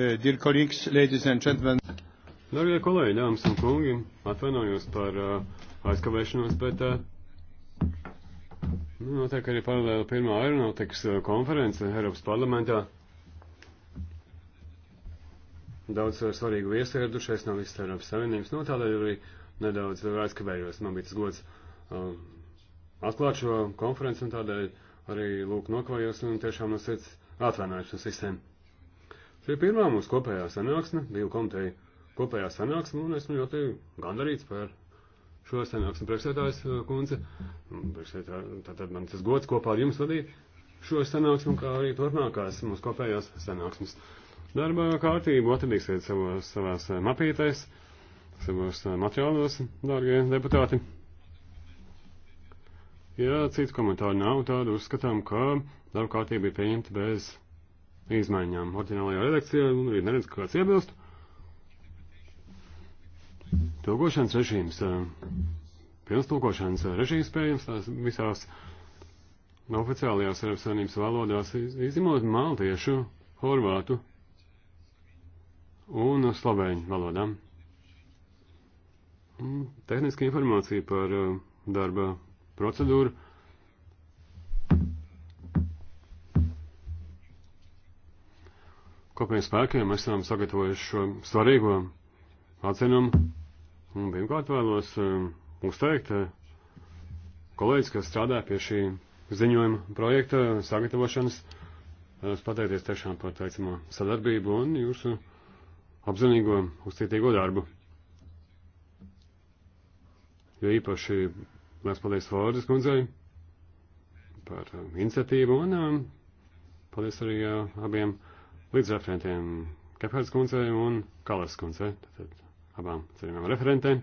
Uh, dear colleagues, ladies and gentlemen. Darbie kolēģi, dāmas un kungi, atvainojos par uh, aizkavēšanos, bet uh, nu, notiek arī paralēli pirmā aeronautikas uh, konference Eiropas parlamentā. Daudz uh, svarīgu viesu ieradušies no visas Eiropas Savienības, no nu, tādēļ arī nedaudz aizkavējos. Man bija tas gods uh, atklāt šo konferenci un tādēļ arī lūk nokavējos un tiešām no sirds atvainojos no visiem. Šī ir pirmā mūsu kopējā sanāksme, divu komiteju kopējā sanāksme, un esmu ļoti gandarīts par šo sanāksmi priekšsētājs uh, kundze. Tātad man tas gods kopā ar jums vadīt šo sanāksmu, kā arī turpmākās mūsu kopējās sanāksmes. Darba kārtību atradīsiet savos, savās uh, mapītēs, savos uh, materiālos, dārgie deputāti. Ja citu komentāru nav, tad uzskatām, ka darba kārtība ir pieņemta bez izmaiņām orģinālajā redakcijā, un arī neredz kāds iebilst. Tulkošanas režīms, eh, pilns tulkošanas režīms pieejams tās visās oficiālajās Eiropas Savienības valodās, izņemot maltiešu, horvātu un slovēņu valodām. Tehniska informācija par eh, darba procedūru kopējiem spēkiem esam sagatavojuši šo svarīgo atzinumu. Un pirmkārt vēlos um, uzteikt uh, kolēģis, kas strādā pie šī ziņojuma projekta sagatavošanas. Es pateikties tiešām par teicamo sadarbību un jūsu apzinīgo uzcītīgo darbu. Jo īpaši mēs paldies Vārdas kundzei par um, iniciatīvu un um, paldies arī uh, abiem līdz referentiem Kephards kundzei un Kalas kundzei, tātad abām cerībām referentēm.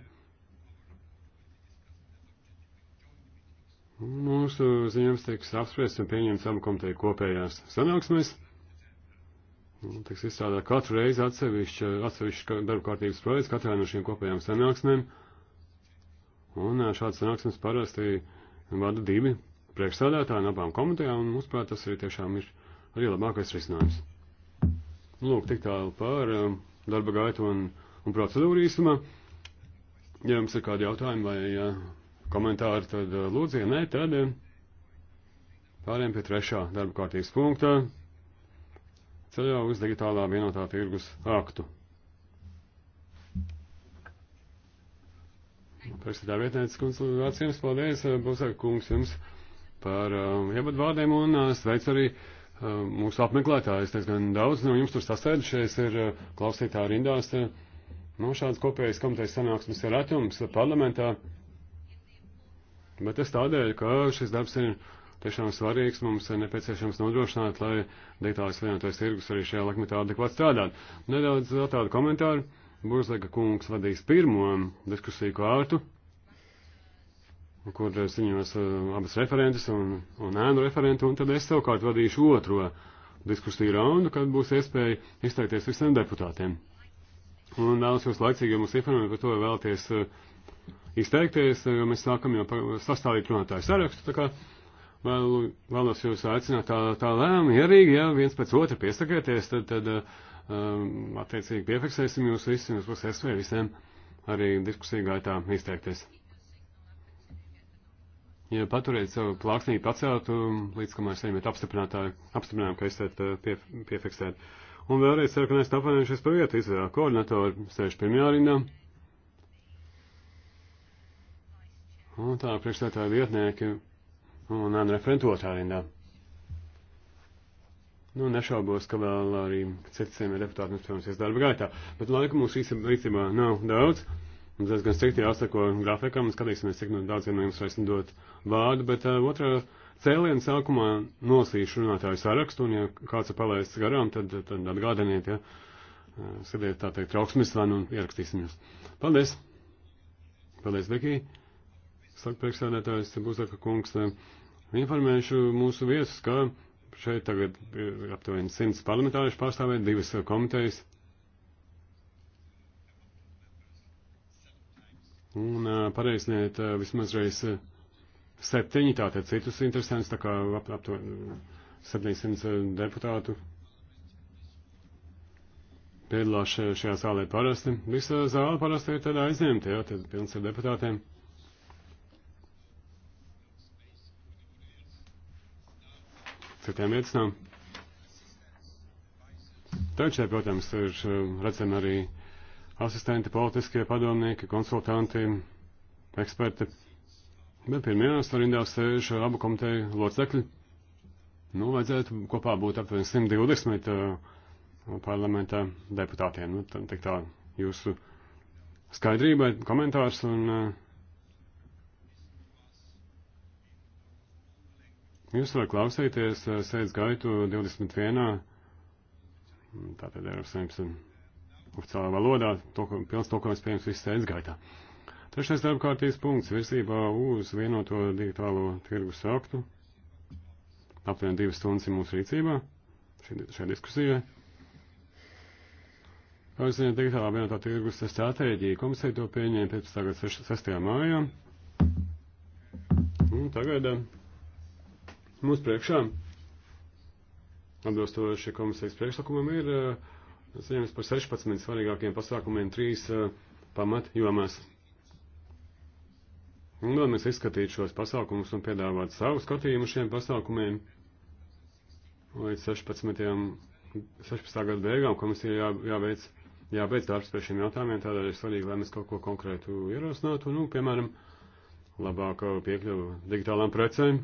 Mūsu ziņojums tiks apspriests un pieņemts abu komiteju kopējās sanāksmēs. Tiks izstrādā katru reizi atsevišķi, atsevišķi darba kārtības projekts katrā no šīm kopējām sanāksmēm. Un šāds sanāksmes parasti vada divi priekšsādātāji no abām komitejām, un, mūsuprāt, tas arī tiešām ir arī labākais risinājums. Lūk, tik tālu par um, darba gaitu un, un procedūru īsumā. Ja jums ir kādi jautājumi vai ja, komentāri, tad uh, lūdzu, ja nē, tad ja, um, pāriem pie trešā darba kārtības punkta ceļā uz digitālā vienotā tirgus aktu. Prezidentā vietnētas kundze, vārds jums paldies, uh, Buzek kungs jums par uh, ievadvārdiem un uh, sveic arī uh, mūsu apmeklētājus. Gan daudz no jums tur sasēdušies, ir eh, klausītāji rindās. Nu, šāds kopējais komitejas sanāksmes ir atjums parlamentā. Bet es tādēļ, ka šis darbs ir tiešām svarīgs, mums ir nepieciešams nodrošināt, lai digitālais vienotais tirgus arī šajā laikmetā adekvāti strādāt. Nedaudz vēl tādu komentāru. Burzlega kungs vadīs pirmo diskusiju kārtu kur ziņos eh, eh, abas referentes un, un ēnu referentu, un tad es savukārt vadīšu otro diskusiju raundu, kad būs iespēja izteikties visiem deputātiem. Un vēlos jūs laicīgi, ja mums informēt par to vēlties eh, izteikties, jo mēs sākam jau sastādīt runātāju sarakstu, tā kā vēlu, vēlos jūs aicināt tā, tā lēmu ierīgi, ja viens pēc otra piesakieties, tad, tad um, attiecīgi piefiksēsim jūs visi, jums būs iespēja visiem arī diskusiju gaitā izteikties ja paturēt savu plāksnību paceltu, līdz kamēr saņemiet apstiprinājumu, ka esat eh, pie, piefiksēti. Un vēlreiz ceru, ka neesat apvainojušies par vietu Izrēlā. Koordinatori sēž pirmajā rindā. Un tā priekšstādātāja vietnieki un Anna referentu otrā rindā. Nu, nešaubos, ka vēl arī citiem deputātiem, protams, ir darba gaitā, bet laika mums īstenībā nav daudz. Mums diezgan strikti jāsako grafikam, skatīsimies, cik daudz no jums varēsim dot vārdu, bet uh, otrā cēliena sākumā nosīšu runātāju sarakstu, un ja kāds ir palaists garām, tad, tad atgādiniet, ja uh, skatiet tā teikt trauksmes vanu un ierakstīsim jūs. Paldies! Paldies, Viki! Saka priekšsēdētājs Buzaka kungs, informēšu mūsu viesus, ka šeit tagad ir aptuveni simts parlamentārieši pārstāvēt, divas komitejas un pareizniet vismaz reiz septiņi, tātad citus interesants, tā kā ap, ap to 700 deputātu piedalās šajā zālē parasti. Visa zāle parasti ir tādā aizņemta, jā, tad pilns ar deputātiem. Citiem vietas nav. Taču, protams, ir redzam arī asistenti, politiskie padomnieki, konsultanti, eksperti. Bet pirmajās rindās sēž abu komiteju locekļi. Nu, vajadzētu kopā būt aptuveni 120 uh, parlamentā deputātiem. Nu, tad tik tā jūsu skaidrībai komentārs un uh, Jūs varat klausīties uh, sēdz gaitu 21. Tātad Eiropas Savienības oficiālā valodā, to, pilns tulkojums pieejams viss sēdz gaitā. Trešais darba kārtības punkts virsībā uz vienoto digitālo tirgus aktu. Aptuveni divas stundas ir mūsu rīcībā šajā diskusijā. Kā jūs zināt, digitālā vienotā tirgus stratēģija komisija to pieņēma 15. gada 6. mājā. Un tagad eh, mūsu priekšā atbilstoši komisijas priekšlikumam ir uh, ziņojums par 16 svarīgākiem pasākumiem trīs uh, pamatjomās. Un vēlamies izskatīt šos pasākumus un piedāvāt savu skatījumu šiem pasākumiem. Līdz 16. 16. gada beigām komisija jā, jāveic, jābeidz darbs pie šiem jautājumiem, tādēļ ir svarīgi, lai mēs kaut ko konkrētu ierosinātu, nu, piemēram, labāku piekļuvu digitālām precēm.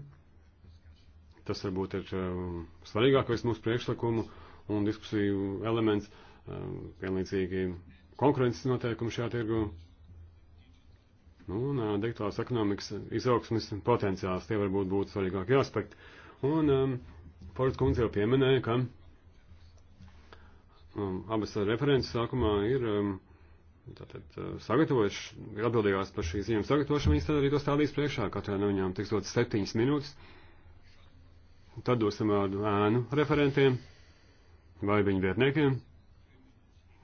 Tas varbūt ir uh, svarīgākais mūsu priekšlikumu. Uh, un diskusiju elements, um, vienlīdzīgi konkurences noteikumi šajā tirgu. Nu, un uh, digitālās ekonomikas izaugsmes potenciāls, tie varbūt būtu svarīgākie aspekti. Un um, Fords kundze jau pieminēja, ka um, abas references sākumā ir um, tātad uh, sagatavojuši, ir atbildīgās par šī ziņām sagatavošanu, viņas tad arī to stādīs priekšā, katrai no viņām tiks dot septiņas minūtes. Tad dosim vārdu ēnu referentiem vai viņu vietniekiem.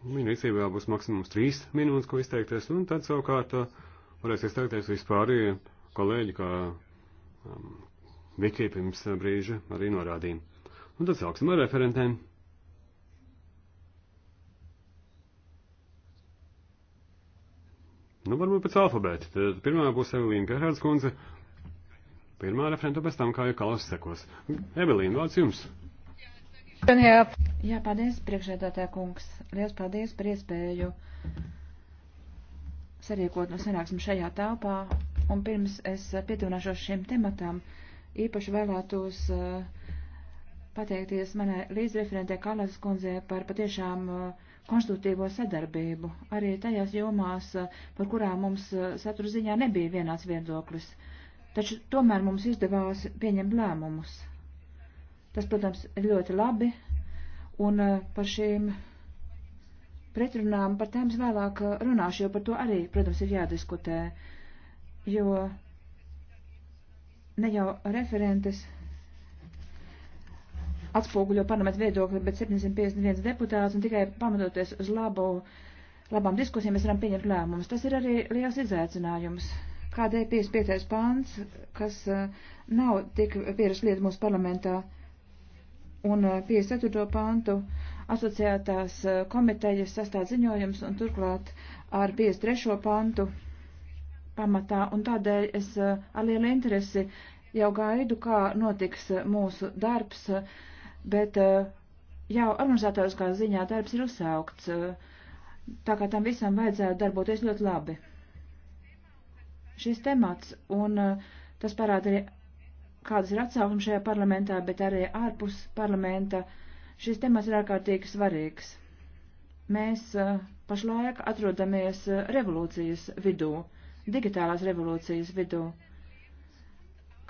Viņa rīcībā būs maksimums trīs minūtes, ko izteikties, un tad savukārt uh, varēs izteikties vispārējie kolēģi, kā um, Viki pirms brīža arī norādīja. Un tad sāksim ar referentēm. Nu, varbūt pēc alfabēta. Tad pirmā būs Evelīna Gerhards kundze. Pirmā referenta pēc tam, kā jau kalas sekos. Evelīna, vārds jums. Jā, Jā, paldies, priekšēdātā kungs. Liels paldies par iespēju sarīkot no sanāksmi šajā telpā. Un pirms es pietuvināšos šiem tematam, īpaši vēlētos eh, pateikties manai līdzreferentē Kalas kundzē par patiešām eh, konstruktīvo sadarbību, arī tajās jomās, eh, par kurām mums satura ziņā nebija vienāds viedoklis. Taču tomēr mums izdevās pieņemt lēmumus. Tas, protams, ir ļoti labi, Un eh, par šīm pretrunām, par tām es vēlāk eh, runāšu, jo par to arī, protams, ir jādiskutē. Jo ne jau referentes atspoguļo parlamentu viedokli, bet 751 deputāts un tikai pamatoties uz labu, labām diskusijām mēs varam pieņemt lēmumus. Tas ir arī liels izaicinājums. Kādēļ 55. pāns, kas eh, nav tik pieras lieta mūsu parlamentā, uh, un 54. Eh, pantu asociētās eh, komitejas sastāv ziņojums un turklāt ar 53. pantu pamatā, un tādēļ es eh, ar lielu interesi jau gaidu, kā notiks mūsu darbs, bet jau organizatoriskā ziņā darbs ir uzsaukts, tā kā tam visam vajadzētu darboties ļoti labi. Šis temats, un tas parāda arī kādas ir atsaukums šajā parlamentā, bet arī ārpus parlamenta, šis temats ir ārkārtīgi svarīgs. Mēs pašlaik atrodamies revolūcijas vidū, digitālās revolūcijas vidū,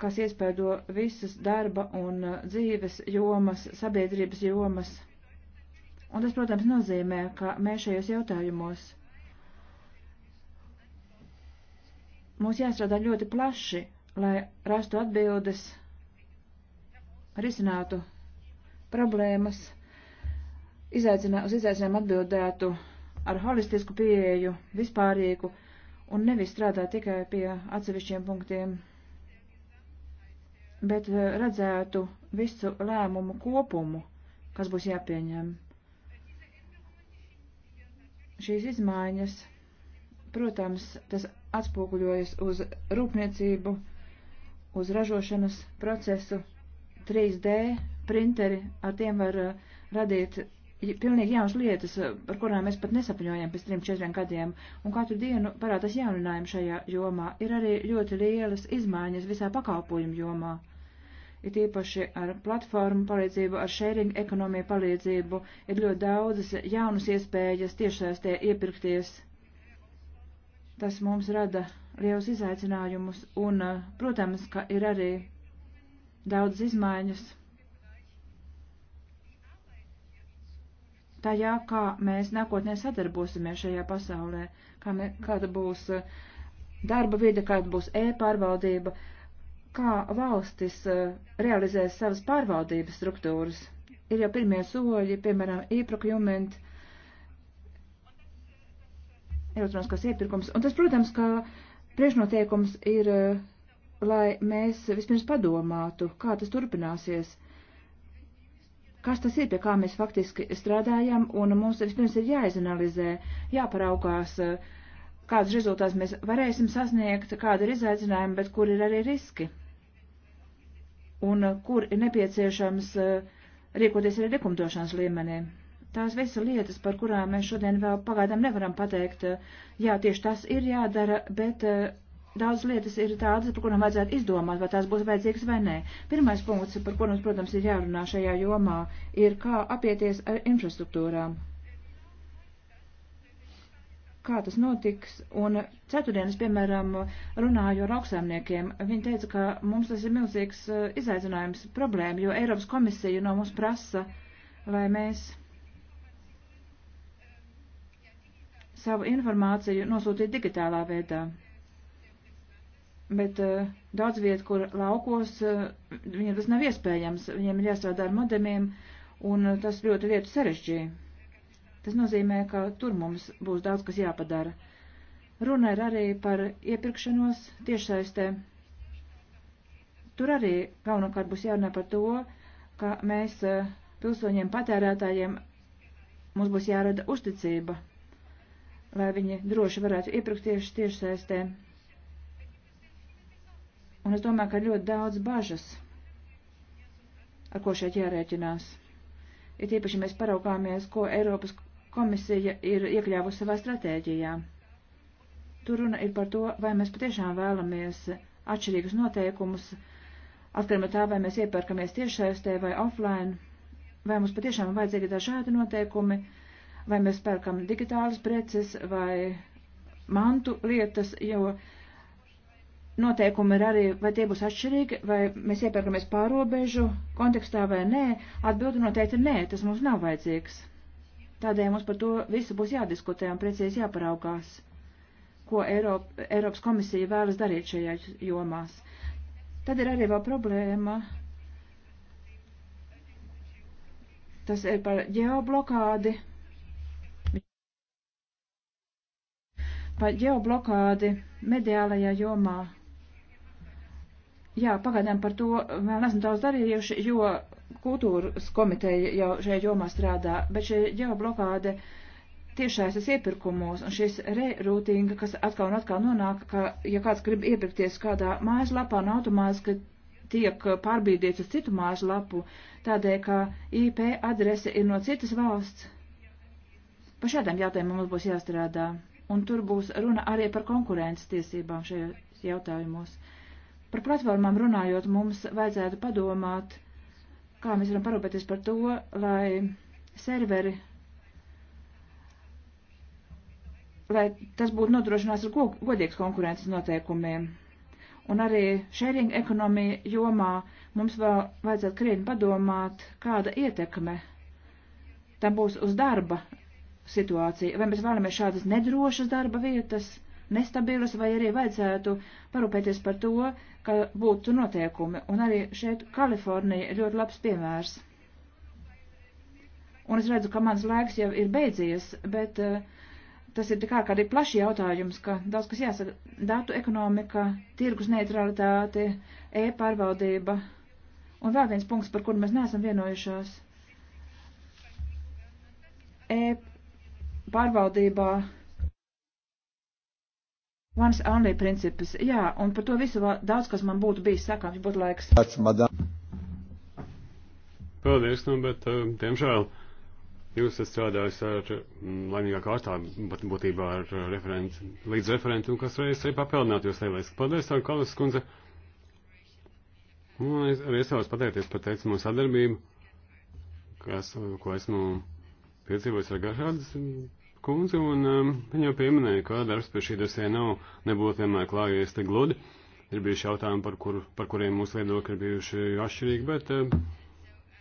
kas iespēdo visas darba un dzīves jomas, sabiedrības jomas. Un tas, protams, nozīmē, ka mēs šajos jautājumos mums jāstrādā ļoti plaši, lai rastu atbildes, risinātu problēmas, izaicinā, uz izaicinājumu atbildētu ar holistisku pieeju, vispārīgu un nevis strādā tikai pie atsevišķiem punktiem, bet eh, redzētu visu lēmumu kopumu, kas būs jāpieņem. Šīs izmaiņas, protams, tas atspoguļojas uz rūpniecību, uz ražošanas procesu 3D printeri, ar tiem var uh, radīt pilnīgi jaunas lietas, uh, par kurām mēs pat nesapņojam pēc 3-4 gadiem, un katru dienu parādās jauninājumi šajā jomā. Ir arī ļoti lielas izmaiņas visā pakalpojumu jomā. Ir īpaši ar platformu palīdzību, ar sharing ekonomiju palīdzību, ir ļoti daudzas jaunas iespējas tiešsaistē iepirkties. Tas mums rada lielus izaicinājumus, un, eh, protams, ka ir arī daudz izmaiņas tajā, kā mēs nākotnē sadarbosimies šajā pasaulē, kā mē, kāda būs eh, darba vide, kāda būs e-pārvaldība, kā valstis eh, realizēs savas pārvaldības struktūras. Ir jau pirmie soļi, piemēram, e-procurement, elektroniskās iepirkums, un tas, protams, ka Priekšnoteikums ir, eh, lai mēs vispirms padomātu, kā tas turpināsies, kas tas ir, pie kā mēs faktiski strādājam, un mums vispirms ir jāizanalizē, jāparaukās, eh, kādus rezultātus mēs varēsim sasniegt, kāda ir izaicinājuma, bet kur ir arī riski, un eh, kur ir nepieciešams rīkoties arī likumdošanas līmenī. Tās visas lietas, par kurām mēs šodien vēl pagaidām nevaram pateikt, jā, tieši tas ir jādara, bet eh, daudz lietas ir tādas, par kurām vajadzētu izdomāt, vai tās būs vajadzīgas vai nē. Pirmais punkts, par kuru mums, protams, ir jārunā šajā jomā, ir kā apieties ar infrastruktūrām. Kā tas notiks? Un ceturtdienas, piemēram, runāju ar augstsēmniekiem. Viņi teica, ka mums tas ir milzīgs eh, izaicinājums, problēma, jo Eiropas komisija no mums prasa, lai mēs savu informāciju nosūtīt digitālā veidā. Bet uh, daudz viet, kur laukos, uh, viņiem tas nav iespējams, viņiem ir jāstrādā ar modemiem, un uh, tas ļoti lietu sarežģīja. Tas nozīmē, ka tur mums būs daudz, kas jāpadara. Runa ir arī par iepirkšanos tiešsaistē. Tur arī galvenokārt būs jārunā par to, ka mēs uh, pilsoņiem patērētājiem mums būs jārada uzticība lai viņi droši varētu iepirkt tieši tiešsaistē. Un es domāju, ka ir ļoti daudz bažas, ar ko šeit jārēķinās. Ir tīpaši mēs paraugāmies, ko Eiropas komisija ir iekļāvusi savā stratēģijā. Tur runa ir par to, vai mēs patiešām vēlamies atšķirīgus noteikumus, atkarībā no tā, vai mēs iepērkamies tiešsaistē vai offline, vai mums patiešām vajadzīgi dažādi noteikumi, uh, vai mēs pērkam digitālas preces vai mantu lietas, jo noteikumi ir arī, vai tie būs atšķirīgi, vai mēs iepērkamies pārobežu kontekstā vai nē, atbildi noteikti nē, tas mums nav vajadzīgs. Tādēļ mums par to visu būs jādiskutē un precīzi jāparaugās, ko Eiropa, Eiropas komisija vēlas darīt šajā jomās. Tad ir arī vēl problēma. Tas ir par ģeoblokādi par ģeoblokādi mediālajā jomā. Jā, pagaidām par to vēl nesmu daudz darījuši, jo kultūras komiteja jau šajā jomā strādā, bet šī ģeoblokāde tiešaisas iepirkumos un šis reroutinga, kas atkal un atkal nonāk, ka, ja kāds grib iepirkties kādā mājaslapā un nu, automātiski tiek pārbīdīts uz citu mājaslapu, tādēļ, ka IP adrese ir no citas valsts. Par šādiem jautājumiem mums būs jāstrādā un tur būs runa arī par konkurences tiesībām šajos jautājumos. Par platformām runājot, mums vajadzētu padomāt, kā mēs varam parūpēties par to, lai serveri, lai tas būtu nodrošinās ar godīgas konkurences noteikumiem. Un arī sharing ekonomija jomā mums vēl vajadzētu krietni padomāt, kāda ietekme tam būs uz darba situācija. Vai mēs vēlamies šādas nedrošas darba vietas, nestabilas, vai arī vajadzētu parūpēties par to, ka būtu noteikumi. Un arī šeit Kalifornija ir ļoti labs piemērs. Un es redzu, ka mans laiks jau ir beidzies, bet uh, tas ir tik ārkārtīgi plaši jautājums, ka daudz kas jāsaka. Datu ekonomika, tirgus neutralitāte, e-pārvaldība. Un vēl viens punkts, par kuru mēs neesam vienojušās. E pārvaldībā Vans Anlī principus. Jā, un par to visu daudz, kas man būtu bijis sakāms, būtu laiks. Paldies, nu, bet, eh, diemžēl, jūs esat strādājis ar mm, laimīgā kārtā, bet būtībā ar referentu, līdz referentu, un kas reiz arī papildināt jūs lieliski. Paldies, tā Kalas kundze. Un nu, es arī es vēlos pateikties par teicamo sadarbību, kas, ko esmu piedzīvojis ar Garhardas kundze, un um, viņa jau pieminēja, ka darbs pie šī dosē nav nebūtu vienmēr klājies te gludi. Ir bijuši jautājumi, par, kur, par kuriem mūsu viedokļi ir bijuši atšķirīgi, bet um,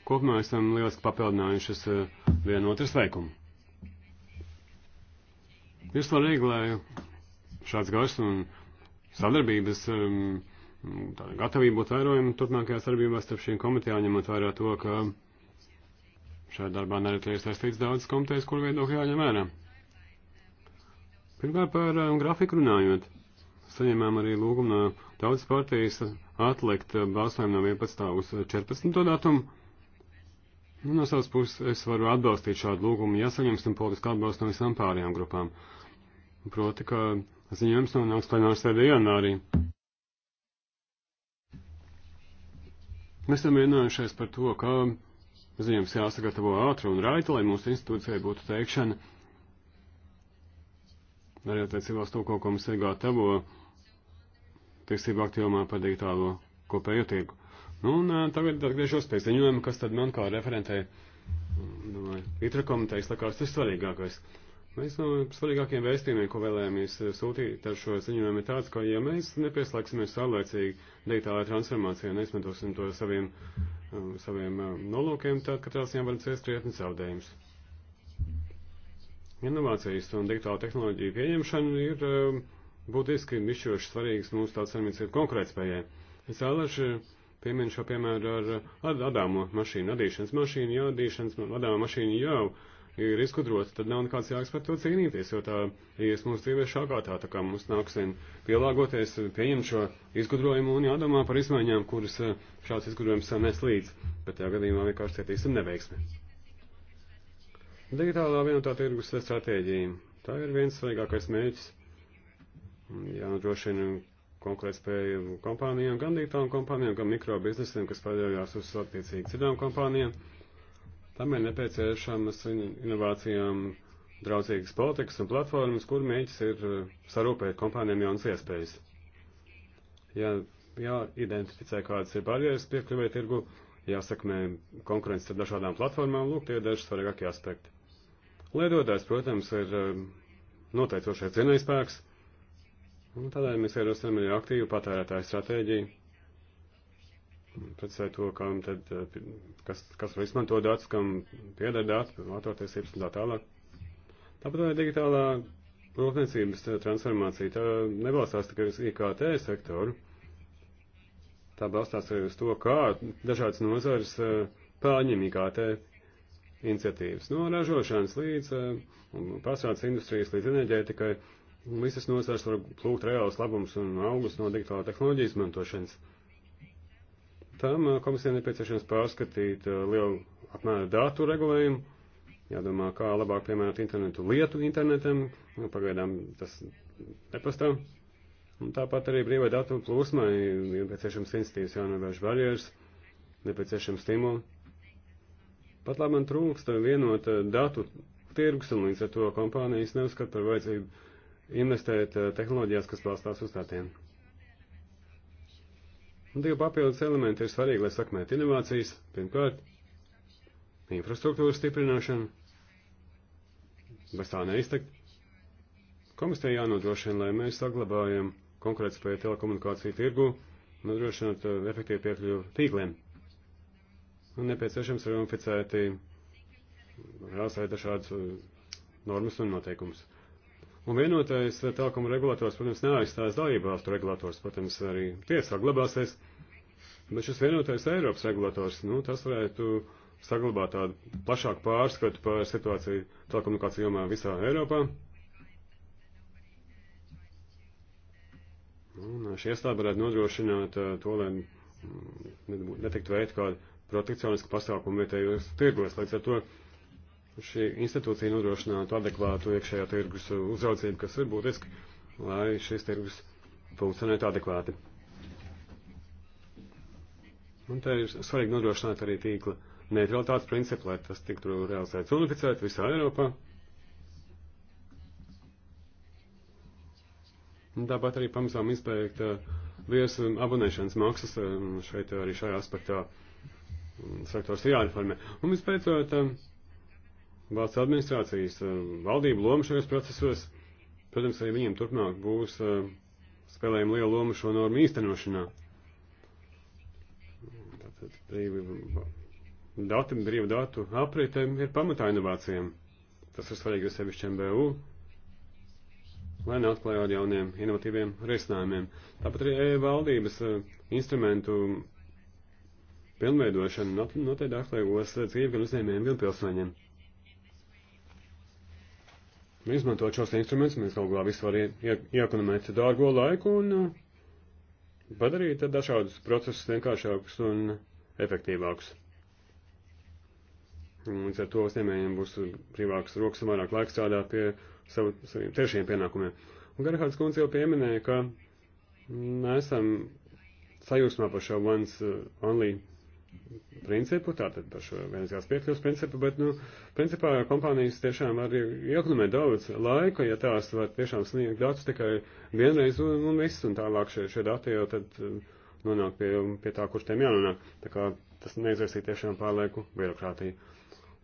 kopumā esam lieliski papildinājušas uh, vienu otru sveikumu. Ir svarīgi, lai šāds gars un sadarbības um, gatavību būtu vērojama turpmākajā sadarbībā starp šīm komitejām, ņemot vērā to, ka šajā darbā nereti ir saistīts daudz komitejas, kur viedokļi jāņem vērā. Pirmkārt par um, grafiku runājot. Saņēmām arī lūgumu no tautas partijas atlikt uh, balsojumu no 11. uz 14. datumu. Nu, no savas puses es varu atbalstīt šādu lūgumu, ja saņemsim politisku atbalstu no visām pārējām grupām. Proti, ka ziņojums nonāks plenārs sēdē janvārī. Mēs esam vienojušies par to, ka ziņojums jāsagatavo ātri un raiti, lai mūsu institūcijai būtu teikšana arī attiecībā uz to, ko komisija gatavo tiesību aktīvumā par digitālo kopējo tirgu. Nu, un tagad atgriežos pie ziņojuma, kas tad man kā referentē, domāju, itra komitejas, tā kā tas ir svarīgākais. Viens no nu, svarīgākajiem vēstījumiem, ko vēlējāmies sūtīt ar šo ziņojumu, ir tāds, ka, ja mēs nepieslēgsimies saulēcīgi digitālajā transformācijā, neizmantosim to saviem, saviem nolūkiem, tad katrā ziņā varam ciest krietni zaudējumus. Inovācijas un digitāla tehnoloģija pieņemšana ir eh, būtiski izšķiroši svarīgs mūsu tāds saimniecības konkurētspējai. Es vēlaši pieminu šo piemēru ar adāmo mašīnu, adīšanas mašīnu, jo adīšanas adāmo mašīnu jau ir izgudrota, tad nav nekāds jēgas par to cīnīties, jo tā ies mūsu dzīvē šākātā, tā kā mums nāksim pielāgoties, pieņemt šo izgudrojumu un jādomā par izmaiņām, kuras eh, šāds izgudrojums eh, nes līdz, bet tajā gadījumā vienkārši cietīsim neveiksmi. Digitālā vienotā tirgus stratēģija. Tā ir viens svarīgākais mērķis. Jānodrošina konkurētspēju kompānijām, gan digitālām kompānijām, gan mikrobiznesiem, kas paļaujās uz attiecīgi citām kompānijām. Tam ir nepieciešamas inovācijām draudzīgas politikas un platformas, kur mērķis ir uh, sarūpēt kompānijām jaunas iespējas. Jā, jāidentificē, kādas ir barjeras piekļuvē tirgu, jāsakmē konkurence ar dažādām platformām, lūk, tie ir daži svarīgākie aspekti. Lietotājs, protams, ir um, noteicošais zinājspēks, un tādēļ mēs ierosinām arī aktīvu patērētāju stratēģiju. Precēju to, kam tad, uh, kas, kas var izmantot datus, kam pieder dati, autortiesības un tā tālāk. Tāpat arī digitālā rūpniecības uh, transformācija, tā nebalstās tikai uz IKT sektoru, tā balstās arī uz to, kā dažādas nozares uh, pārņem IKT iniciatīvas. No nu, ražošanas līdz eh, pārstrādes industrijas līdz enerģētikai visas nozars var plūkt reālus labumus un augus no digitālā tehnoloģija izmantošanas. Tam eh, komisija nepieciešams pārskatīt eh, lielu apmēru datu regulējumu, jādomā, kā labāk piemērot internetu lietu internetam, nu, pagaidām tas nepastāv. Un tāpat arī brīvai datu plūsmai nepieciešams institīvs jānovērš barjeras, nepieciešams stimuli Pat labi man trūksta vienota datu tirgus, un līdz ar to kompānijas neuzskata par vajadzību investēt eh, tehnoloģijās, kas balstās uz datiem. Un divi papildus elementi ir svarīgi, lai sakmētu inovācijas. Pirmkārt, infrastruktūras stiprināšana. Bez tā neiztekt. Komisija jānodrošina, lai mēs saglabājam konkurētspēju telekomunikāciju tirgu, nodrošinot eh, efektīvu piekļuvu tīkliem. Nu, nepieciešams arī unificēti jāsai dažādas uh, normas un noteikumus. Un vienotais tālkuma regulators, protams, neaizstās dalību valstu regulators, protams, arī tiesā glabāsies, bet šis vienotais Eiropas regulators, nu, tas varētu saglabāt tādu plašāku pārskatu par situāciju telekomunikāciju jomā visā Eiropā. Un šī iestāde varētu nodrošināt uh, to, lai mm, netiktu veikt kādu protekcionisku pasākumu vietējos tirgos. Līdz ar to šī institūcija nodrošinātu adekvātu iekšējā tirgus uzraudzību, kas ir būtiski, lai šis tirgus funkcionētu adekvāti. Un te ir svarīgi nodrošināt arī tīkla neutralitātes principu, lai tas tiktu realizēts unificēt visā Eiropā. Un tāpat arī pamazām izbeigt eh, viesu abonēšanas maksas eh, šeit eh, arī šajā aspektā sektors ir jāinformē. Un vispēcot, eh, valsts administrācijas eh, valdību loma šajos procesos, protams, arī viņiem turpmāk būs eh, spēlējama liela loma šo normu īstenošanā. Tātad brīvi dati, brīvu datu aprite ir pamatā inovācijām. Tas ir svarīgi sevišķi MBU, lai neatklājot jauniem inovatīviem risinājumiem. Tāpat arī e-valdības instrumentu pilnveidošanu noteikti atliekos dzīvi gan uzņēmējiem, gan pilsoņiem. Izmantot šos instrumentus, mēs galu galā visu varam iekonomēt dārgo laiku un uh, padarīt dažādus procesus vienkāršākus un efektīvākus. Līdz ar to uzņēmējiem būs brīvāks rokas un vairāk laika strādāt pie savu, saviem tiešiem pienākumiem. Un Gerhards Kunze jau pieminēja, ka mm, esam sajūsmā par šo once uh, only principu, tātad par šo vienīgās piekļuvas principu, bet, nu, principā kompānijas tiešām var iekonomēt daudz laika, ja tās var tiešām sniegt datus tikai vienreiz un, un viss, un tālāk šie, šie dati jau tad um, nonāk pie, pie tā, kurš tiem jānonāk. Tā kā tas neizvērsīja tiešām pārlieku birokrātiju.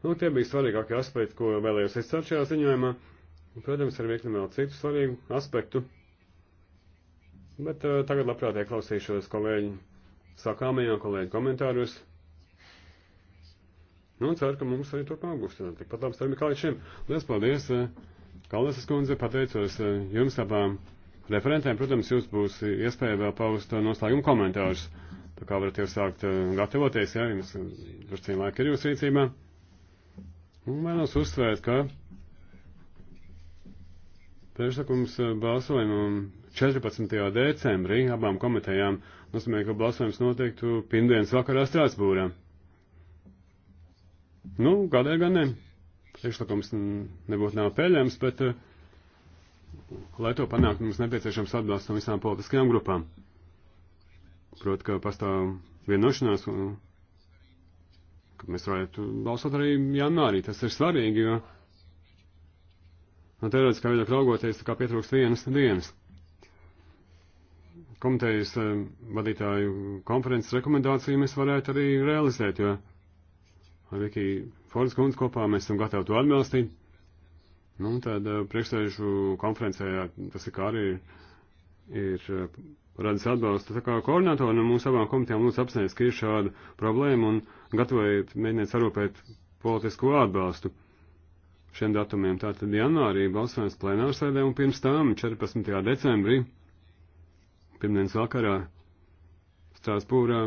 Nu, tie bija svarīgākie aspekti, ko vēlējos izcelt šajā ziņojumā. Un, protams, ir virkni vēl citu svarīgu aspektu. Bet uh, tagad labprāt ieklausīšos kolēģi sakāmajā kolēģi komentāros. Nu, un ceru, ka mums arī turpmāk būs tikpat labs termi kā līdz šim. Lielas paldies, eh, Kalasas kundze, pateicos eh, jums abām referentēm. Protams, jūs būs iespēja vēl paust noslēguma komentārus. Tā kā varat jau sākt eh, gatavoties, ja jums drusciņ laika ir jūsu rīcībā. Un vēlos uzsvērt, ka priekšlikums balsojumam 14. decembrī abām komitejām nozīmē, ka balsojums noteiktu pirmdienas vakarā Strāsbūrā. Nu, kādēļ gan ne? Priekšlikums nebūtu nav peļams, bet, eh, lai to panākt, mums nepieciešams atbalsts no visām politiskajām grupām. Proti, ka pastāv vienošanās, ka mēs varētu balsot arī janvārī. Tas ir svarīgi, jo no teorētiskā viedokļa raugoties, tā kā pietrūkst vienas dienas komitejas eh, vadītāju konferences rekomendāciju mēs varētu arī realizēt, jo ar Viki Fordas kundzi kopā mēs esam gatavi to atbalstīt. Nu, tad eh, priekšsēžu konferencē, jā, tas ir kā arī ir eh, redzes atbalsta. Tā kā koordinātori no mūsu abām komitejām lūdzu apsniedz, ka ir šāda problēma un gatavojiet, mēģiniet sarūpēt politisko atbalstu šiem datumiem. Tātad janvārī balsojums plenārsēdē un pirms tam 14. decembrī pirmdienas vakarā Strāsbūrā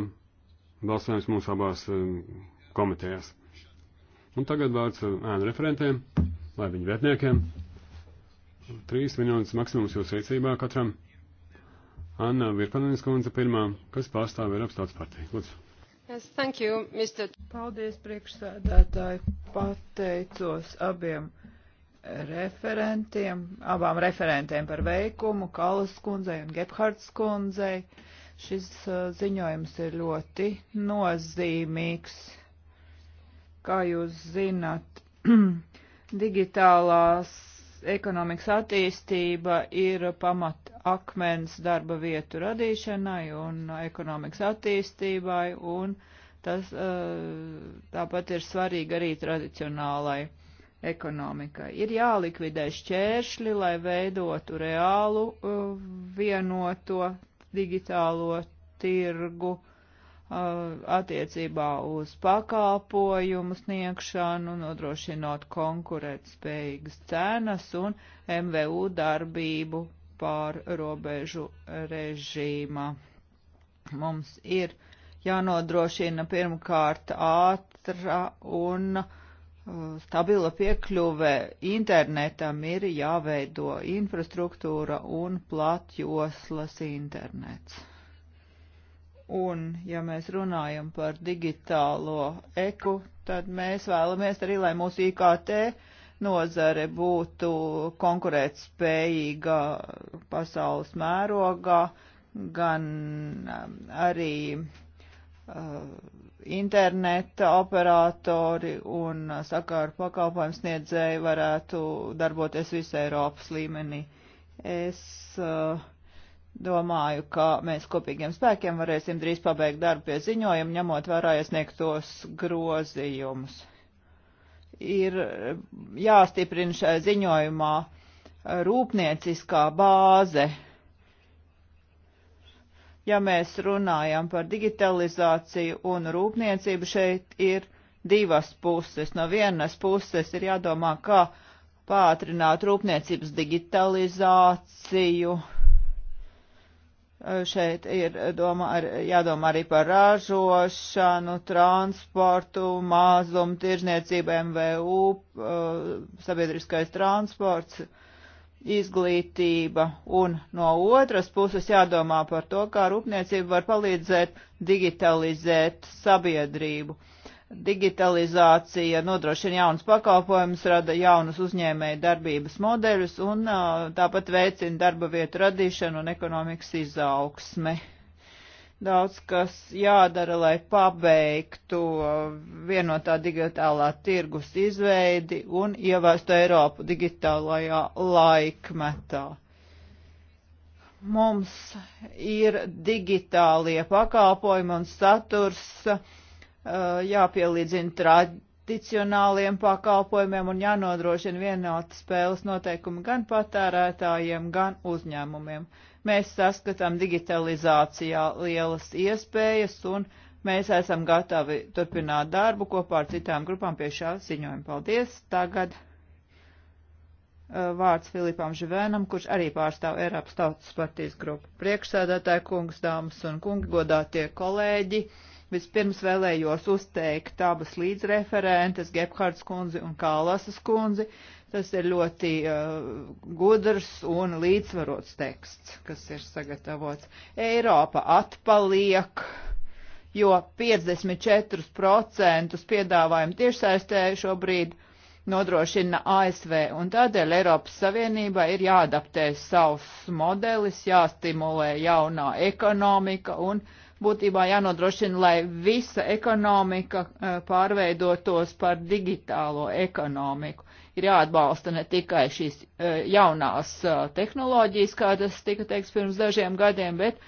balsojums mūsu abās um, komitejās. Un tagad vārds um, ēnu referentiem, lai viņu vietniekiem. Trīs minūtes maksimums jūsu rīcībā katram. Anna Virkanenes kundze pirmā, kas pārstāv Eiropas tautas partiju. Lūdzu. Yes, thank you, Mr. Paldies, priekšsēdētāji. Pateicos abiem referentiem, abām referentēm par veikumu, Kalas kundzei un Gebhards kundzei. Šis uh, ziņojums ir ļoti nozīmīgs. Kā jūs zinat, digitālās ekonomikas attīstība ir pamat akmens darba vietu radīšanai un ekonomikas attīstībai, un tas uh, tāpat ir svarīgi arī tradicionālai ekonomikai. Ir jālikvidē šķēršļi, lai veidotu reālu uh, vienoto digitālo tirgu uh, attiecībā uz pakalpojumu sniegšanu, nodrošinot konkurētspējīgas cenas un MVU darbību pār robežu režīmā. Mums ir jānodrošina pirmkārt ātra un uh, stabila piekļuve internetam ir jāveido infrastruktūra un platjoslas internets. Un, ja mēs runājam par digitālo eku, tad mēs vēlamies arī, lai mūsu IKT nozare būtu konkurētspējīga pasaules mērogā, gan um, arī Uh, interneta operatori un uh, sakāru pakalpojumu sniedzēji varētu darboties visā Eiropas līmenī. Es uh, domāju, ka mēs kopīgiem spēkiem varēsim drīz pabeigt darbu pie ziņojuma, ņemot vērā iesniegtos grozījumus. Ir jāstiprina šajā ziņojumā rūpnieciskā bāze Ja mēs runājam par digitalizāciju un rūpniecību, šeit ir divas puses. No vienas puses ir jādomā, kā pātrināt rūpniecības digitalizāciju. Šeit ir doma ar, jādomā arī par ražošanu, transportu, mazumu, tirzniecību, MVU, eh, sabiedriskais transports izglītība, un no otras puses jādomā par to, kā rūpniecība var palīdzēt digitalizēt sabiedrību. Digitalizācija nodrošina jaunas pakalpojumus, rada jaunus uzņēmēju darbības modeļus un tāpat veicina darba vietu radīšanu un ekonomikas izaugsmi daudz kas jādara, lai pabeigtu vienotā digitālā tirgus izveidi un ievērstu Eiropu digitālajā laikmetā. Mums ir digitālie pakalpojumi un saturs uh, jāpielīdzina tradicionāliem pakalpojumiem un jānodrošina vienoti spēles noteikumi gan patērētājiem, gan uzņēmumiem Mēs saskatām digitalizācijā lielas iespējas un mēs esam gatavi turpināt darbu kopā ar citām grupām pie šā ziņojuma. Paldies! Tagad uh, vārds Filipam Živēnam, kurš arī pārstāv Eiropas Tautas partijas grupu. Priekšsēdētāji, kungs, dāmas un kungi, godātie kolēģi, vispirms vēlējos uzteikt abas līdzreferentes, Gebhards kundzi un Kālasas kundzi, Tas ir ļoti uh, gudrs un līdzsvarots teksts, kas ir sagatavots. Eiropa atpaliek, jo 54% piedāvājumu tiešsaistē šobrīd nodrošina ASV, un tādēļ Eiropas Savienībā ir jāadaptē savs modelis, jāstimulē jaunā ekonomika un būtībā jānodrošina, lai visa ekonomika uh, pārveidotos par digitālo ekonomiku ir jāatbalsta ne tikai šīs e, jaunās e, tehnoloģijas, kā tas tika teiks pirms dažiem gadiem, bet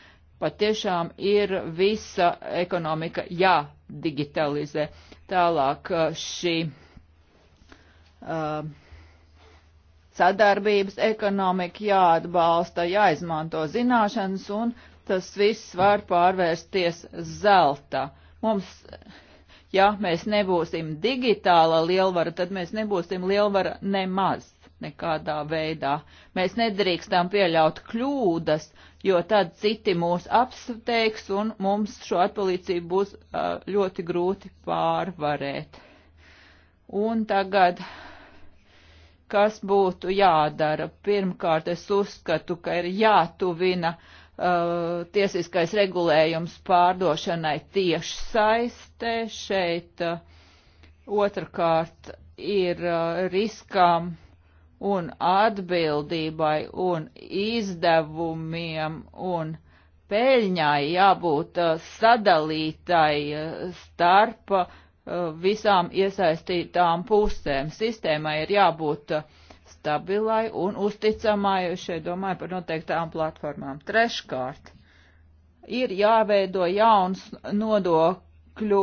patiešām ir visa ekonomika jādigitalizē. Tālāk e, šī uh, sadarbības ekonomika jāatbalsta, jāizmanto zināšanas un tas viss var pārvērsties zelta. Mums Ja mēs nebūsim digitāla lielvara, tad mēs nebūsim lielvara nemaz nekādā veidā. Mēs nedrīkstam pieļaut kļūdas, jo tad citi mūs apsteigs un mums šo atpalīdzību būs ļoti grūti pārvarēt. Un tagad, kas būtu jādara? Pirmkārt, es uzskatu, ka ir jātuvina uh, uh, tiesiskais regulējums pārdošanai tieši saistē. Šeit uh, otrkārt ir uh, riskām un atbildībai un izdevumiem un peļņai jābūt uh, sadalītai uh, starp uh, visām iesaistītām pusēm. Sistēmai ir jābūt uh, stabilai un uzticamai, šeit domāju par noteiktām platformām. Treškārt, ir jāveido jauns nodokļu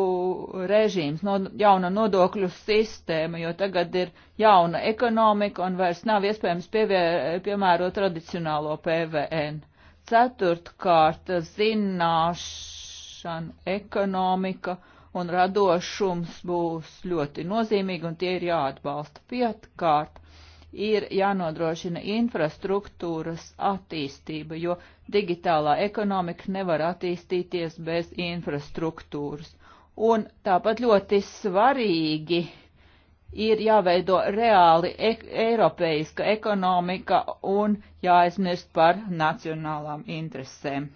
režīms, no, jauna nodokļu sistēma, jo tagad ir jauna ekonomika un vairs nav iespējams pievē, piemērot tradicionālo PVN. Ceturtkārt, zināšana, ekonomika un radošums būs ļoti nozīmīgi, un tie ir jāatbalsta. Pietkārt, ir jānodrošina infrastruktūras attīstība, jo digitālā ekonomika nevar attīstīties bez infrastruktūras. Un tāpat ļoti svarīgi ir jāveido reāli ek eiropeiska ekonomika un jāaizmirst par nacionālām interesēm.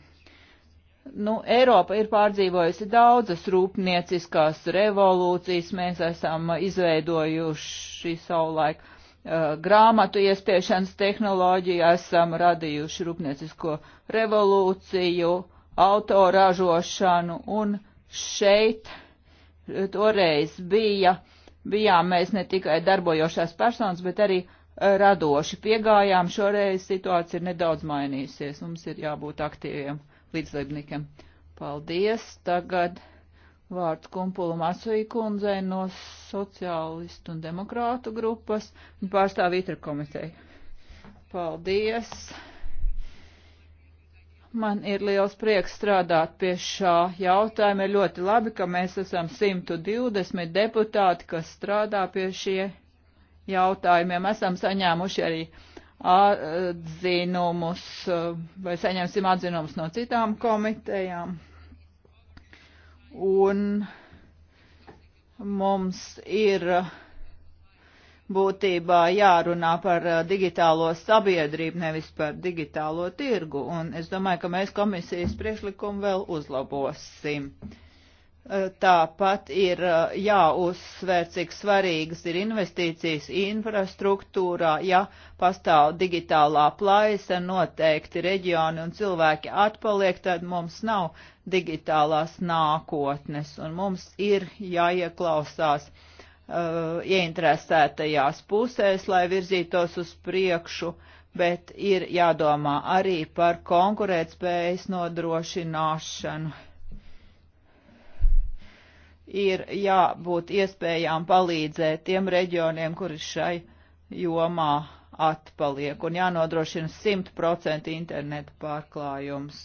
Nu, Eiropa ir pārdzīvojusi daudzas rūpnieciskās revolūcijas, mēs esam izveidojuši savulaik Uh, grāmatu iespiešanas tehnoloģiju, esam radījuši rūpniecisko revolūciju, autoražošanu un šeit uh, toreiz bija, bijām mēs ne tikai darbojošās personas, bet arī uh, radoši piegājām. Šoreiz situācija ir nedaudz mainījusies. Mums ir jābūt aktīviem līdzlībniekiem. Paldies. Tagad vārds Kumpula Masuī kundzei no sociālistu un demokrātu grupas un pārstāv Itra komiteju. Paldies! Man ir liels prieks strādāt pie šā jautājuma. Ir ļoti labi, ka mēs esam 120 deputāti, kas strādā pie šie jautājumiem. Esam saņēmuši arī atzinumus vai saņemsim atzinumus no citām komitejām un mums ir būtībā jārunā par uh, digitālo sabiedrību, nevis par digitālo tirgu, un es domāju, ka mēs komisijas priekšlikumu vēl uzlabosim. Uh, Tāpat ir eh, jāuzsver, cik svarīgas ir investīcijas infrastruktūrā, ja pastāv digitālā plaisa, noteikti reģioni un cilvēki atpaliek, tad mums nav digitālās nākotnes un mums ir jāieklausās uh, ieinteresētajās pusēs, lai virzītos uz priekšu, bet ir jādomā arī par konkurētspējas nodrošināšanu ir jābūt iespējām palīdzēt tiem reģioniem, kuri šai jomā atpaliek un jānodrošina 100% internetu pārklājums.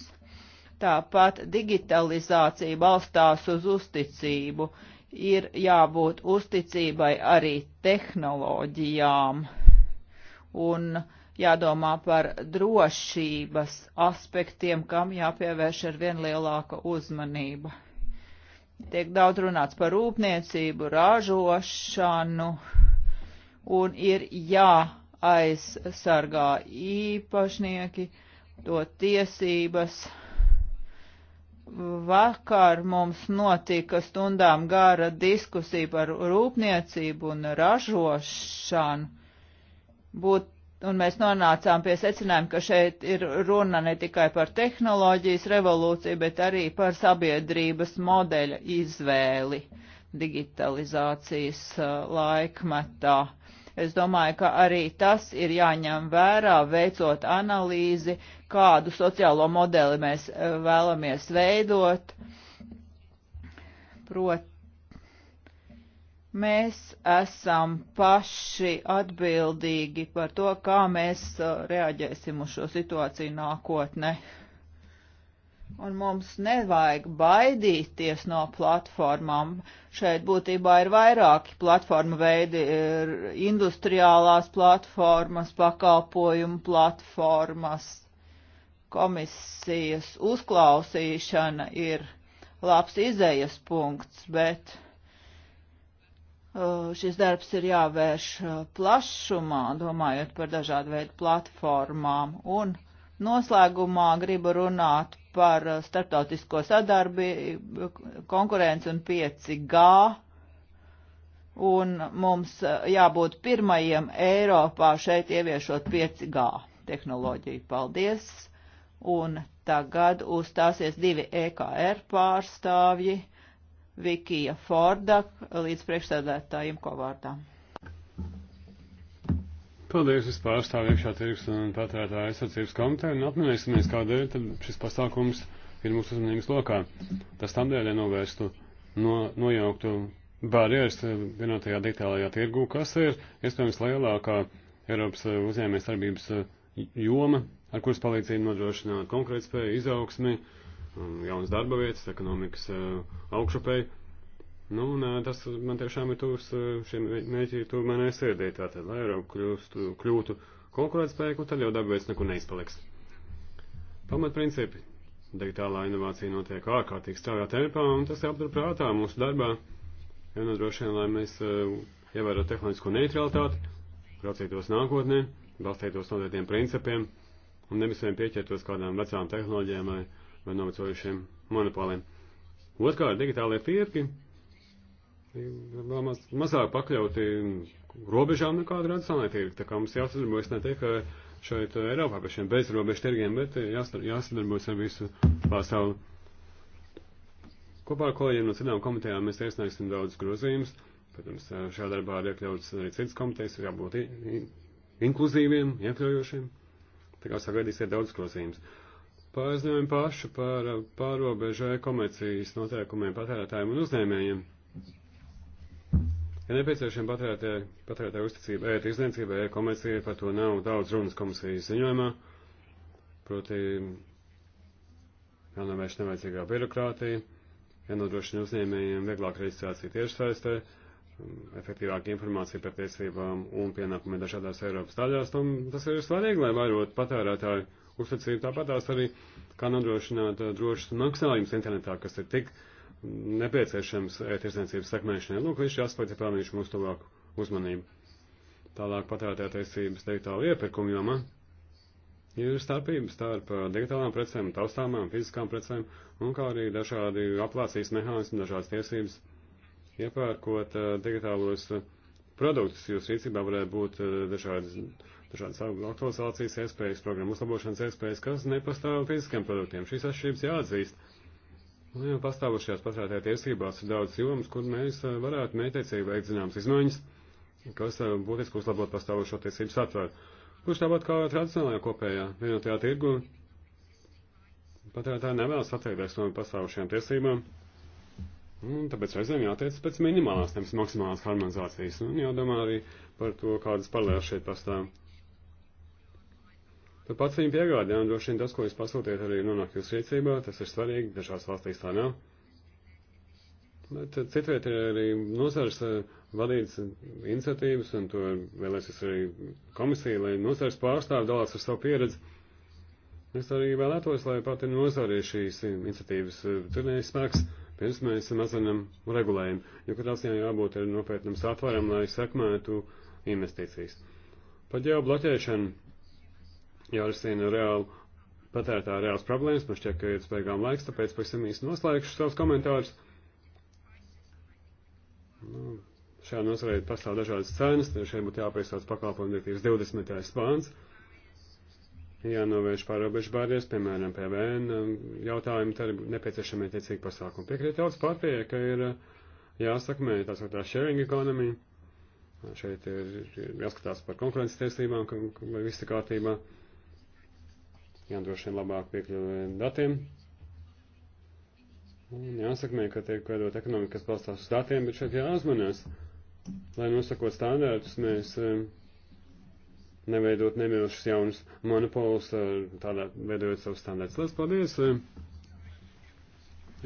Tāpat digitalizācija balstās uz uzticību. Ir jābūt uzticībai arī tehnoloģijām un jādomā par drošības aspektiem, kam jāpievērš ar vien lielāka uzmanība Tiek daudz runāts par rūpniecību, ražošanu un ir jāaizsargā īpašnieki, to tiesības. Vakar mums notika stundām gara diskusija par rūpniecību un ražošanu. Būtu Un mēs nonācām pie secinājuma, ka šeit ir runa ne tikai par tehnoloģijas revolūciju, bet arī par sabiedrības modeļa izvēli digitalizācijas uh, laikmetā. Es domāju, ka arī tas ir jāņem vērā, veicot analīzi, kādu sociālo modeli mēs uh, vēlamies veidot. Proti, Mēs esam paši atbildīgi par to, kā mēs uh, reaģēsim uz šo situāciju nākotnē. Un mums nevajag baidīties no platformām. Šeit būtībā ir vairāki platforma veidi - industriālās platformas, pakalpojumu platformas. Komisijas uzklausīšana ir labs izējas punkts, bet Uh, šis darbs ir jāvērš uh, plašumā, domājot par dažādu veidu platformām. Un noslēgumā gribu runāt par uh, starptautisko sadarbību, konkurenci un 5G. Un mums jābūt pirmajiem Eiropā šeit ieviešot 5G tehnoloģiju. Paldies! Un tagad uzstāsies divi EKR pārstāvji Vikija Forda līdz priekšsēdētājiem kovārdā. Paldies, es pārstāvu iekšā tirgus un patērētāju aizsardzības komiteju un apminēsimies, kādēļ tad šis pasākums ir mūsu uzmanības lokā. Tas tam dēļ novērstu, no, nojauktu barjeras vienotajā digitālajā tirgū, kas ir iespējams lielākā Eiropas uzņēmējas darbības joma, ar kuras palīdzību nodrošināt konkurētspēju, izaugsmi, uh, jaunas darba vietas, ekonomikas eh, augšupēji. Nu, un eh, tas man tiešām ir tūs, eh, šie mēķi ir tūs manai sirdī, tātad, lai Eiropa kļūstu, kļūtu konkurētspējīgu, tad jau darba vietas nekur neizpaliks. Pamatprincipi. Digitālā inovācija notiek ārkārtīgi strauja tempā, un tas jāaptur prātā mūsu darbā. Ja nodrošina, lai mēs uh, ievērotu tehnoloģisko neutralitāti, raucītos nākotnē, balstītos noteiktiem principiem, un nevis vien pieķertos kādām vecām tehnoloģijām vai vai novecojušiem monopoliem. Otkārt, digitālie tirgi vēl maz, mazāk pakļauti robežām nekā tradicionālai tirgi. Tā kā mums jāsadarbojas ne tikai šeit eh, Eiropā par šiem bezrobežu tirgiem, bet jāsadarbojas ar visu pasauli. Kopā ar kolēģiem no citām komitejām mēs iesniegsim daudz grozījumus. Protams, eh, šajā darbā ir iekļauts arī citas komitejas, ir jābūt inkluzīviem, iekļaujošiem. Tā kā sagaidīsiet daudz grozījumus par uzņēmumu pašu, par pārobežu e-komercijas noteikumiem patērētājiem un uzņēmējiem. Ja nepieciešama patērētāja, patērētāja uzticība e-tirdzniecībai, e-komercijai, par to nav daudz runas komisijas ziņojumā, proti jānovērš nevajadzīgā birokrātija, jānodrošina uzņēmējiem vieglāk reģistrācija tiešsaistē, efektīvāka informācija par tiesībām un pienākumiem dažādās Eiropas daļās, un tas ir svarīgi, lai vairot patērētāju uzticību. Tāpat tās arī, kā nodrošināt eh, drošus maksājumus internetā, kas ir tik nepieciešams e-tirsniecības eh, sekmēšanai. Lūk, visi šie aspekti pelnījuši mūsu tuvāku uzmanību. Tālāk patērētāja tiesības digitāla iepirkuma jomā ir starpība starp eh, digitālām precēm, taustāmām, fiziskām precēm, un kā arī dažādi aplāsīs mehānismi, dažādas tiesības iepērkot digitālos uh, produktus. Jūsu rīcībā varētu būt eh, dažādas, dažādas aktualizācijas iespējas, programmu uzlabošanas iespējas, kas nepastāv fiziskiem produktiem. Šīs atšķirības jāatzīst. Un nu, jau pastāvošajās patērētāja tiesībās ir daudz jomas, kur mēs eh, varētu mētiecīgi veikt zināmas izmaiņas, kas eh, būtiski uzlabot pastāvošo tiesību satvaru. Kurš tāpat kā tradicionālajā kopējā vienotajā tirgu patērētāji nevēlas atteikties no pastāvošajām tiesībām. Un tāpēc reizēm jātiec pēc minimālās, nevis maksimālās harmonizācijas. Un jādomā arī par to, kādas paralēlas šeit pastāv. Par paciņu piegādēm droši vien tas, ko jūs pasūtiet, arī nonāk jūsu rīcībā. Tas ir svarīgi, dažās valstīs tā nav. Bet citviet ir arī nozars eh, vadīts iniciatīvas, un to vēlēsies arī komisija, lai nozars pārstāvi dalās ar savu pieredzi. Es arī vēlētos, lai pati nozarī šīs iniciatīvas eh, turnējas spēks pirms mēs mazinam regulējumu, jo katrā ziņā jābūt arī nopietnam satvaram, lai sekmētu investīcijas. Par ģeobloķēšanu jārisina reāli patērētā reāls problēmas, man šķiet, ka ir spēgām laiks, tāpēc pavisam īsti noslēgšu savus komentārus. Nu, šajā nozarē pastāv dažādas cenas, šeit būtu jāpiesauc pakalpojumu direktīvas 20. pāns jānovērš pārobežu barjeras, piemēram, PVN um, jautājumu, tad ir nepieciešami attiecīgi pasākumi. Piekrīt daudz pārpēja, ka ir uh, jāsakmē tā sauktā sharing economy. Šeit ir jāskatās par konkurences tiesībām, lai viss ir kārtībā. Jādrošina labāk piekļuvi datiem. Un jāsakmē, ka tiek veidot ekonomika, kas balstās uz datiem, bet šeit jāuzmanās, lai nosakot standārtus mēs. Um, neveidot nemilšus jaunus monopolus, eh, tādā veidojot savus standārts. Lielas paldies!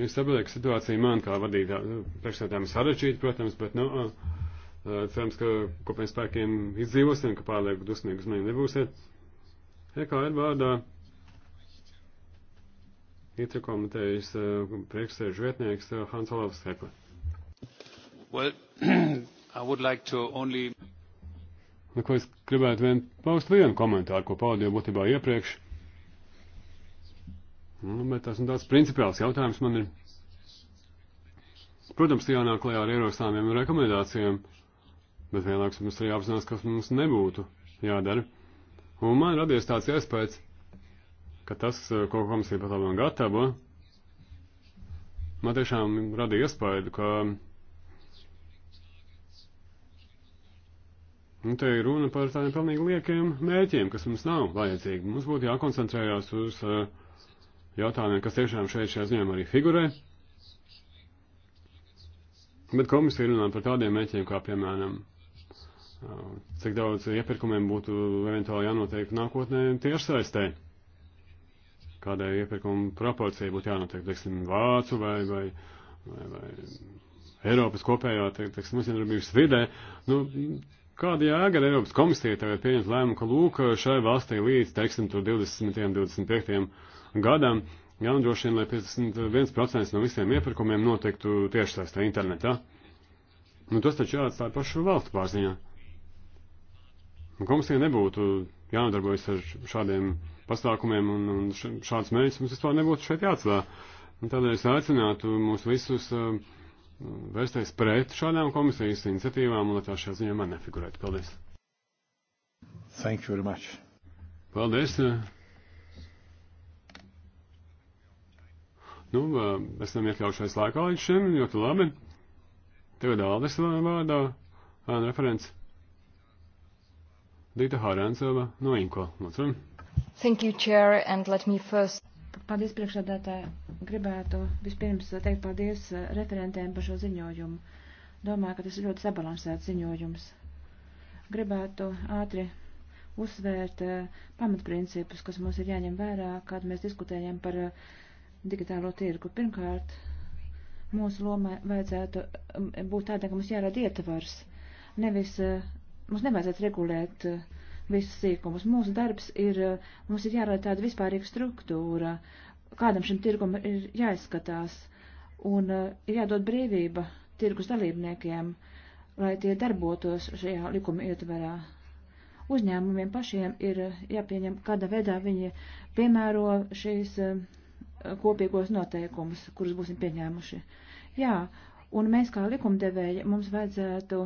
Jūs saprotat, ka situācija man kā vadītā eh, priekšsēdām sarežģīta, protams, bet, nu, eh, cerams, ka kopiem spēkiem izdzīvosim, ka pārlieku dusmīgi uz mani nebūsiet. EKR vārdā itra komitejas priekšsēžu vietnieks Hans Olavs Hekla. Well, I would like to only Nu, ko es gribētu vien paust vienu komentāru, ko paudu jau būtībā iepriekš. Nu, bet tas ir tāds principiāls jautājums man ir. Protams, jānāk klajā ar ierosinājumiem un rekomendācijām, bet vienlaikus mums arī jāapzinās, kas mums nebūtu jādara. Un man radies tāds iespējas, ka tas, ko komisija pat labam gatavo, man tiešām radīja iespēju, ka Un te ir runa par tādiem pilnīgi liekiem mēķiem, kas mums nav vajadzīgi. Mums būtu jākoncentrējās uz eh, jautājumiem, kas tiešām šeit šajā ziņā arī figurē. Bet komisija runā par tādiem mēķiem, kā piemēram, eh, cik daudz iepirkumiem būtu eventuāli jānotiek nākotnē tiešsaistē. Kādai iepirkumu proporcijai būtu jānotiek, teiksim, vācu vai, vai, vai, vai Eiropas kopējā, teiksim, uzņēmības vidē. Nu, Kāda jēga ir Eiropas komisija tagad pieņemt lēmumu, ka lūk šai valstī līdz, teiksim, tur 20. un 25. gadam jānodrošina, lai 51% no visiem iepirkumiem notiktu tiešsaistē internetā? Nu, tas taču jāatstāja pašu valstu pārziņā. Komisija nebūtu jānodarbojas ar šādiem pasākumiem un, un šāds mērķis mums vispār nebūtu šeit jāatslā. Tādēļ es aicinātu mūs visus uh, vērsties pret šādām komisijas iniciatīvām un lai tā šajā ziņā man nefigurētu. Paldies. Thank you very much. Paldies. Nu, esam iekļaujušies laikā līdz šim, ļoti labi. Tagad Aldis vārdā, referents. Dita Hārānsova no Inko. Lūdzu. Thank you, Chair, and let me first. Paldies priekšādātāji. Gribētu vispirms teikt paldies eh, referentēm par šo ziņojumu. Domāju, ka tas ir ļoti sabalansēts ziņojums. Gribētu ātri uzsvērt eh, pamatprincipus, kas mums ir jāņem vērā, kad mēs diskutējam par eh, digitālo tirgu. Pirmkārt, mūsu lomai vajadzētu būt tādai, ka mums jārada ietvars. Nevis, mums nevajadzētu regulēt uh, visus sīkumus. Mūsu darbs ir, mums ir jārada tāda vispārīga struktūra, kādam šim tirgum ir jāizskatās, un eh, ir jādod brīvība tirgus dalībniekiem, lai tie darbotos šajā likuma ietverā. Uzņēmumiem pašiem ir jāpieņem, kāda veidā viņi piemēro šīs eh, kopīgos noteikumus, kurus būsim pieņēmuši. Jā, un mēs kā likumdevēji mums vajadzētu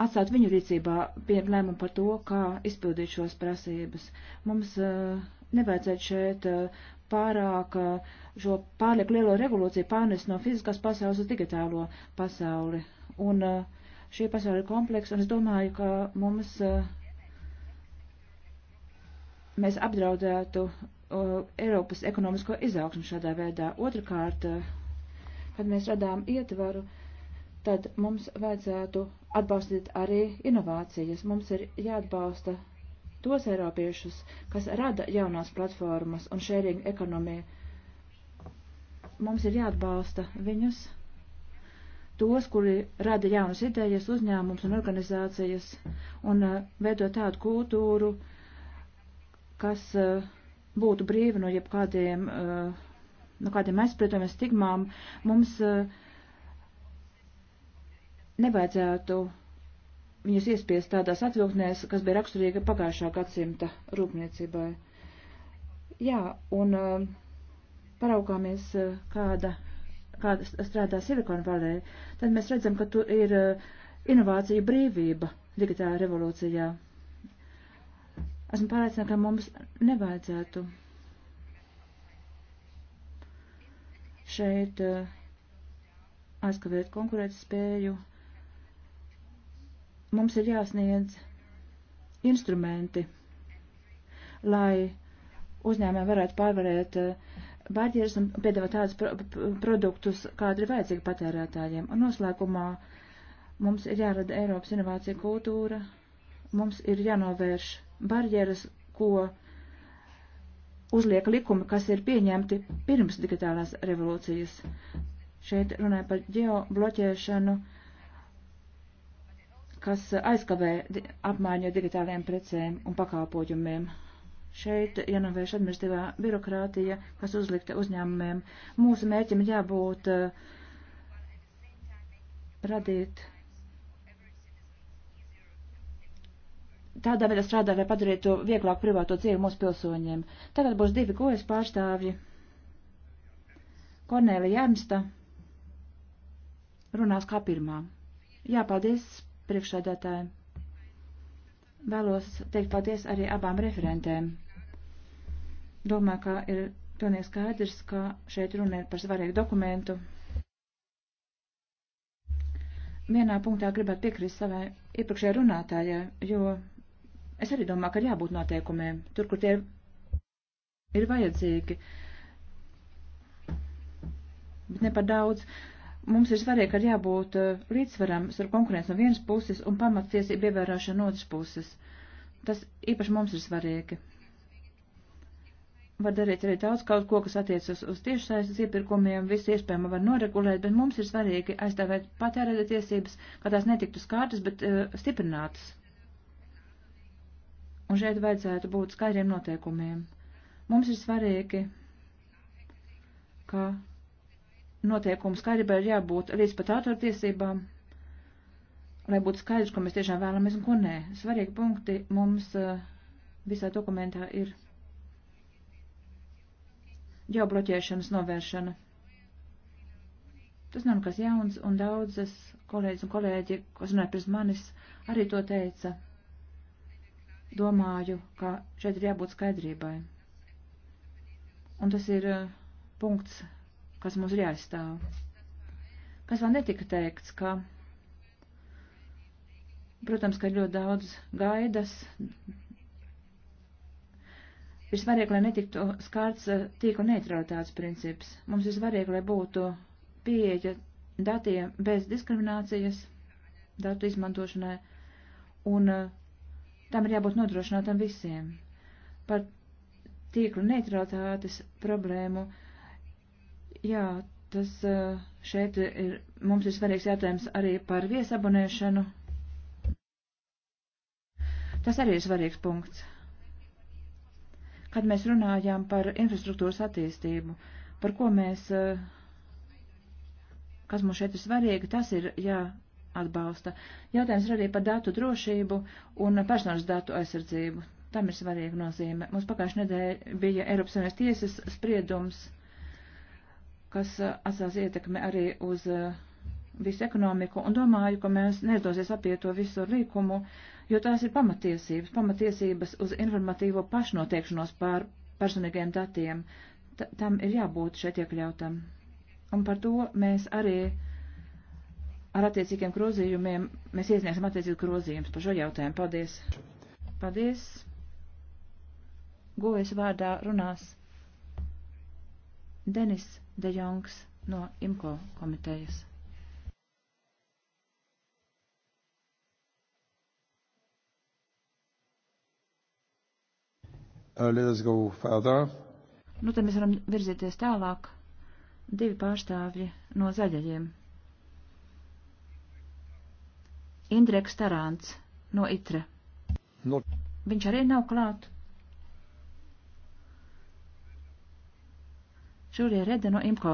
atstāt viņu rīcībā pieņem lēmumu par to, kā izpildīt šos prasības. Mums uh, nevajadzētu šeit uh, pārāk uh, šo pārlieku lielo revolūciju pārnest no fiziskās pasaules uz digitālo pasauli. Un uh, šī pasaule ir kompleksa, un es domāju, ka mums uh, mēs apdraudētu uh, Eiropas ekonomisko izaugsmu šādā veidā. Otrakārt, uh, kad mēs radām ietvaru, tad mums vajadzētu atbalstīt arī inovācijas. Mums ir jāatbalsta tos eiropiešus, kas rada jaunās platformas un sharing ekonomiju. Mums ir jāatbalsta viņus, tos, kuri rada jaunas idejas, uzņēmums un organizācijas, un uh, veido tādu kultūru, kas uh, būtu brīva no jebkādiem, uh, no kādiem aizspriedumiem, stigmām. Mums uh, nevajadzētu viņus iespiest tādās atvilknēs, kas bija raksturīga pagājušā gadsimta rūpniecībai. Jā, un uh, paraugāmies, uh, kāda, kāda strādā Silikona valē, tad mēs redzam, ka tur ir uh, inovācija brīvība digitālajā revolūcijā. Esmu pārliecināta, ka mums nevajadzētu šeit aizkavēt konkurētspēju spēju mums ir jāsniedz instrumenti, lai uzņēmē varētu pārvarēt eh, barjeras un piedāvāt tādus pro produktus, kādi ir vajadzīgi patērētājiem. Un noslēgumā mums ir jārada Eiropas inovācija kultūra, mums ir jānovērš barjeras, ko uzliek likumi, kas ir pieņemti pirms digitālās revolūcijas. Šeit runāja par ģeobloķēšanu. bloķēšanu kas aizkavē apmaiņu digitāliem precēm un pakāpojumiem. Šeit jānovērš administratīvā birokrātija, kas uzlikta uzņēmumiem. Mūsu mērķim jābūt uh, radīt tādā veidā strādā, lai padarītu vieglāk privāto dzīvi mūsu pilsoņiem. Tagad būs divi gojas pārstāvji. Kornēlija Ernsta runās kā pirmā. Jā, paldies priekšsēdētāji. Vēlos teikt paldies arī abām referentēm. Domāju, ka ir pilnīgi skaidrs, ka šeit runa ir par svarīgu dokumentu. Vienā punktā gribētu piekrist savai iepriekšējai runātājai, jo es arī domāju, ka ir jābūt noteikumiem, tur, kur tie ir vajadzīgi, bet ne par daudz. Uh, Mums ir svarīgi, ka jābūt uh, līdzsvaram starp konkurence no vienas puses un pamattiesību ievērošanu no otras puses. Tas īpaši mums ir svarīgi. Var darīt arī daudz kaut ko, kas attiecas uz tiešsaistes iepirkumiem, visu iespējamo var noregulēt, bet mums ir svarīgi aizstāvēt patērētāju tiesības, ka tās netiktu skārtas, bet uh, stiprinātas. Un šeit vajadzētu būt skaidriem noteikumiem. Mums ir svarīgi, ka noteikumu skaidrībai ir jābūt līdz pat autortiesībām, lai būtu skaidrs, ko mēs tiešām vēlamies un ko nē. Svarīgi punkti mums eh, visā dokumentā ir ģeobloķēšanas novēršana. Tas nav nekas jauns, un daudzas kolēģis un kolēģi, kas runāja pirms manis, arī to teica. Domāju, ka šeit ir jābūt skaidrībai. Un tas ir eh, punkts, kas mums ir jāizstāv. Kas vēl netika teikts, ka, protams, ka ir ļoti daudz gaidas. Ir svarīgi, lai netiktu skārts eh, tīkla neutralitātes princips. Mums ir svarīgi, lai būtu pieeja datiem bez diskriminācijas, datu izmantošanai, un eh, tam ir jābūt nodrošinātam visiem. Par tīklu neutralitātes problēmu uh, Jā, tas šeit ir, mums ir svarīgs jautājums arī par viesabonēšanu. Tas arī ir svarīgs punkts. Kad mēs runājām par infrastruktūras attīstību, par ko mēs, kas mums šeit ir svarīgi, tas ir jāatbalsta. Jautājums ir arī par datu drošību un personas datu aizsardzību. Tam ir svarīga nozīme. Mums pagājušajā nedēļā bija Eiropas Savienības tiesas spriedums kas eh, atstās ietekmi arī uz eh, visu ekonomiku, un domāju, ka mēs neizdosies apiet to visu līkumu, jo tās ir pamatiesības, pamatiesības uz informatīvo pašnoteikšanos pār personīgiem datiem. T tam ir jābūt šeit iekļautam. Un par to mēs arī ar attiecīgiem grozījumiem, mēs iesniegsim attiecīgus grozījumus par šo jautājumu. Paldies! Paldies! Gojas vārdā runās Denis Dejongs no IMKO komitejas. Uh, let us go further. Nu, tad mēs varam virzīties tālāk. Divi pārstāvji no zaļajiem. Indreks Tarants no Itre. No. Viņš arī nav klāt. Žūrija Reda no IMCO.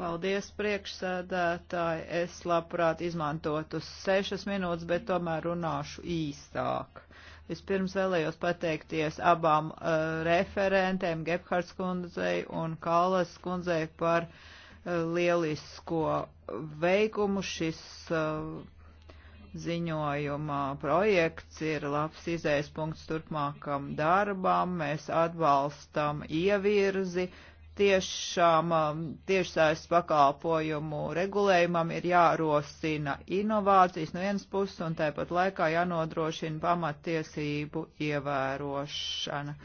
Paldies, priekšsēdētāji. Es labprāt izmantotu sešas minūtes, bet tomēr runāšu īsāk. Vispirms vēlējos pateikties abām uh, referentēm, Gebhards kundzei un Kalas kundzei par uh, lielisko veikumu. Šis uh, ziņojuma projekts ir labs izējas punkts turpmākam darbam. Mēs atbalstam ievirzi. Tiešām um, tiešsaistes pakalpojumu regulējumam ir jārosina inovācijas no vienas puses un tāpat laikā jānodrošina pamattiesību ievērošana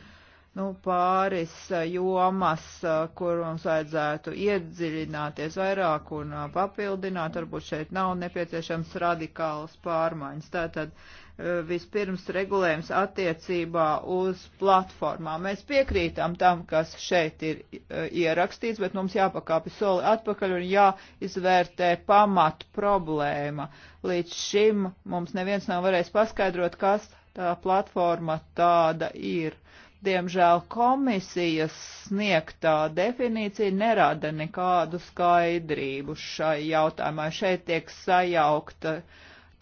nu, pāris eh, jomas, eh, kur mums vajadzētu iedziļināties vairāk un eh, papildināt. Varbūt šeit nav nepieciešams radikāls pārmaiņas. Tātad vispirms regulējums attiecībā uz platformām. Mēs piekrītam tam, kas šeit ir ierakstīts, bet mums jāpakāpi soli atpakaļ un jāizvērtē pamat problēma. Līdz šim mums neviens nav varējis paskaidrot, kas tā platforma tāda ir. Uh, Diemžēl komisijas sniegtā definīcija nerada nekādu skaidrību šai jautājumā. Šeit tiek sajaukta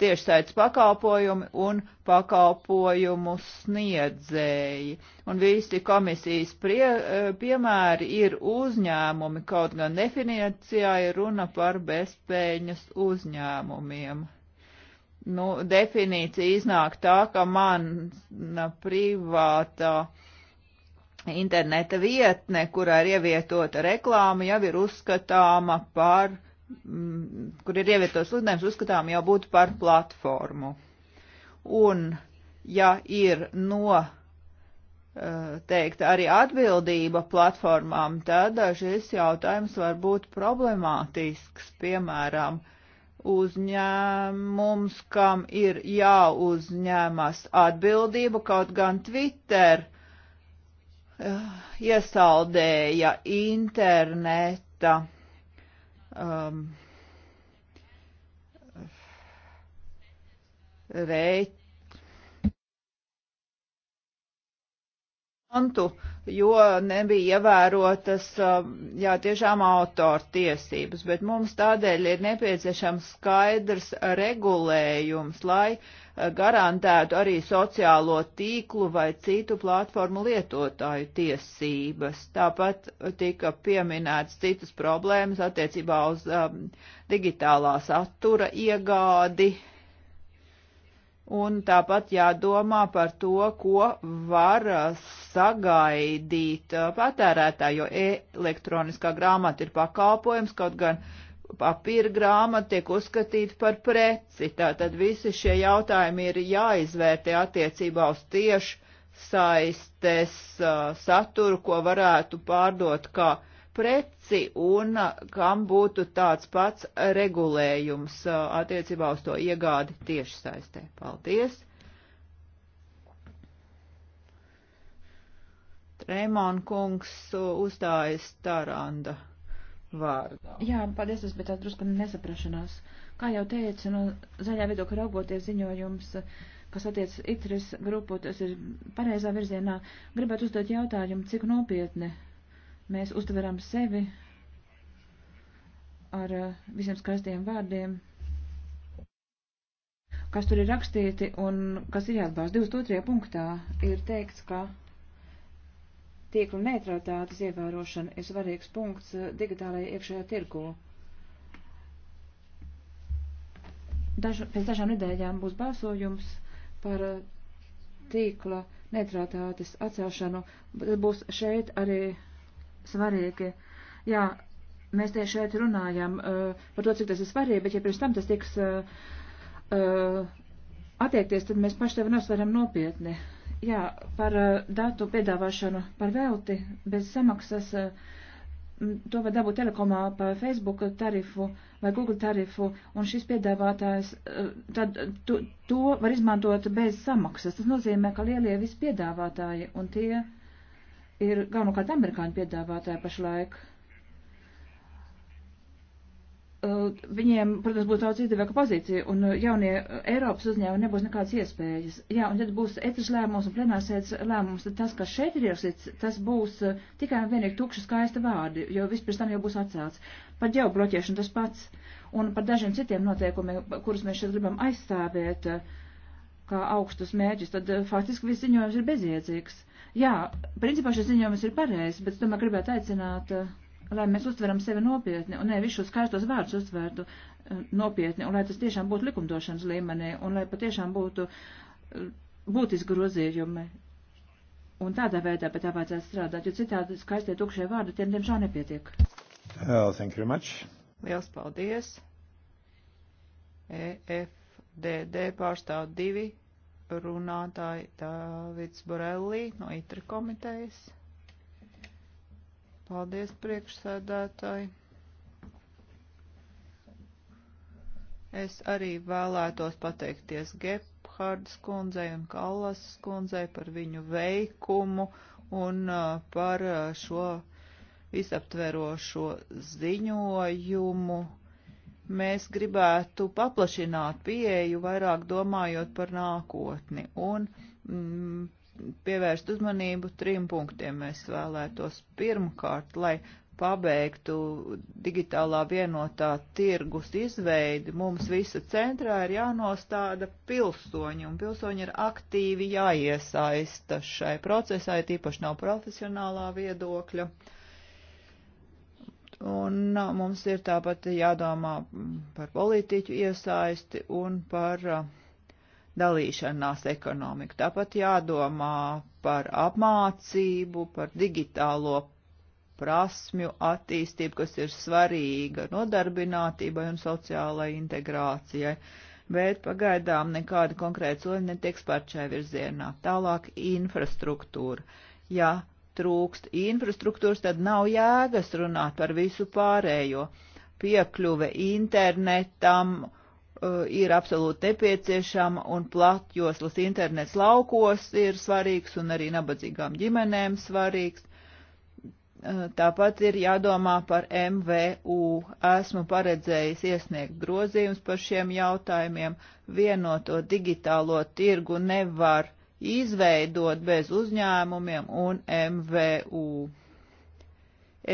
tiešsaits pakalpojumi un pakalpojumu sniedzēji. Un visi komisijas prie, eh, piemēri ir uzņēmumi, kaut gan definīcijā ir runa par bezpēļņas uzņēmumiem nu, definīcija iznāk tā, ka mana privātā interneta vietne, kurā ir ievietota reklāma, jau ir uzskatāma par, mm, kur ir ievietots sludinājums, uzskatām jau būtu par platformu. Un, ja ir no eh, teikt, arī atbildība platformām, tad eh, šis jautājums var būt problemātisks. Piemēram, uzņēmums, kam ir jāuzņemas atbildība, kaut gan Twitter Eh, iesaldēja interneta um, rēķinu pantu, jo nebija ievērotas, um, jā, tiešām autortiesības, bet mums tādēļ ir nepieciešams skaidrs regulējums, lai uh, garantētu arī sociālo tīklu vai citu platformu lietotāju tiesības. Tāpat tika pieminēts citas problēmas attiecībā uz um, digitālā satura iegādi. Uh, Un tāpat jādomā par to, ko var uh, sagaidīt uh, patērētāji, jo elektroniskā grāmata ir pakalpojums, kaut gan papīra grāmata tiek uzskatīta par preci. Tātad visi šie jautājumi ir jāizvērtē attiecībā uz tieši saistes uh, saturu, ko varētu pārdot kā uh, preci un kam būtu tāds pats regulējums attiecībā uz to iegādi tiešsaistē. Paldies! Reimon kungs uzstājas Taranda vārdā. Jā, paldies, tas bija tāds drusku nesaprašanās. Kā jau teicu, no zaļā viedokļa raugoties ziņojums, kas attiec ITRIS grupu, tas ir pareizā virzienā, gribētu uzdot jautājumu, cik nopietni Mēs uztveram sevi ar eh, visiem skaistiem vārdiem, kas tur ir rakstīti un kas ir jāatbalsta. 22. punktā ir teikts, ka tīkla neutralitātes ievērošana ir svarīgs punkts eh, digitālajā iekšējā tirgū. Daž, pēc dažām nedēļām būs balsojums par eh, tīkla neutralitātes atcelšanu. Būs šeit arī svarīgi. Jā, mēs tieši šeit runājam uh, par to, cik tas ir svarīgi, bet ja pirms tam tas tiks uh, uh, attiekties, tad mēs paši tevi nosveram nopietni. Jā, par uh, datu piedāvāšanu par velti bez samaksas. Uh, to var dabūt telekomā pa Facebook tarifu vai Google tarifu, un šis piedāvātājs, uh, tad to, to var izmantot bez samaksas. Tas nozīmē, ka lielie vispiedāvātāji un tie, uh, ir galvenokārt amerikāņu piedāvātāji pašlaik. Viņiem, protams, būs daudz izdevīga pozīcija, un jaunie Eiropas uzņēmumi nebūs nekādas iespējas. Jā, un tad būs etras lēmums un plenārsēdes lēmums, tad tas, kas šeit ir ierasīts, tas būs tikai un vienīgi tukši skaista vārdi, jo viss pēc tam jau būs atcelts. Par ģeobloķēšanu tas pats, un par dažiem citiem noteikumiem, kurus mēs šeit gribam aizstāvēt. Uh, kā augstus mērķus, tad eh, faktiski viss ziņojums ir bezjēdzīgs. Jā, principā šis ziņojums ir pareizs, bet tomēr gribētu aicināt, eh, lai mēs uztveram sevi nopietni un nevis šos karstos vārdus uztvertu eh, nopietni, un lai tas tiešām būtu likumdošanas līmenī, un lai patiešām būtu būtiski grozījumi. Un tādā veidā pēc tā vajadzētu strādāt, jo citādi skaistie tukšie vārdi tiem diemžēl nepietiek. Oh, thank you very much. Liels paldies. EF DD pārstāv divi runātāji Dāvids Borelli no ITRA komitejas. Paldies priekšsēdētāji. Es arī vēlētos pateikties Gephardas kundzei un Kallas kundzei par viņu veikumu un uh, par uh, šo visaptverošo ziņojumu mēs gribētu paplašināt pieeju, vairāk domājot par nākotni un mm, pievērst uzmanību trim punktiem. Mēs vēlētos pirmkārt, lai pabeigtu digitālā vienotā tirgus izveidi, mums visa centrā ir jānostāda pilsoņi, un pilsoņi ir aktīvi jāiesaista šai procesai, tīpaši nav profesionālā viedokļa. Uh, Un mums ir tāpat jādomā par politiķu iesaisti un par dalīšanās ekonomiku. Tāpat jādomā par apmācību, par digitālo prasmju attīstību, kas ir svarīga nodarbinātībai un sociālai integrācijai. Bet pagaidām nekāda konkrēta soļa netiek spērt šai virzienā. Tālāk infrastruktūra. Ja trūkst infrastruktūras, tad nav jēgas runāt par visu pārējo. Piekļuve internetam uh, ir absolūti nepieciešama un platjoslas internets laukos ir svarīgs un arī nabadzīgām ģimenēm svarīgs. Uh, tāpat ir jādomā par MVU. Esmu paredzējis iesniegt grozījums par šiem jautājumiem. Vienoto digitālo tirgu nevar izveidot bez uzņēmumiem un MVU.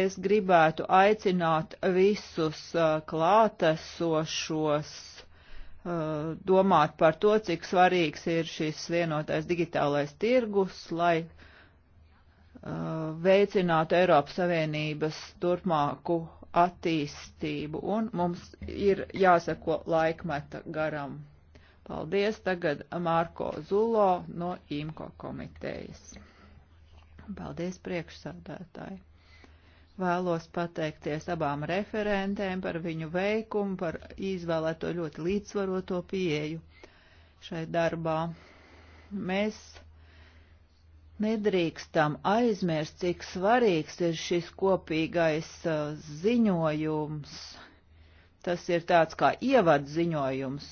Es gribētu aicināt visus uh, klātesošos uh, domāt par to, cik svarīgs ir šis vienotais digitālais tirgus, lai uh, veicinātu Eiropas Savienības turpmāku attīstību, un mums ir jāseko laikmeta garam. Paldies tagad Marko Zulo no IMKO komitejas. Paldies priekšsādātāji. Vēlos pateikties abām referentēm par viņu veikumu, par izvēlēto ļoti līdzsvaroto pieeju šai darbā. Mēs nedrīkstam aizmirst, cik svarīgs ir šis kopīgais uh, ziņojums. Tas ir tāds kā ievad ziņojums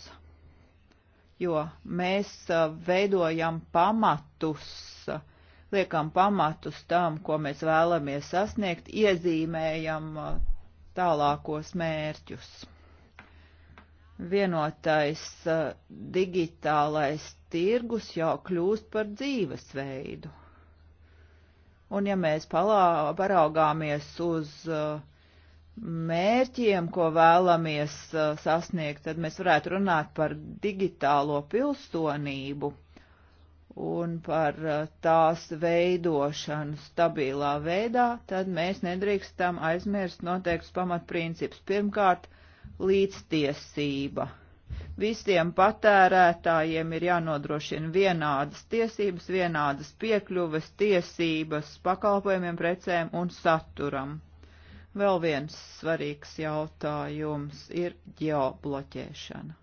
jo mēs veidojam pamatus, liekam pamatus tam, ko mēs vēlamies sasniegt, iezīmējam tālākos mērķus. Vienotais digitālais tirgus jau kļūst par dzīvesveidu. Un ja mēs palā, paraugāmies uz uh, mērķiem, ko vēlamies uh, sasniegt, tad mēs varētu runāt par digitālo pilsonību un par uh, tās veidošanu stabilā veidā, tad mēs nedrīkstam aizmirst noteikts pamatprincips. Pirmkārt, līdztiesība. Visiem patērētājiem ir jānodrošina vienādas tiesības, vienādas piekļuves, tiesības pakalpojumiem, precēm un saturam. Vēl viens svarīgs jautājums ir ģeobloķēšana.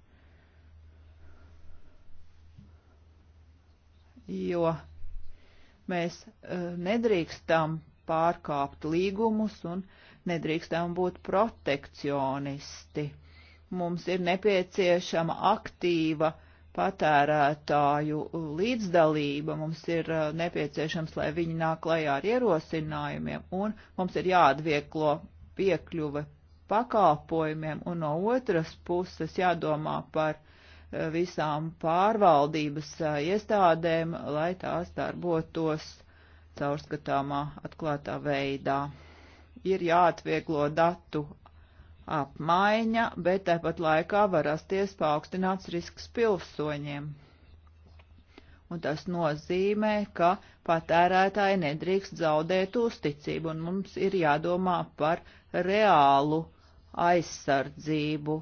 Jo mēs e, nedrīkstam pārkāpt līgumus un nedrīkstam būt protekcionisti. Mums ir nepieciešama aktīva uh, patērētāju līdzdalība, mums ir uh, nepieciešams, lai viņi nāk klajā ar ierosinājumiem, un mums ir jāatvieglo piekļuve pakalpojumiem, un no otras puses jādomā par uh, visām pārvaldības uh, iestādēm, lai tās darbotos caurskatāmā atklātā veidā. Ir jāatvieglo datu apmaiņa, bet tāpat laikā var rasties paaugstināts risks pilsoņiem. Un tas nozīmē, ka patērētāji nedrīkst zaudēt uzticību, un mums ir jādomā par reālu aizsardzību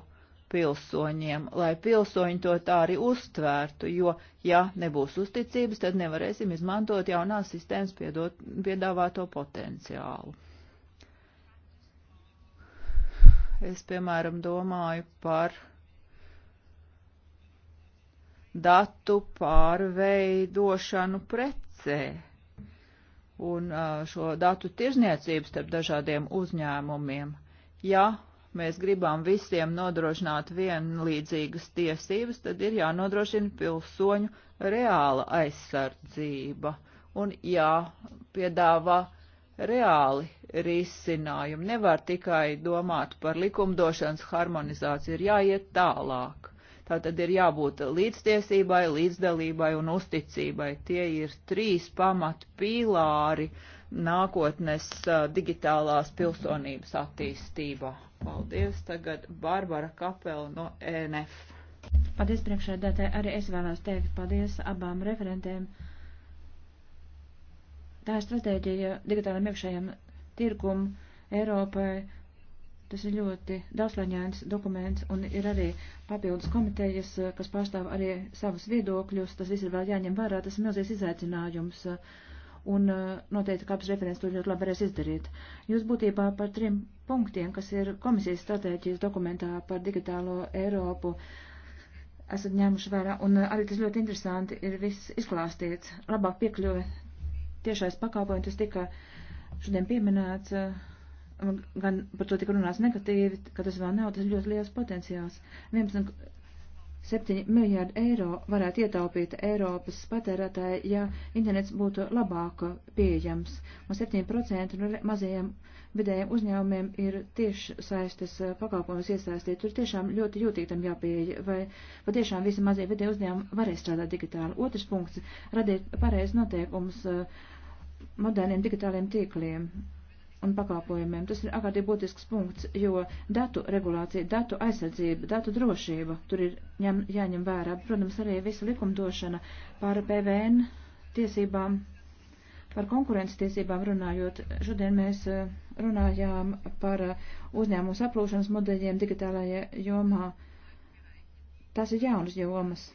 pilsoņiem, lai pilsoņi to tā arī uztvērtu, jo, ja nebūs uzticības, tad nevarēsim izmantot jaunās sistēmas piedot, piedāvāto potenciālu. Es, piemēram, domāju par datu pārveidošanu precē un šo datu tirzniecību starp dažādiem uzņēmumiem. Ja mēs gribam visiem nodrošināt vienlīdzīgas tiesības, tad ir jānodrošina pilsoņu reāla aizsardzība un jāpiedāvā reāli risinājumi. Nevar tikai domāt par likumdošanas harmonizāciju, ir jāiet tālāk. Tā tad ir jābūt līdztiesībai, līdzdalībai un uzticībai. Tie ir trīs pamat pīlāri nākotnes uh, digitālās pilsonības attīstībā. Paldies tagad Barbara Kapela no ENF. Paldies priekšēdētāji, arī es vēlos teikt paldies abām referentēm Tā ir stratēģija digitālajiem iekšējiem tirgum Eiropai. Tas ir ļoti daudzslaņēns dokuments un ir arī papildus komitejas, kas pārstāv arī savus viedokļus. Tas viss ir vēl jāņem vērā, tas ir milzīgs izaicinājums. Un uh, noteikti kāds referents to ļoti labi varēs izdarīt. Jūs būtībā par trim punktiem, kas ir komisijas stratēģijas dokumentā par digitālo Eiropu, esat ņēmuši vērā. Un uh, arī tas ļoti interesanti ir viss izklāstīts. Labāk piekļuve tiešais pakalpojums, tas tika šodien pieminēts, gan par to tika runāts negatīvi, ka tas vēl nav, tas ļoti liels potenciāls. 11,7 miljārdi eiro varētu ietaupīt Eiropas patērētāji, ja internets būtu labāk pieejams. Un 7% no mazajiem vidējiem uzņēmumiem ir tieši saistas eh, pakalpojumus iesaistīt. Tur tiešām ļoti jūtīgi tam jāpieeja, vai patiešām visi mazie vidēji uzņēmumi varēs strādāt digitāli. Otrs punkts - radīt pareizi noteikumus. Uh, moderniem digitāliem tīkliem un pakalpojumiem. Tas ir ārkārtīgi būtisks punkts, jo datu regulācija, datu aizsardzība, datu drošība tur ir ņem, jāņem vērā. Protams, arī visa likumdošana par PVN tiesībām, par konkurences tiesībām runājot. Šodien mēs eh, runājām par eh, uzņēmumu saplūšanas modeļiem digitālajā jomā. Tas ir jaunas jomas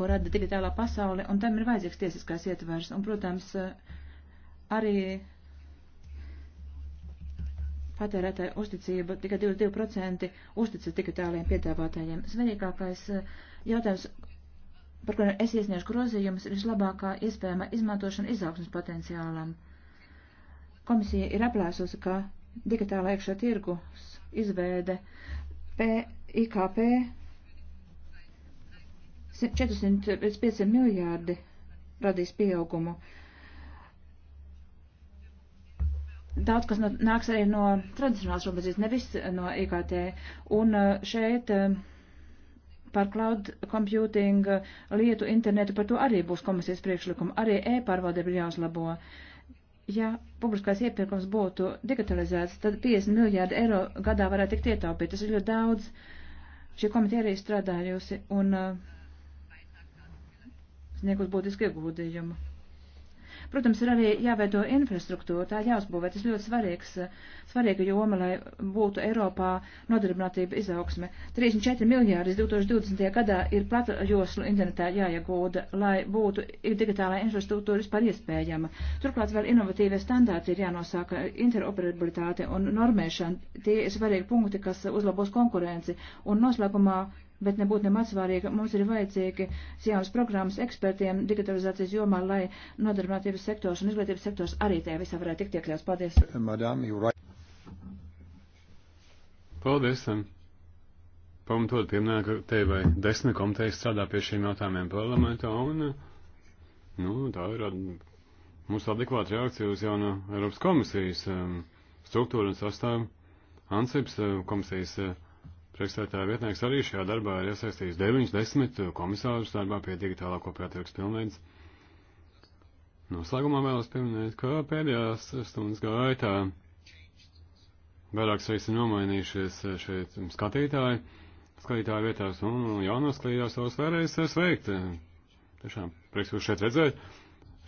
ko rada digitālā pasaule, un tam ir vajadzīgs tiesiskais ietvers. Un, protams, eh, arī patērētāja uzticība, tikai 22% uzticas digitālajiem piedāvātājiem. Svarīgākais eh, jautājums, par kuru es iesniešu grozījumus, ir vislabākā iespējama izmantošana izaugsmas potenciālam. Komisija ir aplēsusi, ka digitāla iekšā tirgus izveide PIKP 405 miljārdi radīs pieaugumu. Daudz, kas no, nāks arī no tradicionālās robežas, nevis no IKT. Un uh, šeit uh, par cloud computing uh, lietu internetu par to arī būs komisijas priekšlikuma. Arī e-pārvaldība ir jāuzlabo. Ja publiskais iepirkums būtu digitalizēts, tad 50 miljārdi eiro gadā varētu tikt ietaupīt. Tas ir ļoti daudz. Šī komiteja arī strādājusi. Un, uh, sniegus būtisku ieguldījumu. Protams, ir arī jāveido infrastruktūra, tā jāuzbūvē. Tas ļoti svarīgs, svarīga joma, lai būtu Eiropā nodarbinātība izaugsme. 34 miljārdi 2020. gadā ir plata joslu internetā jāiegūda, lai būtu digitālā infrastruktūra vispār iespējama. Turklāt vēl inovatīvie standārti ir jānosāka interoperabilitāte un normēšana. Tie ir svarīgi punkti, kas uzlabos konkurenci. Un noslēgumā bet nebūtu nemaz svarīga. Mums ir vajadzīgi jaunas programmas ekspertiem digitalizācijas jomā, lai nodarbinātības sektors un izglītības sektors arī tajā visā varētu tikt iekļauts. Paldies! Madame, Paldies! Pamatot pieminēja, ka te vai desmit komitejas strādā pie šiem jautājumiem parlamentā, un nu, tā ir mūsu adekvāta reakcija uz jauno Eiropas komisijas um, struktūru un sastāvu. Ansips uh, komisijas uh, Priekšstādātāja vietnieks arī šajā darbā ir iesaistījis 9-10 komisārus darbā pie digitālā kopētiekas pilnveids. Noslēgumā vēlos pieminēt, ka pēdējās stundas gaitā vairākas reizes ir nomainījušies šeit skatītāji, skatītāju vietās, un jaunos klījās savus vēlreiz sveikt. Tiešām prieks jūs šeit redzēt.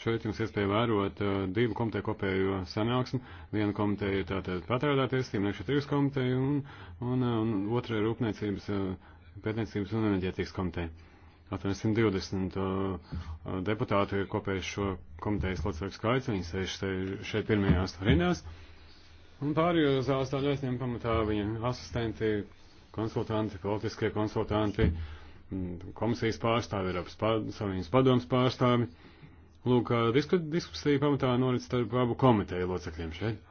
Šeit jums iespēja vērot uh, divu komiteju kopējo sanāksmi. Viena komiteja ir tātad patērētāties, tīmnieku tirgus komiteja, un, un, uh, un otra ir rūpniecības, uh, pētniecības un enerģētikas komiteja. 820 uh, uh deputāti ir kopējuši šo komitejas locekļu skaits, viņi sēž šeit pirmajās rindās. Un pārējos zāles tā ļaisniem pamatā viņa asistenti, konsultanti, politiskie konsultanti, mm, komisijas pārstāvi, Eiropas padomas pārstāvi. Lūk, disk diskusija pamatā norit starp abu komiteju locekļiem šeit.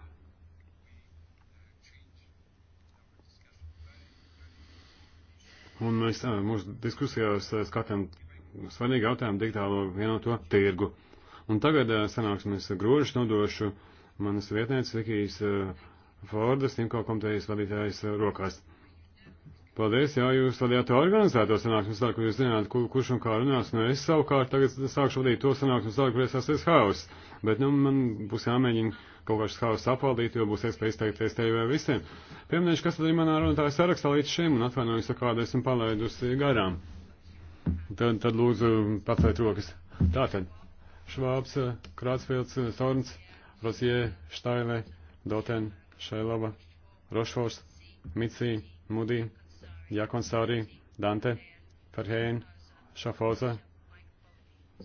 Un mēs mūsu diskusijās skatām svarīgi jautājumu digitālo vienoto tirgu. Un tagad sanāksmes grožus nodošu manas vietnētas Vikijas Fordas, Timko komitejas vadītājas rokās. Paldies, jā, jūs vadījāt to organizēto sanāksmu sāku, jūs zināt, kur, kurš un kā runās, un nu, es savukārt tagad sākšu vadīt to sanāksmu sāku, kur es esmu haus. Bet, nu, man būs jāmēģina kaut kāds haus apvaldīt, jo būs iespēja izteikties tevi vai visiem. Pieminēšu, kas tad ir manā runātāja sarakstā līdz šim, un atvainojos, ka kādu esmu palaidusi garām. Tad, tad lūdzu, pacēt rokas. Tātad, Švābs, Krācfields, Sorns, Rosie, Štaile, Doten, Šailova, Rošfors, Micī, Mudī. Jākonsārī, Dante, Ferhēn, Šafoza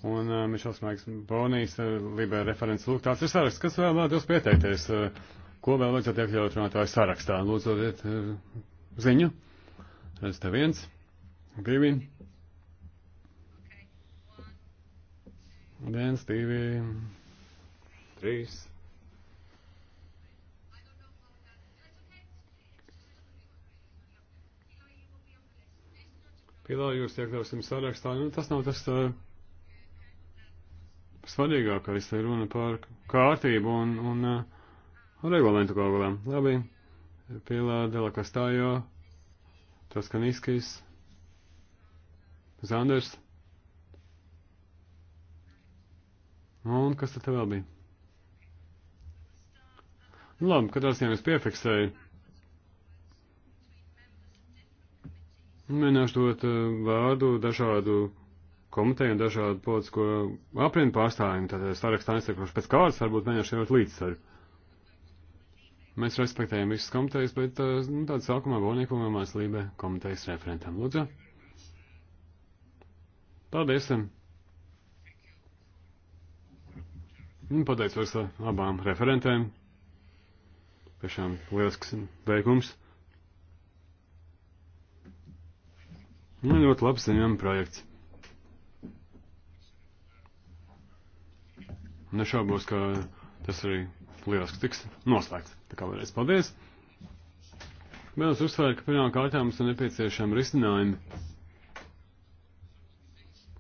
un uh, Mišels Maiks Bonijas, uh, eh, Libē referents. Lūk, tāds ir saraksts. Kas vēl vēlaties pieteikties? Uh, ko vēl vajadzētu iekļaut runātāju sarakstā? Lūdzu, dodiet uh, ziņu. Redz te viens, divi. Viens, divi, trīs. pilāru jūs iekļausim sarakstā, nu, tas nav tas tā, eh, svarīgākais, te runa par kārtību un, un uh, eh, regulamentu kaut kādā. Labi, pilāru Delakastājo, tas Kaniskis, Zanders. Un kas tad vēl bija? Nu, labi, kad es jau piefiksēju. Mēģināšu dot eh, vārdu dažādu komiteju un dažādu politisko aprindu pārstāvjumu. Tātad sarakstā aizsakrošu pēc kārtas, varbūt mēģināšu ievot līdzsvaru. Mēs respektējam visas komitejas, bet eh, nu, tādā sākumā Vonīkumā māclība komitejas referentam. Lūdzu. Paldies. Nu, pateicos eh, abām referentēm. Tiešām lielisks veikums. Nu, ļoti labs ziņojuma projekts. Nešaubos, ka tas arī lieliski tiks noslēgts. Tā kā vēlreiz paldies. Vēlos uzsvērt, ka pirmām kārtām mums ir nepieciešami risinājumi,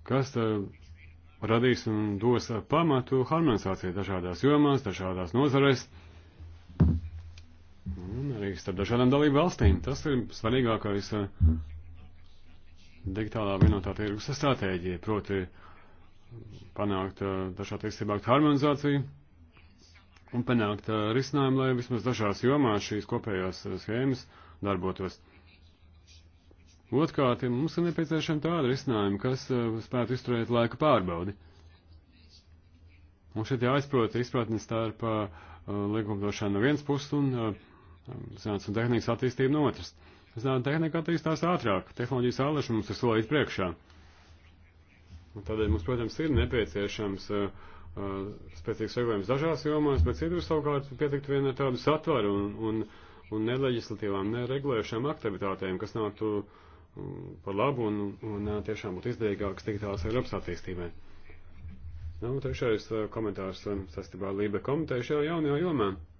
kas uh, radīs un dos pamatu harmonizācijai dažādās jomās, dažādās nozarēs un arī starp dažādām dalību valstīm. Tas ir svarīgākais uh, digitālā vienotā tirgus stratēģija, proti panākt dažā tiesībā harmonizāciju un panākt risinājumu, lai vismaz dažās jomās šīs kopējās schēmas darbotos. Otkārt, mums ir nepieciešama tāda risinājuma, kas spētu izturēt laika pārbaudi. Un šeit jāizprot izpratni starp likumdošanu no vienas puses un zinātnes un tehnikas attīstību no otras. Uh, Zināt, tehnika attīstās ātrāk, tehnoloģijas āleši mums ir solīt priekšā. Un tādēļ mums, protams, ir nepieciešams uh, uh, spēcīgs regulējums dažās jomās, bet citur savukārt pietikt vien ar tādu satvaru un, un, un neleģislatīvām, neregulējušām aktivitātēm, kas nāktu um, par labu un, un uh, tiešām būtu izdevīgākas digitālās Eiropas attīstībai. Nu, trešais uh, komentārs um, saistībā ar Lībe komiteju šajā jaunajā jomā. Jo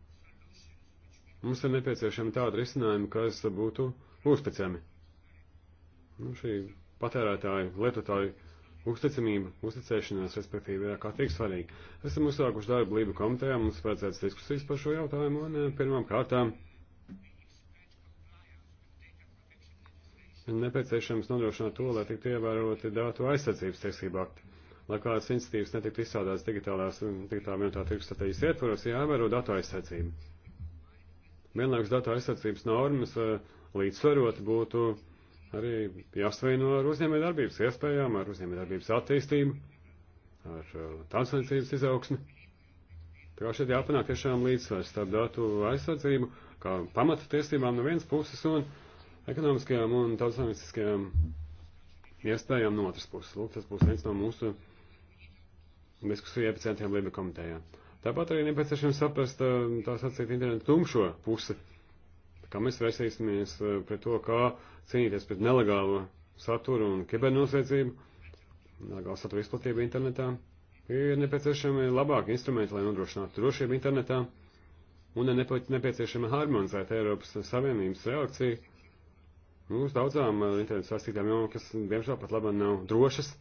Mums ir nepieciešami tādi risinājumi, kas būtu uzticami. Nu, šī patērētāju, lietotāju uzticamība, uzticēšanās, respektīvi, ir ārkārtīgi svarīga. Esam uzsākuši darbu Lība komitejā, mums vajadzēs diskusijas par šo jautājumu, un eh, pirmām kārtām ir nepieciešams nodrošināt to, lai tiktu ievēroti datu aizsardzības tiesību akti. Lai kādas institīvas netiktu izstrādātas digitālās, digitālā vienotā tirgus strateģijas ietvaros, jāievēro datu aizsardzība vienlaikus datu aizsardzības normas eh, līdzsvarot būtu arī jāsveino ar uzņēmējdarbības iespējām, ar uzņēmējdarbības attīstību, ar eh, tālsaicības izaugsmi. Tā kā šeit jāpanāk tiešām līdzsvars starp datu aizsardzību, kā pamata tiesībām no vienas puses un ekonomiskajām un tautsaimnieciskajām iespējām no otras puses. Lūk, tas būs viens no mūsu diskusiju epicentriem Liba komitējā. Tāpat arī nepieciešams saprast tā sacīt internetu tumšo pusi. Tā kā mēs vērsīsimies pret to, kā cīnīties pret nelegālo saturu un kibernosveicību, nelegālu saturu izplatību internetā, ir nepieciešami labāki instrumenti, lai nodrošinātu drošību internetā, un ir nepieciešama harmonizēt Eiropas Savienības reakciju uz daudzām internetu sastītām jomām, kas, diemžēl, pat labāk nav drošas.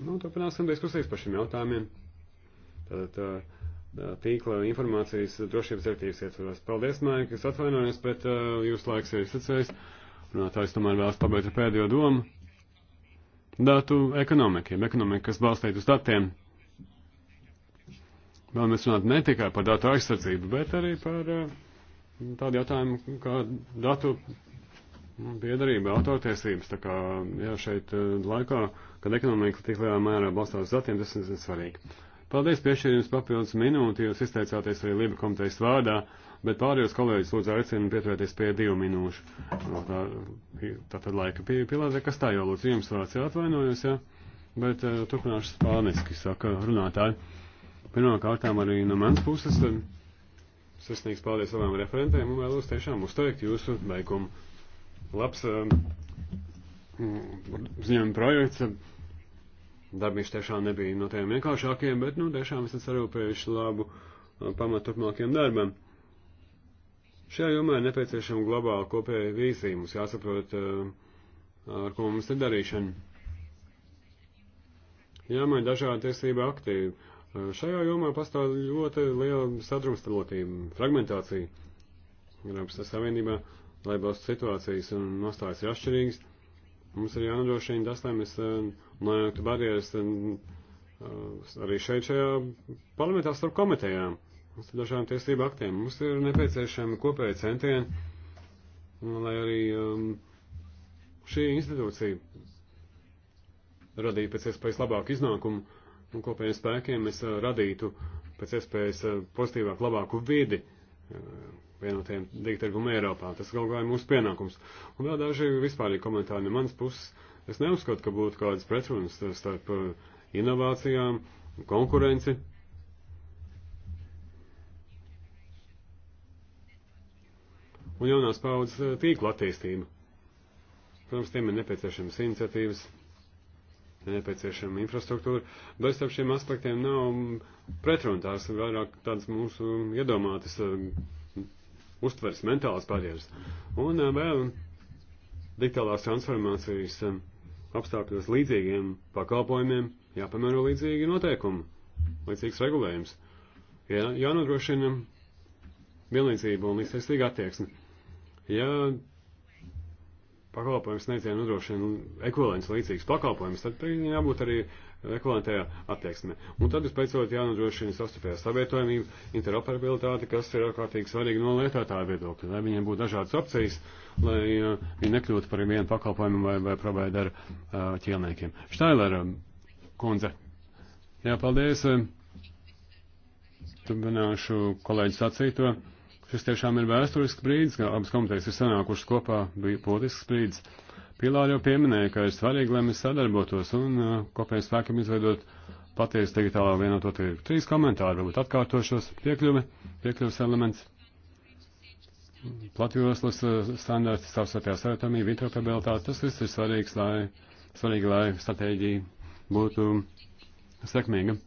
Nu, turpināsim diskusijas par šiem jautājumiem. Tātad, tīkla informācijas drošības direktīvas ietvaros. Paldies, Maija, es atvainojos, bet uh, jūsu laiks ir izsacējis. Runātājs tomēr vēlas pabeigt ar pēdējo domu. Datu ekonomikiem, ekonomika, kas balstīta uz datiem. Vēlamies runāt ne tikai par datu aizsardzību, bet arī par uh, tādu jautājumu kā datu piedarība, autortiesības. Tā kā jā, šeit uh, laikā, kad ekonomika tik lielā mērā balstās uz datiem, tas ir svarīgi. Paldies, piešķir jums papildus minūti, jūs izteicāties arī Liba komitejas vārdā, bet pārējos kolēģis lūdzu aicinu pieturēties pie divu minūšu. Tā, tā tad laika pie, pilāzē, kas tā jau lūdzu, jums vārds jāatvainojos, jā, ja? bet uh, turpināšu spāniski, saka runātāji. Pirmā kārtām arī no manas puses. Uh, sirsnīgs paldies savām referentēm un vēlos tiešām uzteikt jūsu veikumu. Labs um, ziņojuma projekts Darbīši tiešām nebija no tiem vienkāršākiem, bet, nu, tiešām esat sarūpējuši labu uh, pamatu turpmākiem darbam. Šajā jomā ir nepieciešama globāla kopēja vīzija. Mums jāsaprot, uh, ar ko mums ir darīšana. Jāmaina dažādi tiesība aktīvi. Uh, šajā jomā pastāv ļoti liela sadrumstalotība, fragmentācija. Eiropas Savienībā, lai balstu situācijas un nostājas ir atšķirīgas, mums ir jānodrošina tas, lai mēs nojaukt nu, barjeras uh, arī šeit šajā parlamentā starp komitejām, starp dažādām tiesību aktiem. Mums ir nepieciešami kopēji centieni, nu, lai arī um, šī institūcija radītu pēc iespējas labāku iznākumu un kopējiem spēkiem mēs uh, radītu pēc iespējas uh, pozitīvāku, labāku vidi vienotiem dīgtergumu Eiropā. Tas galvā ir mūsu pienākums. Un vēl daži vispārīgi komentāri no manas puses. Es neuzskatu, ka būtu kādas pretrunas starp uh, inovācijām, konkurenci. Un jaunās paudzes uh, tīklu attīstību. Protams, tiem ir nepieciešamas iniciatīvas, nepieciešama infrastruktūra, bet starp šiem aspektiem nav pretruna. Tās ir vairāk tādas mūsu iedomātas uh, uztveres, mentālas barjeras. Un vēl digitālās transformācijas. Um, apstākļos līdzīgiem pakalpojumiem jāpamēro līdzīgi noteikumi, līdzīgs regulējums. Jā, jānodrošina vienlīdzība un līdztiesīga attieksme. Ja pakalpojums neizdien nodrošina ekvivalents līdzīgs pakalpojums, tad jābūt arī regulētajā attieksmē. Un tad, vispēcot, jānodrošina sastupējā savietojamība, interoperabilitāte, kas ir ārkārtīgi svarīga no lietotāja viedokļa, lai viņiem būtu dažādas opcijas, lai uh, viņi nekļūtu par vienu pakalpojumu vai, vai provaideru uh, ķielniekiem. Štailera um, kundze. Jā, paldies. Turpināšu kolēģi sacīto. Šis tiešām ir vēsturisks brīdis, ka abas komitejas ir sanākušas kopā, bija politisks brīdis. Uh, Pilāri jau pieminēja, ka ir svarīgi, lai mēs sadarbotos un uh, kopējiem spēkiem izveidot patiesu digitālā vienoto tirgu. Trīs komentāri, varbūt atkārtošos, piekļuve, piekļuves elements, platjoslas uh, standarti, savstarpējā savietojumība, interoperabilitāte, tas viss ir svarīgs, lai, svarīgi, lai stratēģija būtu sekmīga.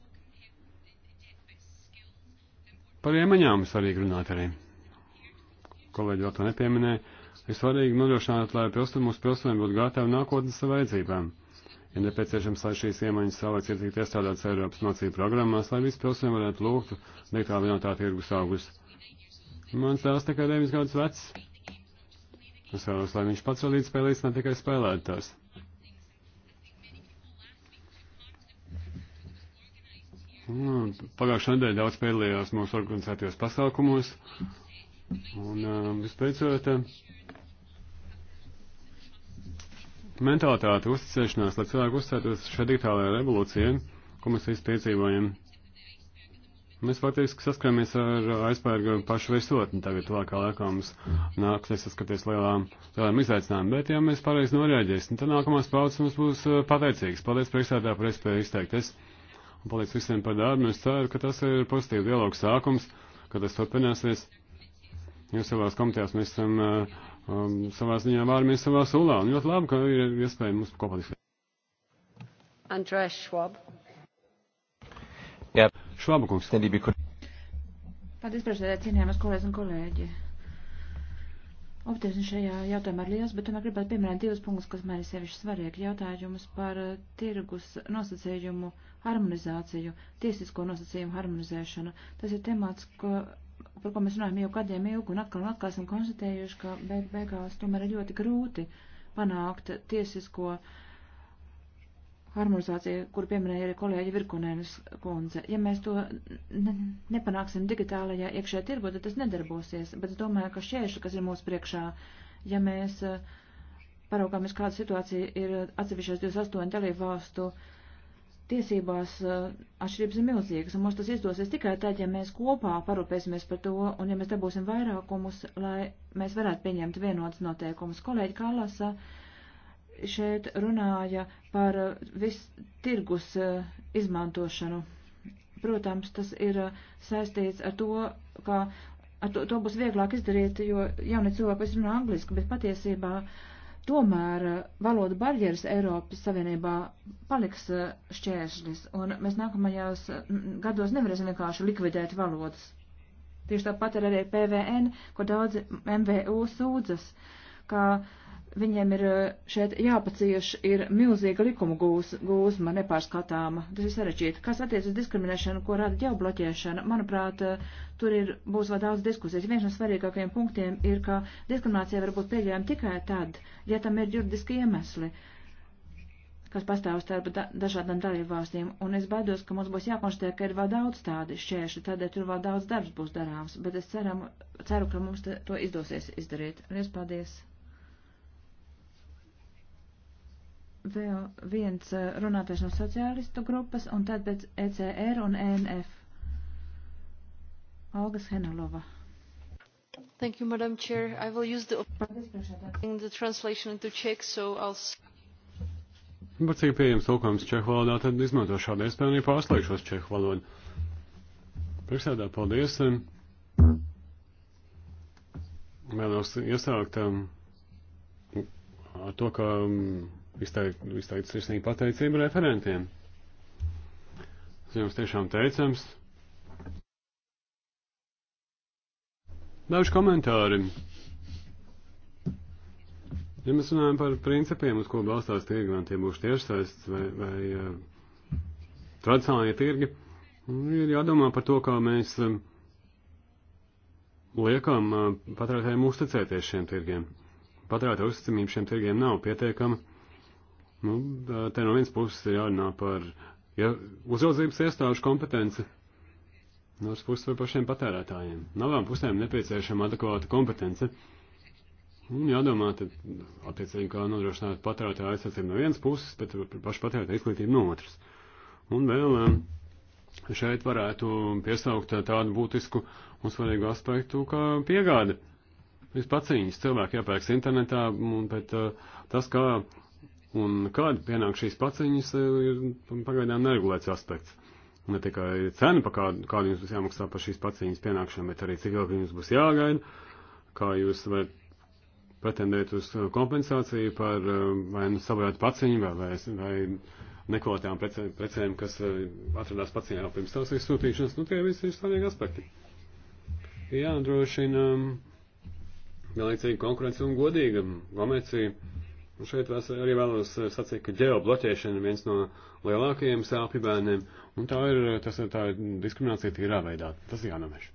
Par iemaņām svarīgi runāt arī. Kolēģi vēl to nepieminēja ir svarīgi nodrošināt, lai pilsoni, mūsu pilsoniem būtu gatavi nākotnes vajadzībām. Ir ja nepieciešams, lai šīs iemaņas saulēcītīgi iestrādātas Eiropas mācību programmās, lai visi pilsoni varētu lūgt diktā vienotā tirgus augus. Mans dēls tikai 9 gadus vecs. Es vēlos, lai viņš pats vadītu spēlīs, ne tikai spēlētu tās. Nu, pagājušā nedēļa daudz piedalījās mūsu organizētajos pasākumos, Un vispēcot, mentalitāte uzticēšanās, lai cilvēku uzticētos šai digitālajai revolūcijai, ko mēs visi piedzīvojam. Mēs faktiski saskaramies ar aizpērgu pašu virsotni. Tagad tuvākā laikā mums nāksies saskaties lielām, lielām izaicinājumiem, bet ja mēs pareizi norēģēsim, tad nākamās paudzes mums būs pateicīgas. Paldies priekšsēdā par iespēju izteikties. Un paldies visiem par darbu. Es ceru, ka tas ir pozitīvi dialogu sākums, ka tas turpināsies. Jūs savās komitejās mēs esam eh, um, savā ziņā vārmies savā sulā. Un ļoti labi, ka ir iespēja mums kopā diskutēt. Andrēs Švab. Jā. Švaba kungs. Paldies, prezidēt, cienījamas kolēģis un kolēģi. Optimisms šajā jautājumā ir liels, bet tomēr gribētu pieminēt divus punktus, kas man ir sevišķi svarīgi. Jautājumus par eh, tirgus nosacījumu harmonizāciju, tiesisko nosacījumu harmonizēšanu. Tas ir temats, ko par ko mēs runājam jau gadiem ilgi un atkal un atkal esam konstatējuši, ka beig beigās tomēr ir ļoti grūti panākt tiesisko harmonizāciju, kur pieminēja arī kolēģi Virkunēnas kundze. Ja mēs to ne, nepanāksim digitālajā iekšē tirgu, tad tas nedarbosies, bet es domāju, ka šķēršļi, kas ir mūsu priekšā, ja mēs eh, paraugāmies, kāda situācija ir atsevišķās 28 dalību valstu uh, tiesībās eh, atšķirības ir milzīgas, un mums tas izdosies tikai tad, ja mēs kopā parūpēsimies par to, un ja mēs dabūsim vairākumus, lai mēs varētu pieņemt vienotas noteikumus. Kolēģi Kalasa šeit runāja par eh, vis tirgus eh, izmantošanu. Protams, tas ir saistīts ar to, ka ar to, to būs vieglāk izdarīt, jo jaunie cilvēki pēc runā angliski, bet patiesībā uh, Tomēr eh, valoda barjeras Eiropas Savienībā paliks eh, šķēršļis, un mēs nākamajās mm, gados nevarēsim vienkārši likvidēt valodas. Tieši tāpat ir arī PVN, ko daudzi MVU sūdzas, ka uh, viņiem ir eh, šeit jāpacieš, ir milzīga likuma gūz, gūzma nepārskatāma. Tas ir sarežģīti. Kas attiec uz diskriminēšanu, ko rada ģeobloķēšana, manuprāt, eh, tur ir, būs vēl daudz diskusijas. Viens no svarīgākajiem punktiem ir, ka diskriminācija var būt pieļaujama tikai tad, ja tam ir juridiski iemesli kas pastāv starp da dažādām dalībvalstīm, un es baidos, ka mums būs jākonstatē, ka ir vēl daudz tādi šķēršļi, tādēļ tur vēl daudz darbs būs darāms, bet es ceram, ceru, ka mums to izdosies izdarīt. Lies paldies! vēl viens eh, runātais no sociālistu grupas un tad pēc ECR un ENF. Algas Henelova. Thank you, Madam Chair. I will use the, the translation into Czech, so I'll... Bet cik pieejams tulkojums Čehu valodā, tad izmanto šādu iespēju un pārslēgšos Čehu valodu. Priekšsēdā, paldies. Vēlos iesākt um, ar to, ka um, izteikt sirsnīgu pateicību referentiem. Es jums tiešām teicams. Daži komentāri. Ja mēs runājam par principiem, uz ko balstās tirgi, vai tie būs tiešsaists vai, vai uh, tradicionālie tirgi, ir jādomā par to, kā mēs uh, liekam uh, patērētājiem uzticēties šiem tirgiem. Patērētāju uzticamība šiem tirgiem nav pietiekama. Nu, te no vienas puses ir jārunā par ja, uzraudzības iestāžu kompetenci, no otras puses par pašiem patērētājiem. No abām pusēm nepieciešama adekvāta kompetence. Un jādomā, tad attiecīgi kā nodrošināt patērētāju aizsardzību no vienas puses, bet par pašu patērētāju izglītību no otras. Un vēl šeit varētu piesaukt tādu būtisku un svarīgu aspektu kā piegāde. Vispāciņas cilvēki jāpērks internetā, bet tas, kā Un kad pienāk šīs paciņas, ir eh, pagaidām neregulēts aspekts. Ne tikai cena, pa kādu, kādu jums būs jāmaksā par šīs paciņas pienākšanu, bet arī cik ilgi jums būs jāgaida, kā jūs varat pretendēt uz eh, kompensāciju par eh, vai nu savojātu paciņu vai, vai, vai nekvalitātām precēm, precēm, kas atradās paciņā pirms tās izsūtīšanas. Nu, tie visi ir svarīgi aspekti. Jānodrošina um, vienlaicīgi konkurence un godīga komercija Un šeit vēl arī vēlos eh, sacīt, ka ģeobloķēšana ir viens no lielākajiem sāpju bērniem, un tā ir, eh, tas, ir, tā ir diskriminācija tīrā veidā. Tas ir jānovērš.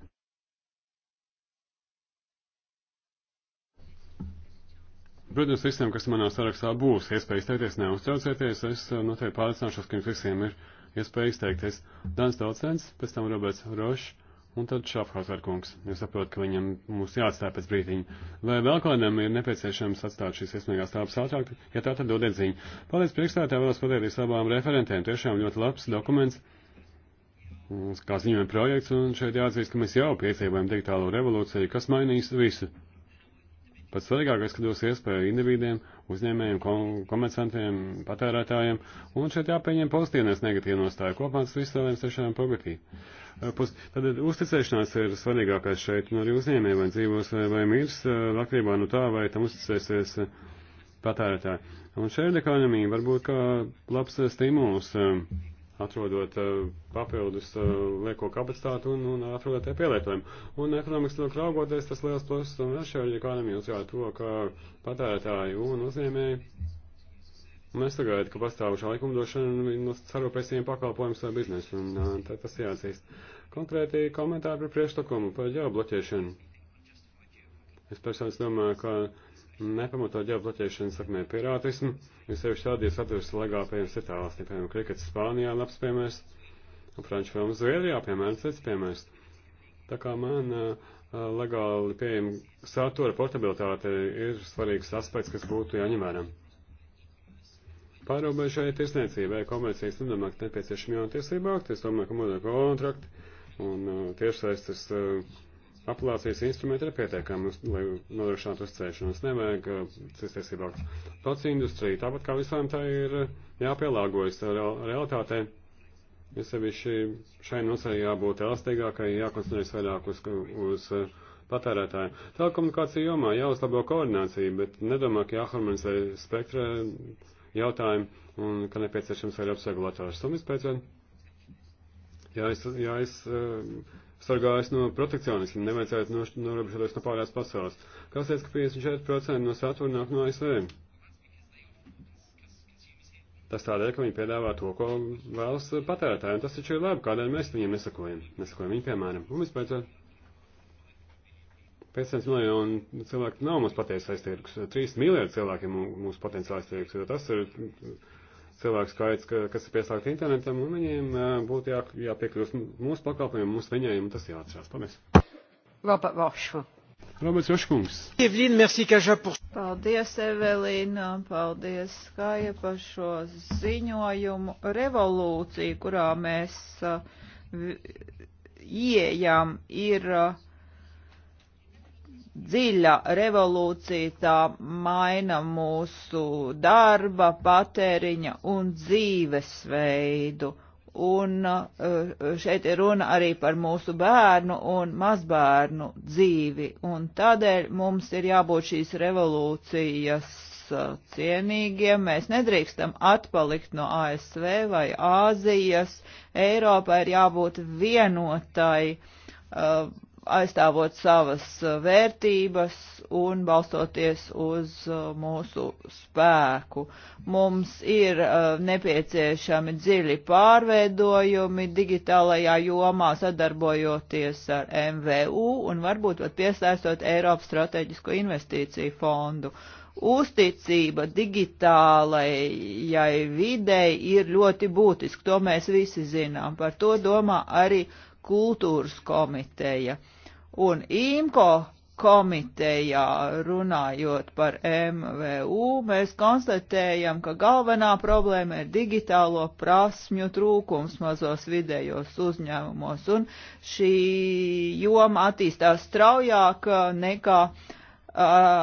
Protams, visiem, kas manā sarakstā būs iespēja izteikties, neuztraucieties, es eh, noteikti pārliecināšos, ka jums visiem ir iespēja izteikties. Dans Daucens, pēc tam Roberts Rošs Un tad Šafhauser kungs, es saprotu, ka viņam mūs jāatstāj pēc brīdiņa. Vai vēl kādam ir nepieciešams atstāt šīs iesmīgās tāpas ātrāk, ja tā tad dodiet ziņu. Paldies priekšstādā, vēlos pateikties abām referentēm, tiešām ļoti labs dokuments, mm, kā ziņojam projekts, un šeit jāatzīst, ka mēs jau piedzīvojam digitālo revolūciju, kas mainīs visu. Pats svarīgākais, ka dos iespēju individiem, uzņēmējiem, komercantiem, patērētājiem, un šeit jāpieņem pozitīvās negatīvās nostāja. Kopā tas viss vēlējums tiešām pagatīt. Eh, puses. Tad uzticēšanās ir svarīgākais šeit, un nu, arī uzņēmē, vai dzīvos vai, eh, vai mirs, eh, atkarībā no nu tā, vai tam uzticēsies patērētāji. Un šeit ekonomija varbūt kā labs stimuls, atrodot papildus lieko kapacitātu un, un atrodot te pielietojumu. Un ekonomikas to raugoties, tas liels plus un vēl šeit ekonomija uzjāja to, ka patērētāji un uzņēmēji Nu, nu, un es sagaidu, ka pastāvošā likumdošana sarūpēs viņiem pakalpojumus vai biznesu, un tā tas jāatzīst. Konkrēti komentāri par priekšlikumu, par ģeobloķēšanu. Es personīgi domāju, ka nepamatot ģeobloķēšana sakmē pirātismu, jo sevišķi tādi ir saturs legāli pieejams citā valstī, piemēram, krikets Spānijā labs piemērs, un franču filmu Zviedrijā, piemēram, cits piemērs. Tā kā man uh, legāli pieejama satura portabilitāte ir svarīgs aspekts, kas būtu jāņem vērā pārobežai tirsniecībai, komercijas lidojumā nepieciešami jauni tiesību akti, es domāju, ka modeļu kontrakti un uh, tiešsaistes uh, apelācijas instrumenti ir pietiekami, lai nodrošinātu uzcēšanos. Nevajag uh, tiesību aktus. Pats industrija, tāpat kā visām tā ir uh, jāpielāgojas real realitātei. Ir sevišķi šai nosai jābūt elastīgākai, jākoncentrējas vairāk uz, uz uh, patērētājiem. Telekomunikācija jomā jāuzlabo koordinācija, bet nedomā, ka jāharmonizē spektra jautājumu un ka nepieciešams Eiropas regulators. Un vispēc vien jāiz, jāiz eh, sargājas no protekcionismu, nevajadzētu norobežoties no pārējās pasaules. Kas teica, ka 54% no satura nāk no ASV? Tas tādēļ, ka viņi piedāvā to, ko vēlas patērētājiem. Tas taču ir labi, kādēļ mēs viņiem nesakojam, nesakojam viņu piemēram. Un vispēc vien. 500 miljonu cilvēku nav mums patiesais tirgus. 3 miljardi cilvēkiem mūsu potenciālais tirgus, jo tas ir cilvēku skaits, ka, kas ir pieslēgti internetam, un viņiem būtu jā, jāpiekļūst mūsu pakalpojumiem, mums viņiem tas jāatcerās. Paldies! Robert Rošu. Roberts Roškungs. Evelīna, merci, Kaža, par. Paldies, Evelīna, paldies, Kāja, par šo ziņojumu revolūciju, kurā mēs uh, ieejam, ir. Uh, dziļa revolūcija, tā maina mūsu darba, patēriņa un dzīvesveidu. Un eh, šeit ir runa arī par mūsu bērnu un mazbērnu dzīvi, un tādēļ mums ir jābūt šīs revolūcijas eh, cienīgiem, mēs nedrīkstam atpalikt no ASV vai Āzijas, Eiropā ir jābūt vienotai uh, aizstāvot savas eh, vērtības un balstoties uz eh, mūsu spēku. Mums ir eh, nepieciešami dziļi pārveidojumi digitālajā jomā, sadarbojoties ar MVU un varbūt pat piesaistot Eiropas strateģisko investīciju fondu. Uzticība digitālajai videi ir ļoti būtiska, to mēs visi zinām, par to domā arī kultūras komiteja. Uh, Un IMCO komitejā runājot par MVU, mēs konstatējam, ka galvenā problēma ir digitālo prasmju trūkums mazos vidējos uzņēmumos, un šī joma attīstās straujāk nekā a,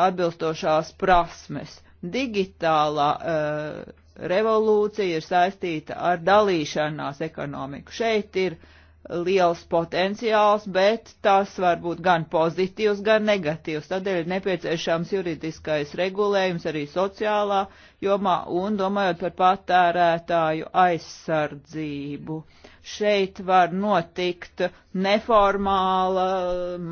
atbilstošās prasmes. Digitālā a, revolūcija ir saistīta ar dalīšanās ekonomiku. Šeit ir uh, liels potenciāls, bet tas var būt gan pozitīvs, gan negatīvs. Tādēļ ir nepieciešams juridiskais regulējums arī sociālā jomā un domājot par patērētāju aizsardzību. Šeit var notikt neformāla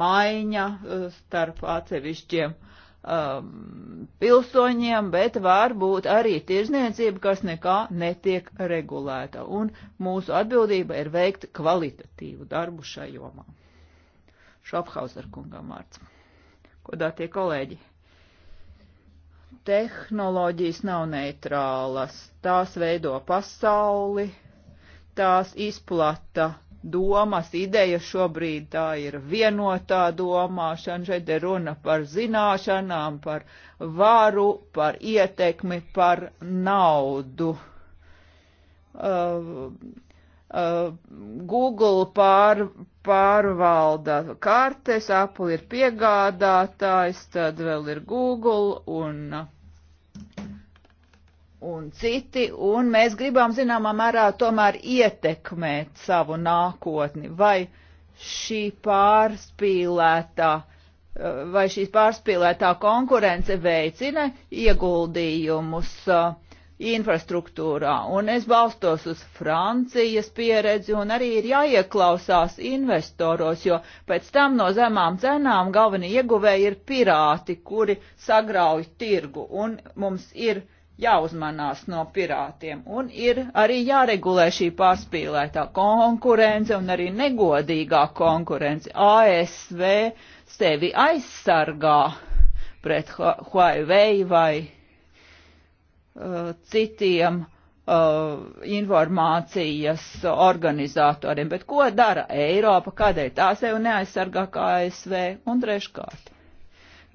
maiņa uh, starp atsevišķiem uh, um, pilsoņiem, bet var būt arī tirzniecība, kas nekā netiek regulēta. Un mūsu atbildība ir veikt kvalitatīvu darbu šai jomā. Šophauser kungam vārds. Kodā tie kolēģi? Tehnoloģijas nav neitrālas, tās veido pasauli, tās izplata domas, idejas šobrīd tā ir vienotā domāšana, šeit ir runa par zināšanām, par varu, par ietekmi, par naudu. Uh, uh, Google pār, pārvalda kartes, Apple ir piegādātājs, tad vēl ir Google un uh, un citi, un mēs gribam zināmā mērā tomēr ietekmēt savu nākotni, vai šī pārspīlētā, eh, vai šī pārspīlētā konkurence veicina ieguldījumus uh, infrastruktūrā, un es balstos uz Francijas pieredzi, un arī ir jāieklausās investoros, jo pēc tam no zemām cenām galvenie ieguvēji ir pirāti, kuri sagrauj tirgu, un mums ir jāuzmanās no pirātiem un ir arī jāregulē šī pārspīlētā konkurence un arī negodīgā konkurence. ASV sevi aizsargā pret Huawei vai uh, citiem uh, informācijas organizatoriem, bet ko dara Eiropa, kādēļ tā sevi neaizsargā kā ASV un treškārt.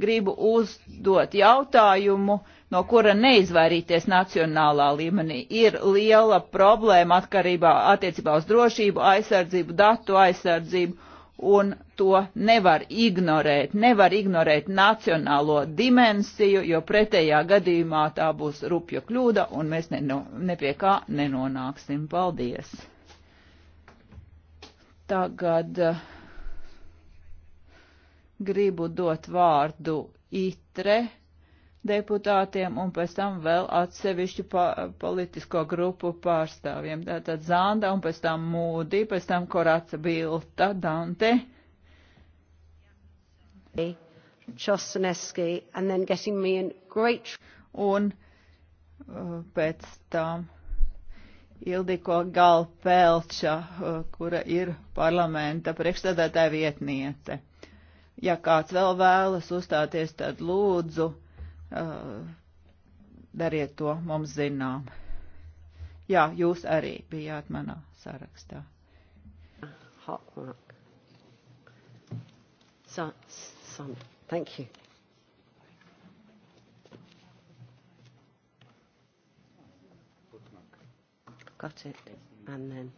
Gribu uzdot jautājumu, uh, no kura neizvairīties nacionālā līmenī. Ir liela problēma atkarībā attiecībā uz drošību, aizsardzību, datu aizsardzību, un to nevar ignorēt. Nevar ignorēt nacionālo dimensiju, jo pretējā gadījumā tā būs rupja kļūda, un mēs ne, ne pie kā nenonāksim. Paldies! Tagad eh, gribu dot vārdu itre deputātiem un pēc tam vēl atsevišķu pa, politisko grupu pārstāvjiem. Tātad Zanda un pēc tam Mūdī, pēc tam Koraca Bilta, Dante. Čosneski, and then getting me in great... Un uh, pēc tam Ildiko Galpelča, uh, kura ir parlamenta priekšstādātāja vietniece. Ja kāds vēl vēlas uzstāties, tad lūdzu Eh, dariet to mums zinām. Jā, jūs arī bijāt manā sarakstā. Hot work. So, some, thank you. Got it. And then.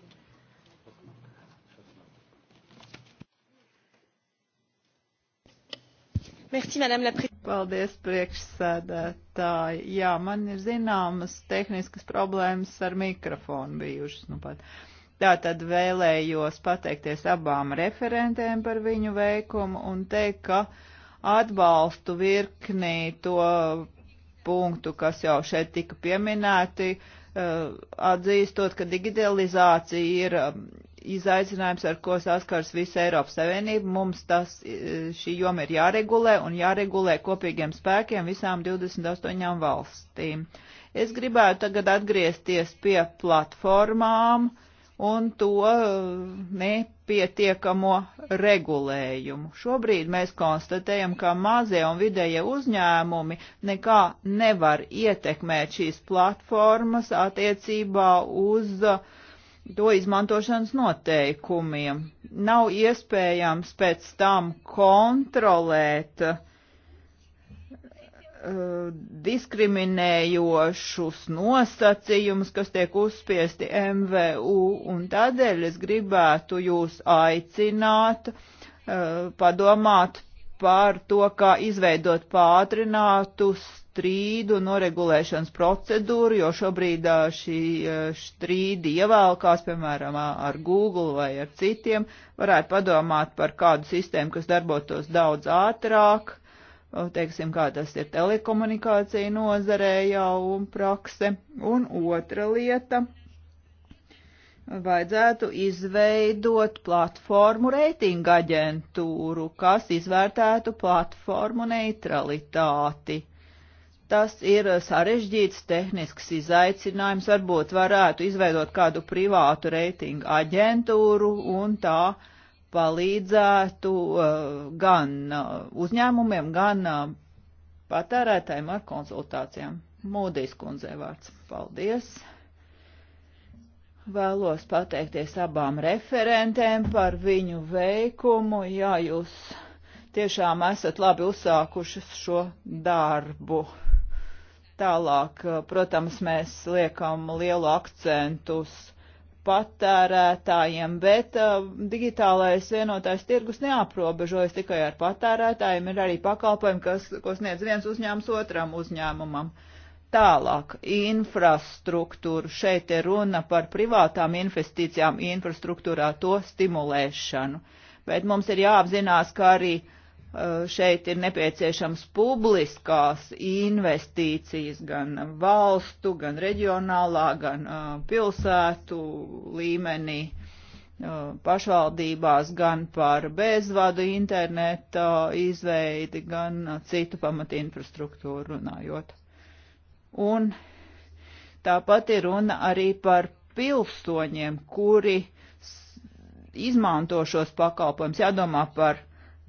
Merci, Madame la Présidente. Paldies, priekšsēdētāji. Jā, man ir zināmas tehniskas problēmas ar mikrofonu bijušas. Nu pat. Tātad vēlējos pateikties abām referentēm par viņu veikumu un teikt, ka atbalstu virknī to punktu, kas jau šeit tika pieminēti, eh, atzīstot, ka digitalizācija ir izaicinājums, ar ko saskars visa Eiropas Savienība. Mums tas, e, šī joma ir jāregulē un jāregulē kopīgiem spēkiem visām 28 valstīm. Es gribētu tagad atgriezties pie platformām un to e, nepietiekamo regulējumu. Šobrīd mēs konstatējam, ka mazie un vidējie uzņēmumi nekā nevar ietekmēt šīs platformas attiecībā uz uh, to izmantošanas noteikumiem. Nav iespējams pēc tam kontrolēt uh, diskriminējošus nosacījumus, kas tiek uzspiesti MVU, un tādēļ es gribētu jūs aicināt uh, padomāt par to, kā izveidot pātrinātu strīdu noregulēšanas procedūru, jo šobrīd šī strīdi ievēlkās, piemēram, ar Google vai ar citiem, varētu padomāt par kādu sistēmu, kas darbotos daudz ātrāk, teiksim, kā tas ir telekomunikācija nozarē jau un prakse. Un otra lieta vajadzētu izveidot platformu reitinga aģentūru, kas izvērtētu platformu neutralitāti. Tas ir sarežģīts tehnisks izaicinājums, varbūt varētu izveidot kādu privātu reitinga aģentūru un tā palīdzētu uh, gan uh, uzņēmumiem, gan uh, patērētājiem ar konsultācijām. Mūdīs kundzei vārds. Paldies! Vēlos pateikties abām referentēm par viņu veikumu. Jā, jūs tiešām esat labi uzsākušas šo darbu. Tālāk, eh, protams, mēs liekam lielu akcentu uz patērētājiem, bet uh, digitālais vienotais tirgus neaprobežojas tikai ar patērētājiem, ir arī pakalpojumi, kas, ko sniedz viens uzņēmums otram uzņēmumam. Uh, Tālāk infrastruktūru. Šeit ir runa par privātām investīcijām infrastruktūrā to stimulēšanu. Bet mums ir jāapzinās, ka arī uh, šeit ir nepieciešams publiskās investīcijas gan valstu, gan reģionālā, gan uh, pilsētu līmenī uh, pašvaldībās gan par bezvadu interneta izveidi, gan citu pamatu infrastruktūru runājot. Un tāpat ir runa arī par pilsoņiem, kuri izmanto šos pakalpojumus, jādomā par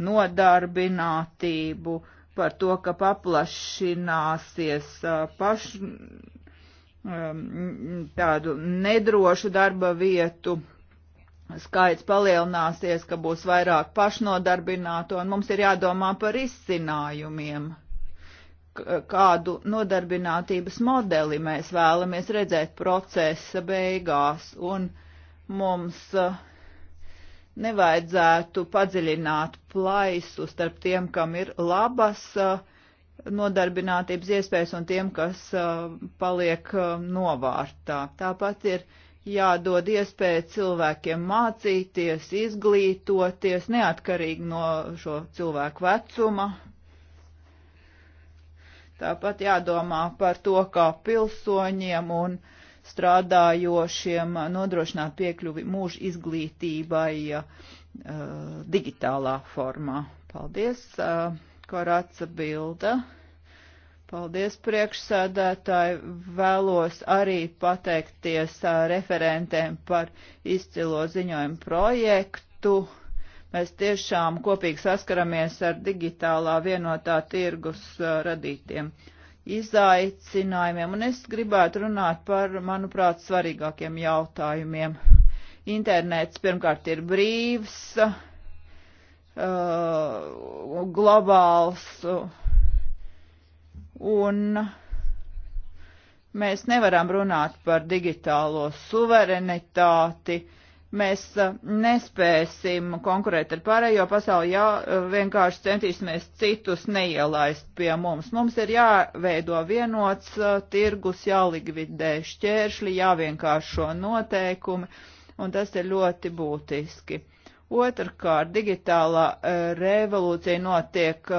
nodarbinātību, par to, ka paplašināsies paš, tādu nedrošu darba vietu skaits palielināsies, ka būs vairāk pašnodarbināto, un mums ir jādomā par izcinājumiem kādu nodarbinātības modeli mēs vēlamies redzēt procesa beigās, un mums eh, nevajadzētu padziļināt plaisu starp tiem, kam ir labas eh, nodarbinātības iespējas un tiem, kas eh, paliek novārtā. Tāpat ir jādod iespēja cilvēkiem mācīties, izglītoties, neatkarīgi no šo cilvēku vecuma, Tāpat jādomā par to, kā pilsoņiem un strādājošiem nodrošināt piekļuvi mūža izglītībai uh, digitālā formā. Paldies, uh, Korāca Bilda. Paldies, priekšsēdētāji. Vēlos arī pateikties uh, referentēm par izcilo ziņojumu projektu. Mēs tiešām kopīgi saskaramies ar digitālā vienotā tirgus uh, radītiem izaicinājumiem, un es gribētu runāt par, manuprāt, svarīgākiem jautājumiem. Internets pirmkārt ir brīvs, uh, globāls, un mēs nevaram runāt par digitālo suverenitāti, uh, mēs uh, nespēsim konkurēt ar pārējo pasauli, ja uh, vienkārši centīsimies citus neielaist pie mums. Mums ir jāveido vienots uh, tirgus, jālikvidē šķēršļi, jāvienkāršo noteikumi, un tas ir ļoti būtiski. Otrkārt, digitālā revolūcija notiek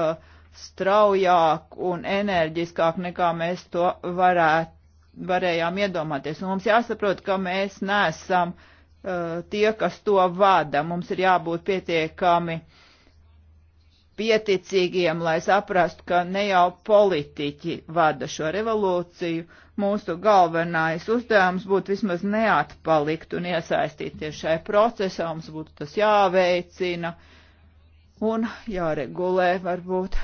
straujāk un enerģiskāk nekā mēs to varētu, varējām iedomāties. Un mums jāsaprot, ka mēs neesam uh, Eh, tie, kas to vada. Mums ir jābūt pietiekami pieticīgiem, lai saprastu, ka ne jau politiķi vada šo revolūciju. Mūsu galvenais uzdevums būtu vismaz neatpalikt un iesaistīties šai procesā, mums būtu tas jāveicina un jāregulē varbūt.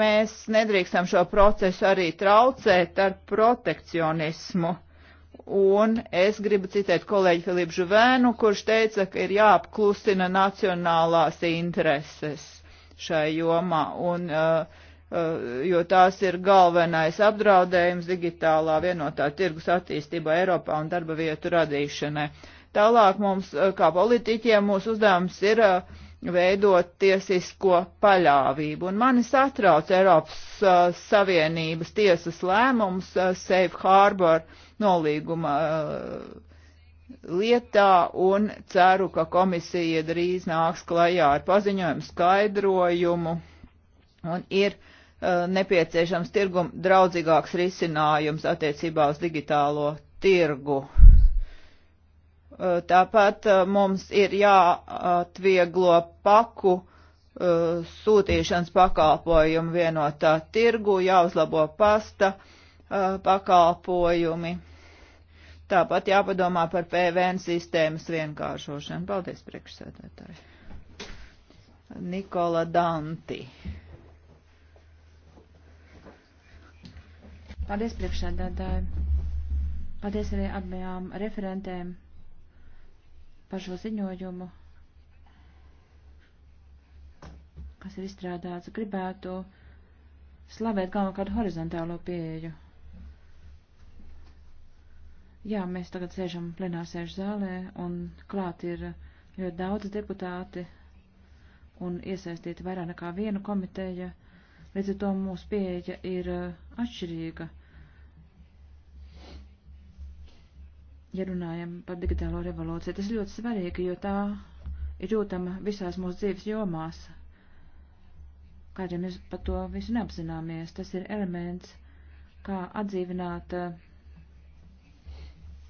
Mēs nedrīkstam šo procesu arī traucēt ar protekcionismu un es gribu citēt kolēģi Filipu Žuvēnu, kurš teica, ka ir jāapklusina nacionālās intereses šai jomā, un, uh, uh, jo tās ir galvenais apdraudējums digitālā vienotā tirgus attīstībā Eiropā un darba vietu radīšanai. Tālāk mums, uh, kā politiķiem, mūsu uzdevums ir uh, veidot tiesisko paļāvību. Un mani satrauc Eiropas uh, Savienības tiesas lēmums uh, Safe Harbor nolīguma uh, lietā un ceru, ka komisija drīz nāks klajā ar paziņojumu skaidrojumu un ir uh, nepieciešams tirgum draudzīgāks risinājums attiecībā uz digitālo tirgu. Uh, tāpat mums ir jāatvieglo paku sūtīšanas pakalpojumu vienotā tirgu, jāuzlabo pasta uh, pakalpojumi. Tāpat jāpadomā par PVN sistēmas vienkāršošanu. Paldies, priekšsēdētāji. Nikola Danti. Paldies, priekšsēdētāji. Paldies arī abiem referentēm par šo ziņojumu, kas ir izstrādāts. Gribētu slavēt galvenokārt horizontālo pieeju. Jā, mēs tagad sēžam plenārsēžu zālē un klāt ir ļoti daudz deputāti un iesaistīti vairāk nekā viena komiteja. Līdz ar to mūsu pieeja ir uh, atšķirīga. Ja runājam par digitālo revolūciju, tas ir ļoti svarīgi, jo tā ir jūtama visās mūsu dzīves jomās. Kādiem mēs par to visu neapzināmies, tas ir elements, kā atdzīvināt uh,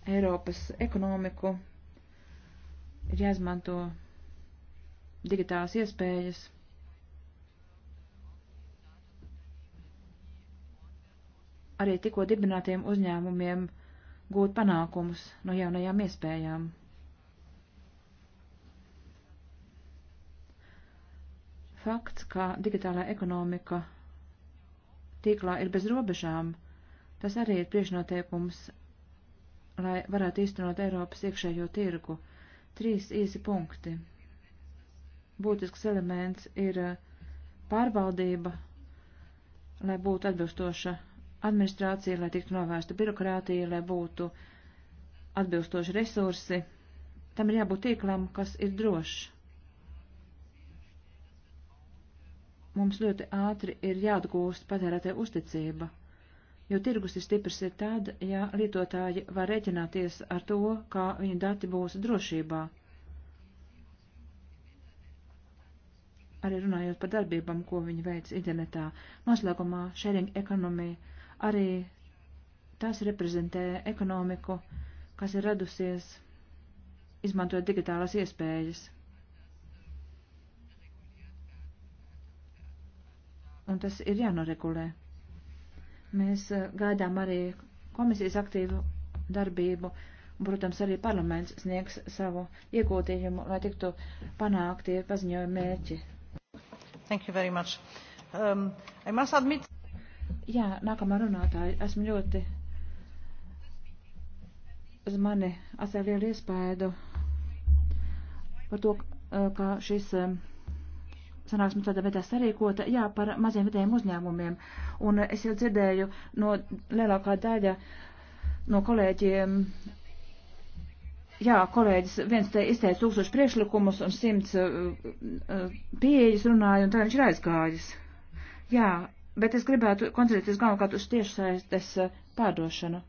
Eiropas ekonomiku, ir jāizmanto digitālās iespējas. Arī tikko dibinātiem uzņēmumiem gūt panākumus no jaunajām iespējām. Fakts, ka digitālā ekonomika tīklā ir bez robežām, tas arī ir priešnoteikums lai varētu īstenot Eiropas iekšējo tirgu. Trīs īsi punkti. Būtisks elements ir eh, pārvaldība, lai būtu atbilstoša administrācija, lai tiktu novērsta birokrātija, lai būtu atbilstoši resursi. Tam ir jābūt tīklam, kas ir drošs. Mums ļoti ātri ir jāatgūst patērētē uzticība jo tirgus ir stiprs ir tad, ja lietotāji var reķināties ar to, kā viņa dati būs drošībā. Arī runājot par darbībām, ko viņi veic internetā, noslēgumā sharing ekonomija arī tas reprezentē ekonomiku, kas ir radusies izmantojot digitālās iespējas. Un tas ir jānoregulē. Mēs eh, gaidām arī komisijas aktīvu darbību, un, protams, arī parlaments sniegs savu iegūtījumu, lai tiktu panāktie paziņojumi mērķi. Thank you very much. Um, I must admit... Jā, nākamā runātāja. Esmu ļoti uz mani atstāja lielu iespēju par to, eh, kā šis eh, sanāksme tādā veidā sarīkota, jā, par maziem vidējiem uzņēmumiem. Un es jau dzirdēju no lielākā daļa no kolēģiem, jā, kolēģis viens te izteica tūkstošu priešlikumus un simts uh, uh, pieejas runāja, un tā viņš ir aizgājis. Jā, bet es gribētu koncentrēties galvenokārt uz tiešsaistes uh, pārdošanu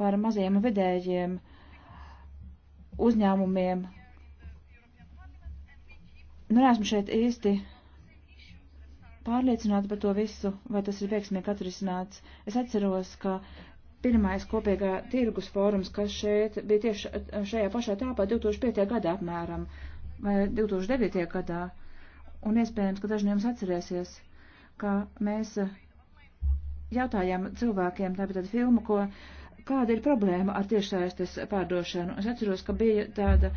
par maziem vidējiem uzņēmumiem Nu, neesmu šeit īsti pārliecināta par to visu, vai tas ir veiksmīgi atrisināts. Es atceros, ka pirmais kopīgā tirgus fórums, kas šeit bija tieši šajā pašā tāpā 2005. gadā apmēram, vai 2009. gadā, un iespējams, ka daži no jums atcerēsies, ka mēs jautājām cilvēkiem, tā bija tāda filma, ko, kāda ir problēma ar tiešsaistes pārdošanu. Es atceros, ka bija tāda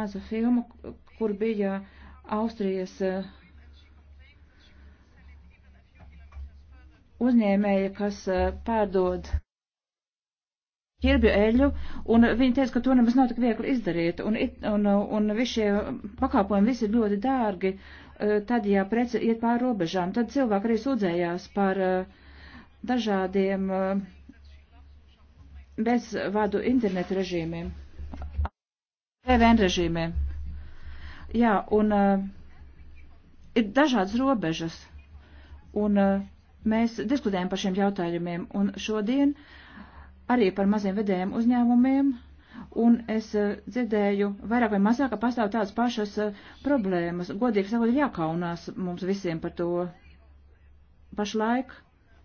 maza filma, kur bija uh, Austrijas eh, uzņēmēja, kas eh, pārdod ķirbju eļu, un viņi teica, ka to nemaz nav tik viegli izdarīt, un, un, un visi šie pakāpojumi visi ir ļoti dārgi, eh, tad, ja prece iet pāri robežām, tad cilvēki arī sūdzējās par dažādiem bezvadu internetu režīmiem, PVN režīmiem. Jā, un uh, ir dažādas robežas. Un uh, mēs diskutējam par šiem jautājumiem. Un šodien arī par maziem vedējiem uzņēmumiem. Un es uh, dzirdēju vairāk vai mazāk, ka pastāv tādas pašas uh, problēmas. Godīgi sakot, ir jākaunās mums visiem par to. Pašlaik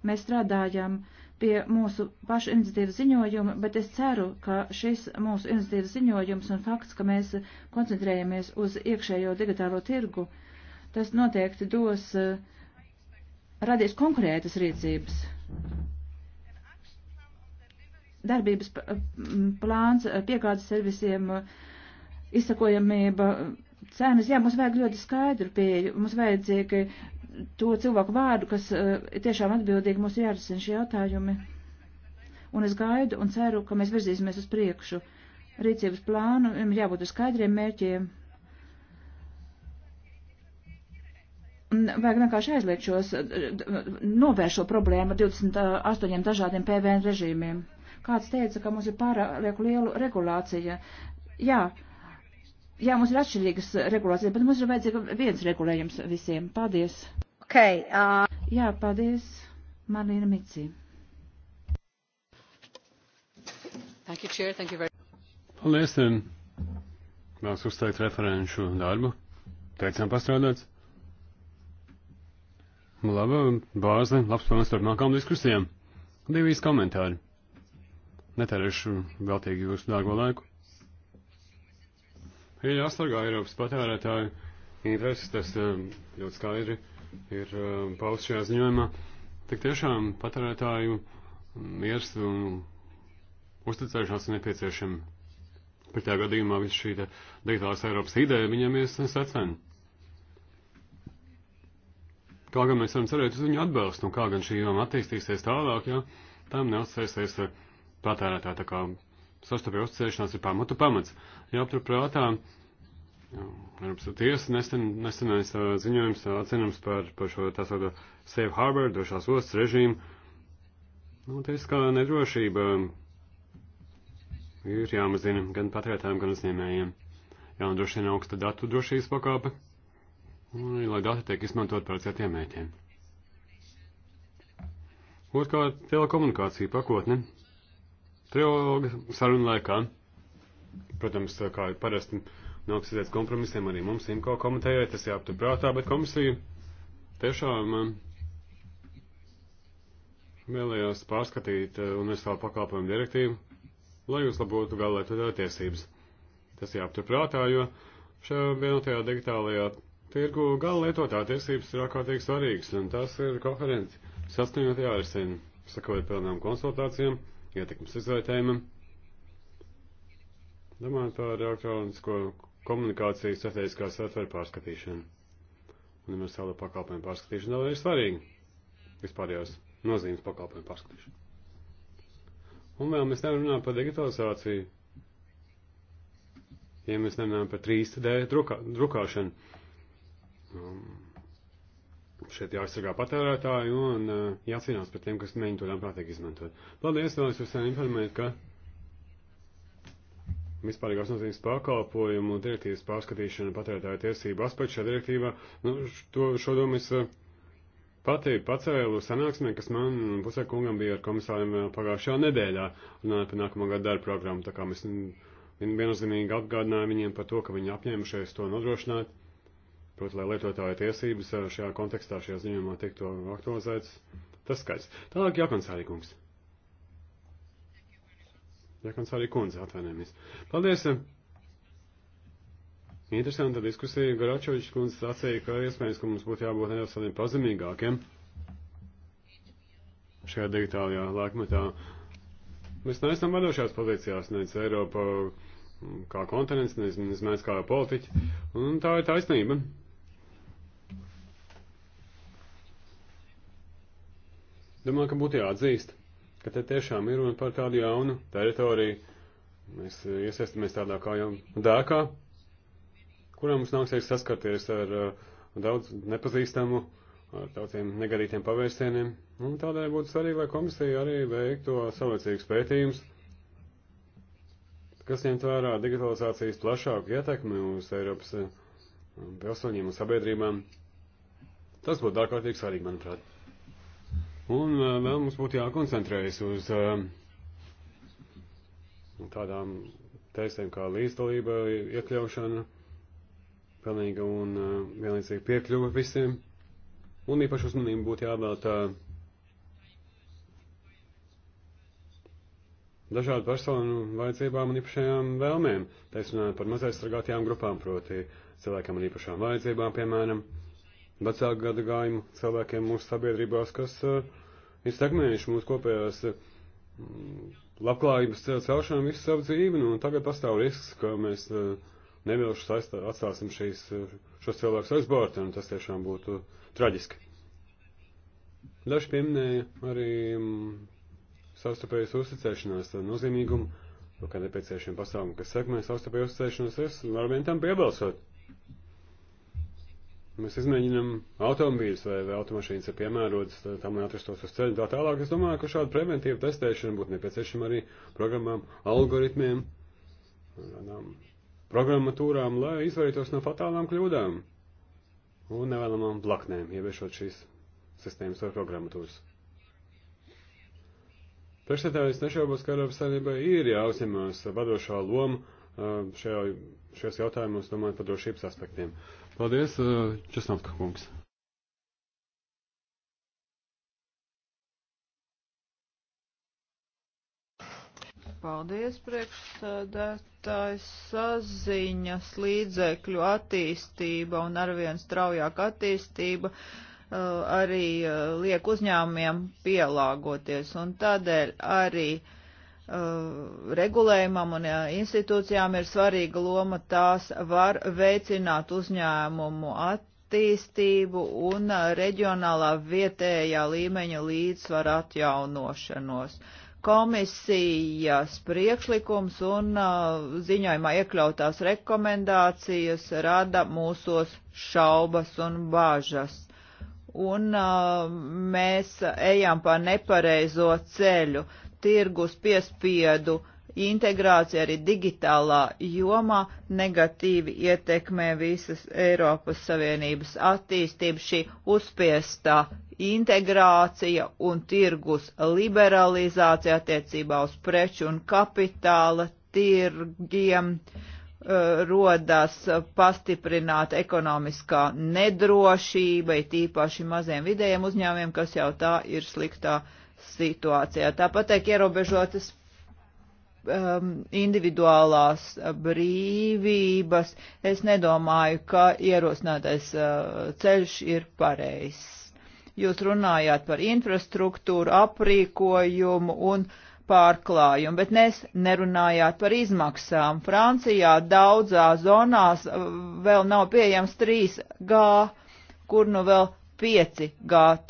mēs strādājam uh, pie mūsu pašu iniciatīvas ziņojuma, bet es ceru, ka šis mūsu iniciatīvas ziņojums un fakts, ka mēs koncentrējamies uz iekšējo digitālo tirgu, tas noteikti dos, eh, radīs konkrētas rīcības. Darbības eh, plāns, eh, piegādes servisiem, izsakojamība, cenas, jā, mums vajag ļoti skaidru pieeju, mums vajadzīgi to cilvēku vārdu, kas eh, tiešām atbildīgi mums jārisina šie jautājumi. Un es gaidu un ceru, ka mēs virzīsimies uz priekšu. Rīcības plānu jābūt uz skaidriem mērķiem. Un vajag vienkārši aizliegt šos, novērš šo problēmu ar 28 dažādiem PVN režīmiem. Kāds teica, ka mums ir pārāk liela regulācija. Jā, jā, mums ir atšķirīgas regulācijas, bet mums ir vajadzīga viens regulējums visiem. Paldies! Okay, uh... Jā, paldies, Marlīna Mici. Thank you, Chair. Thank you very much. Paldies, um, vēlas uzteikt referenšu darbu. Teicām pastrādāts. Laba bāze, labs pamats starp nākamām diskusijām. Divi īsti komentāri. Netērēšu veltīgi jūsu dārgo laiku. Ir jāsargā Eiropas patērētāju intereses, tas eh, ļoti skaidri ir uh, pausts šajā ziņojumā, tik tiešām patērētāju miers un uzticēšanās ir nepieciešama. Pretējā gadījumā viss šī digitālās Eiropas ideja viņam ir secena. Kā gan mēs varam cerēt uz viņu atbalstu, un kā gan šī joma attīstīsies tālāk, ja tam neuzsēsies uh, patērētāji, tā kā sastopja uzticēšanās ir pamatu pamats. Jāpaturprātā, ja Eiropas tiesa nesen, nesenais ziņojums atcinums par, par šo tā saucamo safe harbor, došās ostas režīmu. Nu, tiesiskā nedrošība ir jāmazina gan patērētājiem, gan uzņēmējiem. Jānodrošina augsta datu drošības pakāpe, un, lai dati tiek izmantot par citiem mēķiem. Otrkārt, telekomunikācija pakotne. Triloga saruna laikā, protams, kā ir parasti, uh, nāks līdz kompromisiem arī mums IMCO komitejai, tas jāaptur prātā, bet komisija tiešām eh, vēlējās pārskatīt eh, universālu pakalpojumu direktīvu, lai uzlabotu galētāju tiesības. Tas jāaptur prātā, jo šajā vienotajā digitālajā tirgu gala lietotā tiesības ir ārkārtīgi svarīgas, un tas ir koherents saskaņot jārisina, sakot pilnām konsultācijām, ietekmes izvērtējumam. Domājot par elektronisko komunikācijas strateģiskā satvera pārskatīšana. Universāla pakalpojuma pārskatīšana vēl ir svarīga. Vispārējās nozīmes pakalpojuma pārskatīšana. Un vēl mēs nerunājam par digitalizāciju. Ja mēs nerunājam par 3D drukā, drukāšanu. Um, šeit jāizsargā patērētāji un uh, jācīnās par tiem, kas mēģina to ļaunprātīgi izmantot. Paldies, vēlēs jūs informēt, ka vispārīgās nozīmes pakalpojumu direktīvas pārskatīšana patērētāju tiesību aspektu šajā direktīvā. Nu, to, šo domu es eh, pati pacēlu sanāksmē, kas man pusē kungam bija ar komisāriem eh, pagājušajā nedēļā, runājot eh, par nākamā gada darba programmu. Tā kā mēs viennozīmīgi atgādinājām viņiem par to, ka viņi apņēmušies to nodrošināt. Proti, lai lietotāja tiesības šajā kontekstā, šajā ziņojumā tiktu aktualizētas. Tas skaidrs. Tālāk jākonsārī kungs. Jākons arī kundze, atvainojamies. Paldies! Interesanta diskusija. Garačovičs kundze sacīja, ka iespējams, ka mums būtu jābūt nedaudz tādiem pazemīgākiem šajā digitālajā laikmetā. Mēs neesam vadošās pozīcijās, nevis Eiropa kā kontinents, nevis mēs kā politiķi. Un tā ir taisnība. Domāju, ka būtu jāatzīst ka te tiešām ir runa par tādu jaunu teritoriju. Mēs iesaistamies tādā kā jau dēkā, kurā mums nāksies saskarties ar uh, daudz nepazīstamu, ar daudziem negadītiem pavērsieniem. Un tādēļ būtu svarīgi, lai komisija arī veiktu savlaicīgus pētījumus, kas ņemt vērā digitalizācijas plašāku ietekmi uz Eiropas uh, pilsoņiem un sabiedrībām. Tas būtu ārkārtīgi svarīgi, manuprāt. Un eh, vēl mums būtu jākoncentrējas uz eh, tādām teistēm kā līdzdalība, iekļaušana, pilnīga un eh, vienlīdzīga piekļuva visiem. Un īpaši uzmanību būtu jāvēlta dažādu personu vajadzībām un īpašajām vēlmēm. Te es runāju par mazaizsargātajām grupām, proti cilvēkam ar īpašām vajadzībām, piemēram vecāku gada gājumu cilvēkiem mūsu sabiedrībās, kas uh, ir sekmējuši mūsu kopējās uh, labklājības celšanu visu savu dzīvi, nu, un tagad pastāv risks, ka mēs uh, nevilšu atstāsim šīs, šos cilvēkus aiz borta, un tas tiešām būtu traģiski. Daži pieminēja arī um, savstarpējas uzticēšanās nozīmīgumu, ka nepieciešiem pasākumu, kas sekmē savstarpēju uzticēšanos, es varu vien tam piebalsot. Mēs izmēģinām automobīļus vai, vai automašīnas ir piemērotas tam, lai atrastos uz ceļa tā tālāk. Es domāju, ka šāda preventīva testēšana būtu nepieciešama arī programmām, algoritmiem, programmatūrām, lai izvairītos no fatālām kļūdām un nevēlamām blaknēm, ieviešot šīs sistēmas vai programmatūras. Priekšsēdētājs nešaubos, ka Eiropas Savienībai ir jāuzņemās vadošā loma uh, šajā, šajos jautājumos, domājot par drošības aspektiem. Uh, Paldies, eh, Česnovka kungs. Paldies, priekšsēdētājs. Saziņas līdzekļu attīstība un arvien straujāk attīstība uh, arī uh, liek uzņēmumiem pielāgoties. Un tādēļ arī uh, Uh, regulējumam un uh, institūcijām ir svarīga loma, tās var veicināt uzņēmumu attīstību un uh, reģionālā vietējā līmeņa līdzsvaru atjaunošanos. Komisijas priekšlikums un ziņojumā iekļautās rekomendācijas rada mūsos šaubas un bāžas un uh, mēs ejam pa nepareizo ceļu tirgus piespiedu integrācija arī digitālā jomā negatīvi ietekmē visas Eiropas Savienības attīstību. Šī uzspiestā integrācija un tirgus liberalizācija attiecībā uz preču un kapitāla tirgiem eh, rodas pastiprināta ekonomiskā nedrošība, it īpaši maziem vidējiem uzņēmiem, kas jau tā ir sliktā uh, situācijā. Tāpat tiek ierobežotas um, individuālās brīvības. Es nedomāju, ka ierosinātais uh, ceļš ir pareizs. Jūs runājāt par infrastruktūru, aprīkojumu un pārklājumu, bet nes nerunājāt par izmaksām. Francijā daudzā zonās uh, vēl nav pieejams 3G, kur nu vēl 5G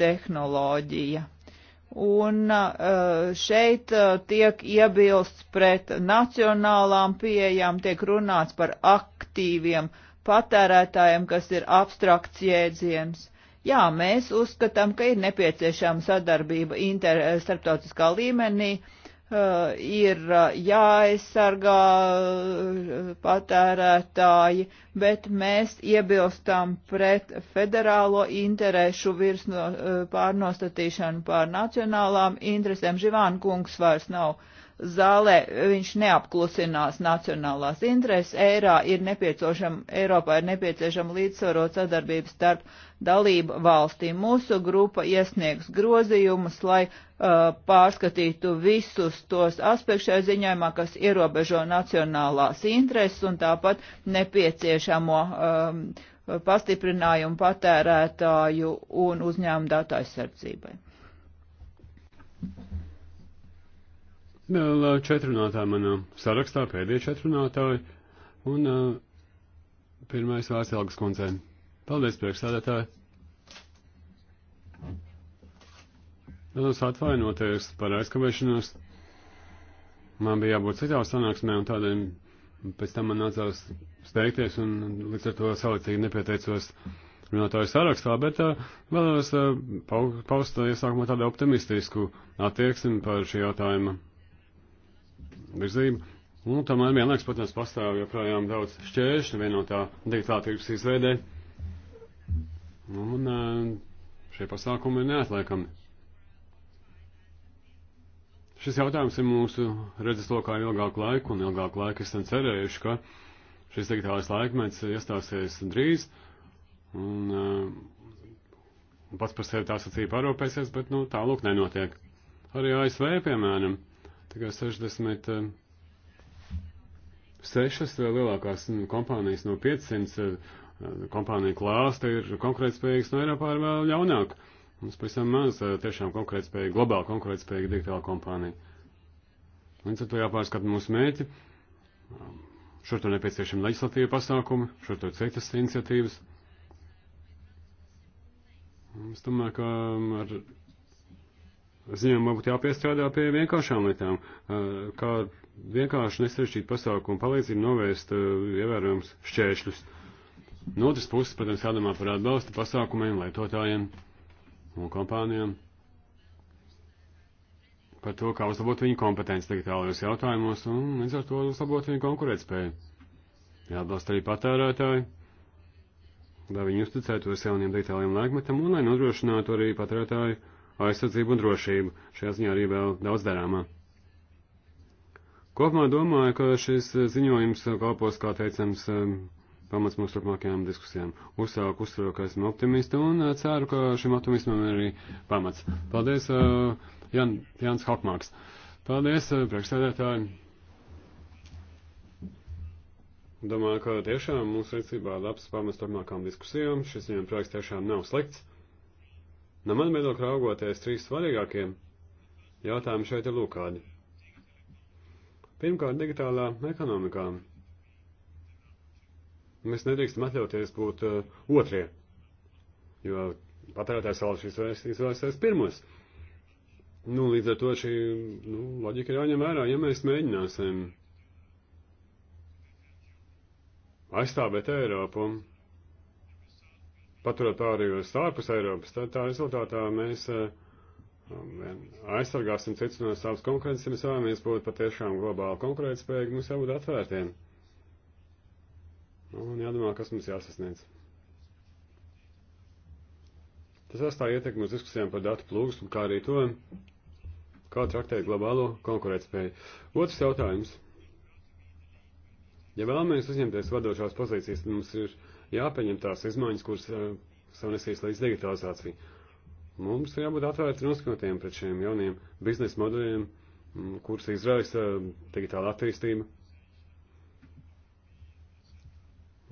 tehnoloģija. Un uh, šeit uh, tiek iebilsts pret nacionālām pieejām, tiek runāts par aktīviem patērētājiem, kas ir abstrakts jēdziens. Jā, mēs uzskatām, ka ir nepieciešama sadarbība inter, starptautiskā līmenī, uh, Eh, ir eh, jāaizsargā eh, patērētāji, bet mēs iebilstam pret federālo interešu virsno pārnostatīšanu pār nacionālām interesēm. Živāna kungs vairs nav uh, zālē viņš neapklusinās nacionālās intereses. Eirā ir nepieciešama, Eiropā ir nepieciešama līdzsvarot sadarbības starp dalību valstīm. Mūsu grupa iesniegs grozījumus, lai uh, pārskatītu visus tos aspektus šajā ziņojumā, kas ierobežo nacionālās intereses un tāpat nepieciešamo um, pastiprinājumu patērētāju un uzņēmumu datu aizsardzībai. Vēl četri runātāji manā sarakstā, pēdējie četri runātāji. Un uh, pirmais vārds Elgas kundzei. Paldies, priekšsādātāji! Es atvainoties par aizkavēšanos. Man bija jābūt citā sanāksmē, un tādēļ pēc tam man nācās steigties, un līdz ar to salicīgi nepieteicos runātāju sarakstā, bet uh, vēlos uh, paust iesākumā tādu optimistisku attieksmi par šī jautājuma virzību. Un nu, tomēr vienlaiks, protams, pastāv joprojām daudz šķēršļu vienotā digitāla tirgus izveidē. Nu, un eh, šie pasākumi ir neatliekami. Šis jautājums ir mūsu redzeslokā ilgāku laiku, un ilgāku laiku esam cerējuši, ka šis digitālais laikmets iestāsies drīz, un uh, pats par sevi tā sacīja parūpēsies, bet, nu, tālūk nenotiek. Arī ASV, piemēram, Tikai 60 eh, sešas eh, lielākās mm, kompānijas no 500 eh, kompāniju klāsta ir konkurētspējīgas no Eiropā ir vēl jaunāk. Mums pavisam maz tiešām konkurētspējīga, globāli konkurētspējīga digitāla kompānija. Līdz ar to jāpārskata mūsu mēķi. Um, šur tur nepieciešami leģislatīva pasākumi, šur tur citas iniciatīvas. Es domāju, ka mm, ar ziņām varbūt jāpiestrādā pie vienkāršām lietām, kā vienkārši nesarežģīt pasākumu palīdzību novērst ievērojams šķēršļus. No otras puses, protams, jādomā par atbalstu pasākumiem, lietotājiem un kompānijām, par to, kā uzlabot viņu kompetenci digitālajos jautājumos un līdz ar to uzlabot viņu konkurētspēju. Jāatbalsta arī patērētāji, lai viņi uzticētos jauniem digitālajiem laikmetam un lai nodrošinātu arī patērētāju aizsardzību un drošību. Šajā ziņā arī vēl daudz darāmā. Kopumā domāju, ka šis ziņojums kalpos, kā teicams, um, pamats mūsu turpmākajām diskusijām. Uzsāku uzsveru, ka esmu optimista un uh, ceru, ka šim optimismam ir arī pamats. Paldies, uh, Jan, Jans Hokmāks. Paldies, uh, priekšsēdētāji. Domāju, ka tiešām mūsu rīcībā labs pamats turpmākām diskusijām. Šis viņam projekts tiešām nav slikts. No man viedokļa raugoties, trīs svarīgākiem jautājumi šeit ir lūkādi. Pirmkārt, digitālā ekonomikā. Mēs nedrīkstam atļauties būt uh, otrie, jo patērētājs vēl šīs izvērsēs pirmos. Nu, līdz ar to šī nu, loģika ir jāņem vērā, ja mēs mēģināsim aizstāvēt Eiropu paturot pārējos ārpus Eiropas, tad tā rezultātā mēs eh, um, aizsargāsim cits no savas konkurences, ja mēs vēlamies būt patiešām globāli konkurētspējīgi, mums jābūt atvērtiem. Un jādomā, kas mums jāsasniedz. Tas atstāja ietekmi uz diskusijām par datu plūsmu, kā arī to, kā traktēt globālo konkurētspēju. Otrs jautājums. Ja vēlamies uzņemties vadošās pozīcijas, tad mums ir jāpieņem tās izmaiņas, kuras eh, savnesīs līdz digitalizācijai. Mums ir jābūt atvērti noskatiem pret šiem jauniem biznesa modeļiem, mm, kurus izraisa eh, digitāla attīstība.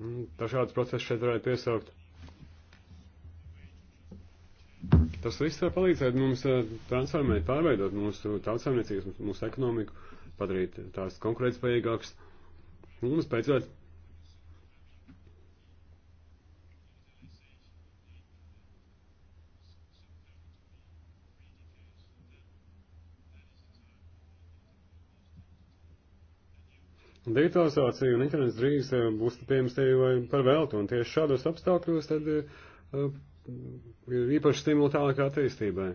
Mm, dažādas procesus šeit varētu piesaukt. Tas viss var palīdzēt mums eh, transformēt, pārveidot mūsu tautsāmniecības, mūsu ekonomiku, padarīt tās konkurētspējīgākas. Mums beidzot Digitalizācija un internets drīz eh, būs pieejams tevi par veltu, un tieši šādos apstākļos tad eh, eh, ir īpaši stimuli tālāk attīstībai.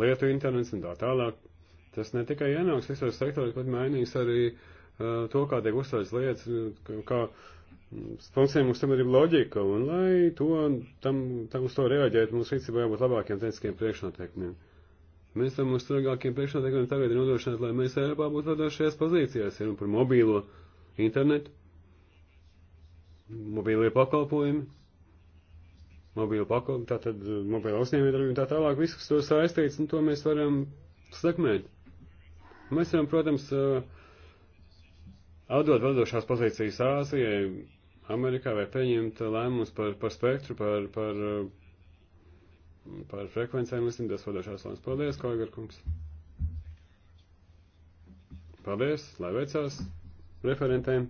Lietu internets un tā tālāk. Tas ne tikai ienāks visos sektoros, bet mainīs arī uh, to, kā tiek uzsvērts lietas, kā mm, funkcija mums tam ir loģika, un lai to, tam, tam uz to reaģēt, mums rīcībā jābūt labākiem tehniskiem priekšnoteikumiem. Mēs esam uz stragākiem priekšnoteikumiem tagad ir nodrošināt, lai mēs Eiropā būtu vadošajās pozīcijās, ja nu par mobīlo internetu, mobīlie pakalpojumi, mobīlo pakalpojumu, tātad eh, mobīlo uzņēmējdarbību un tā tālāk, viss, kas to saistīts, un nu, to mēs varam sekmēt. Mēs varam, protams, eh, atdot vadošās pozīcijas Āzijai, Amerikā vai pieņemt lēmumus par, par spektru, par, par eh, par frekvencēm līdz desvadošās lēmas. Paldies, Koigarkungs! Paldies, lai veicās referentēm!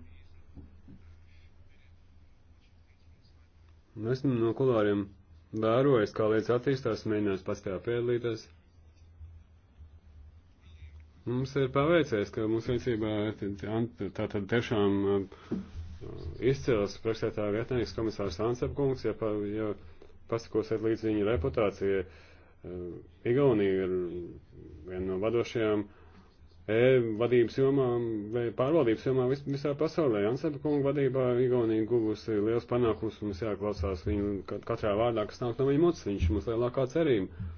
Nu, esmu no kulāriem vērojis, kā lietas attīstās, mēģinājis pats tajā piedalīties. Mums ir paveicies, ka mūsu rīcībā tātad tiešām uh, izcils priekšsētā vietnieks komisārs Ansepkungs, ja, pa, ja pasakosiet līdz viņa reputācijai. Eh, Igaunija ir viena no vadošajām e-vadības jomām vai pārvaldības jomām vis, visā pasaulē. Jansēta kunga vadībā Igaunija guvusi liels panākums, mums jāklausās viņu katrā vārdā, kas nāk no viņa mutes, viņš mums lielākā cerība.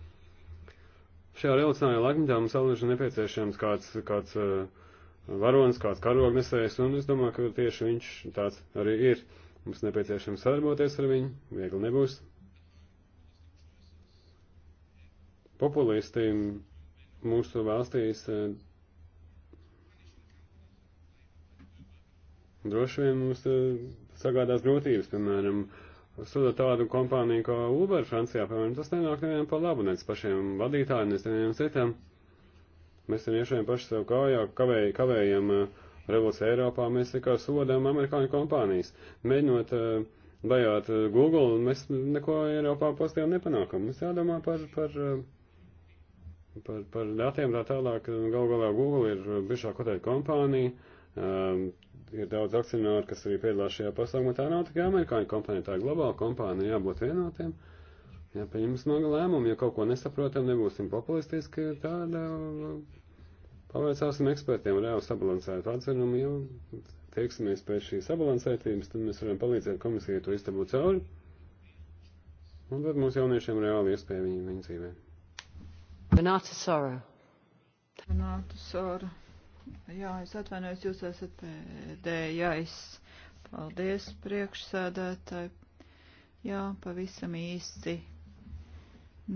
Šajā revolucionārajā laikmetā mums salīdz nepieciešams kāds, kāds uh, eh, varonis, kāds karognesējs, un es domāju, ka tieši viņš tāds arī ir. Mums nepieciešams sadarboties ar viņu, viegli nebūs. populisti mūsu valstīs eh, droši vien mums eh, sagādās grūtības, piemēram, sūtot tādu kompāniju kā Uber Francijā, piemēram, tas nenāk nevienam pa labu, nec pašiem vadītājiem, nec nevienam citam. Mēs tam iešajam paši sev kājā, kavēj, kavējam eh, revolūciju Eiropā, mēs tikai sodām amerikāņu kompānijas. Mēģinot bajāt Google, mēs neko Eiropā pozitīvi nepanākam. Mums jādomā par, par par, par datiem tā tālāk. Um, Galu galā Google ir um, bišā kotēta kompānija, um, ir daudz akcionāru, kas arī piedalās šajā pasākumā. Tā nav tikai amerikāņu kompānija, tā ir globāla kompānija, jābūt vienotiem. Jāpieņem smaga lēmuma, ja kaut ko nesaprotam, nebūsim populistiski, tāda um, pavaicāsim ekspertiem reāli sabalansētu atzinumu, jo tieksimies pēc šīs sabalansētības, tad mēs varam palīdzēt komisijai to iztabūt cauri. Un tad mūsu jauniešiem reāli iespēja viņu, viņu dzīvēm. Manāta Sora. Manāta Sora. Jā, es atvainojos, jūs esat pēdējais. Paldies, priekšsēdētāji. Jā, pavisam īsti.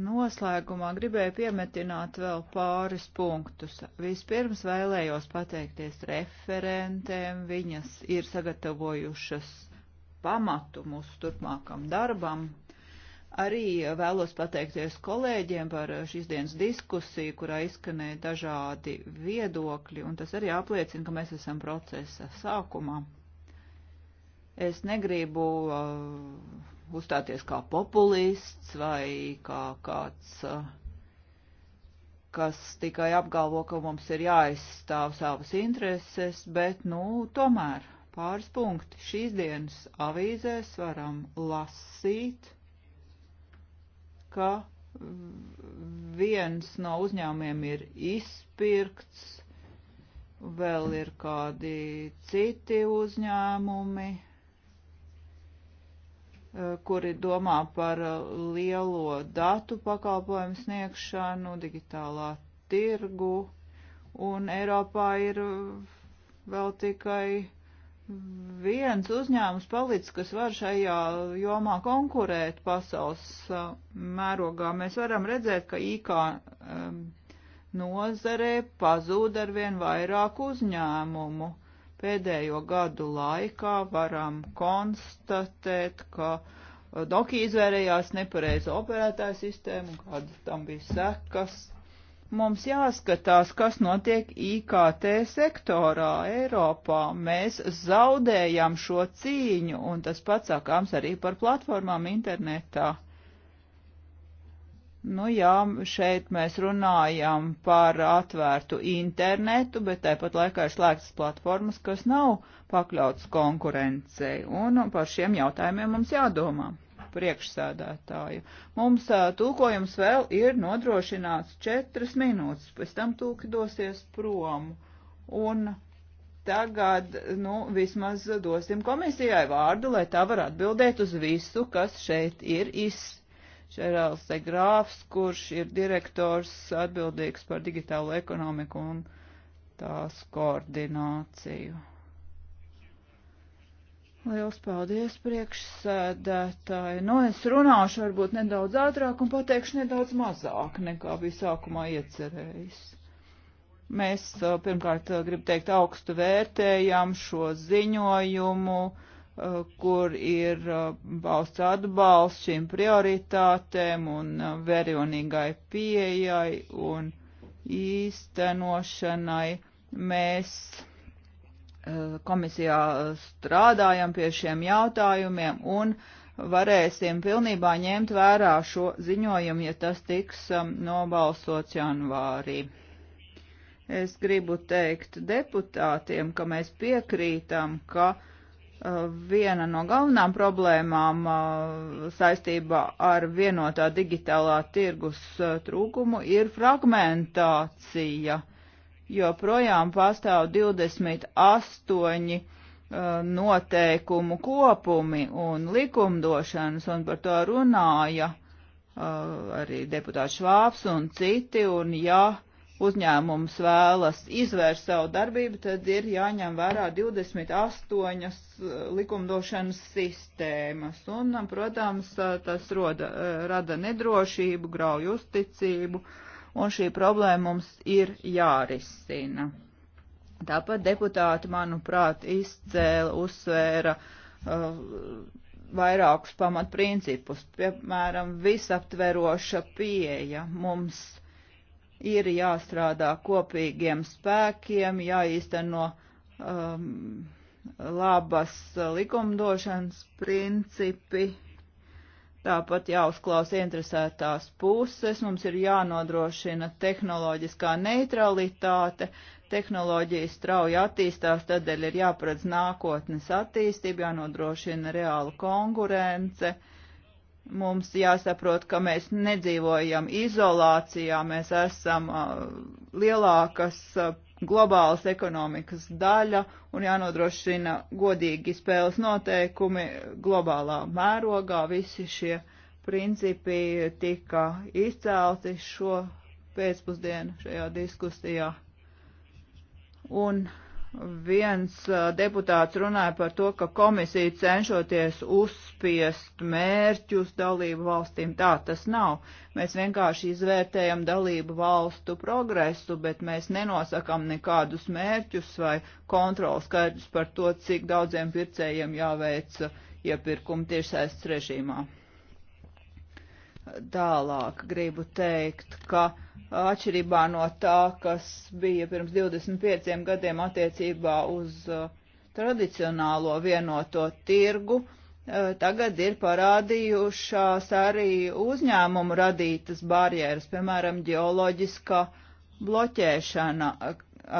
Noslēgumā gribēju piemetināt vēl pāris punktus. Vispirms vēlējos pateikties referentēm, viņas ir sagatavojušas pamatu mūsu turpmākam darbam. Arī vēlos pateikties kolēģiem par šīs dienas diskusiju, kurā izskanēja dažādi viedokļi, un tas arī apliecina, ka mēs esam procesa sākumā. Es negribu uh, uzstāties kā populists vai kā kāds, uh, kas tikai apgalvo, ka mums ir jāizstāv savas intereses, bet, nu, tomēr pāris punkti šīs dienas avīzēs varam lasīt ka viens no uzņēmumiem ir izpirkts, vēl ir kādi citi uzņēmumi, eh, kuri domā par eh, lielo datu pakalpojumu sniegšanu, digitālā tirgu, un Eiropā ir eh, vēl tikai viens uzņēmums palicis, kas var šajā jomā konkurēt pasaules uh, mērogā. Mēs varam redzēt, ka IKA um, nozarē pazūd ar vien vairāk uzņēmumu. Pēdējo gadu laikā varam konstatēt, ka Doki uh, izvērējās nepareizu operētāju sistēmu, kāda tam bija sekas Mums jāskatās, kas notiek IKT sektorā Eiropā. Mēs zaudējam šo cīņu, un tas pats sākāms arī par platformām internetā. Nu jā, šeit mēs runājam par atvērtu internetu, bet tāpat laikā ir slēgtas platformas, kas nav pakļautas konkurencei, un par šiem jautājumiem mums jādomā priekšsēdētāju. Mums tulkojums vēl ir nodrošināts četras minūtes, pēc tam tulki dosies prom. Un tagad, nu, vismaz dosim komisijai vārdu, lai tā var atbildēt uz visu, kas šeit ir izsākts. Žerāls Degrāfs, kurš ir direktors atbildīgs par digitālo ekonomiku un tās koordināciju. Liels paldies priekšsēdētāji. Nu, es runāšu varbūt nedaudz ātrāk un pateikšu nedaudz mazāk nekā bija sākumā iecerējis. Mēs eh, pirmkārt eh, gribu teikt augstu vērtējam šo ziņojumu, eh, kur ir valsts atbalsts šīm prioritātēm un verionīgai pieejai un īstenošanai. Mēs Eh, komisijā strādājam pie šiem jautājumiem un varēsim pilnībā ņemt vērā šo ziņojumu, ja tas tiks um, nobalsots janvārī. Es gribu teikt deputātiem, ka mēs piekrītam, ka eh, viena no galvenām problēmām eh, saistībā ar vienotā digitālā tirgus trūkumu ir fragmentācija. Uh, joprojām pastāv 28 uh, noteikumu kopumi un likumdošanas, un par to runāja uh, arī deputāts Švāps un citi, un ja uzņēmums vēlas izvērst savu darbību, tad ir jāņem vērā 28 uh, likumdošanas sistēmas, un, um, protams, tas roda, rada nedrošību, grauju uzticību, uh, un šī problēma mums ir jārisina. Tāpat deputāti, manuprāt, izcēla, uzsvēra uh, vairākus pamatprincipus, piemēram, visaptveroša pieeja mums ir jāstrādā kopīgiem spēkiem, jāīsteno um, labas likumdošanas principi Tāpat jāuzklausa interesētās puses, mums ir jānodrošina tehnoloģiskā neutralitāte, tehnoloģija strauji attīstās, tādēļ ir jāparedz nākotnes attīstība, jānodrošina reāla konkurence. Mums jāsaprot, ka mēs nedzīvojam izolācijā, mēs esam uh, lielākas uh, globālas ekonomikas daļa un jānodrošina godīgi spēles noteikumi globālā mērogā. Visi šie principi tika izcelti šo pēcpusdienu šajā diskusijā. Un Viens deputāts runāja par to, ka komisija cenšoties uzspiest mērķus dalību valstīm. Tā tas nav. Mēs vienkārši izvērtējam dalību valstu progresu, bet mēs nenosakam nekādus mērķus vai kontrols skaidrs par to, cik daudziem pircējiem jāveic iepirkumi tiešsaistes režīmā. Tālāk gribu teikt, ka atšķirībā no tā, kas bija pirms 25 gadiem attiecībā uz uh, tradicionālo vienoto tirgu, uh, tagad ir parādījušās arī uzņēmumu radītas barjeras, piemēram, ģeoloģiskā bloķēšana,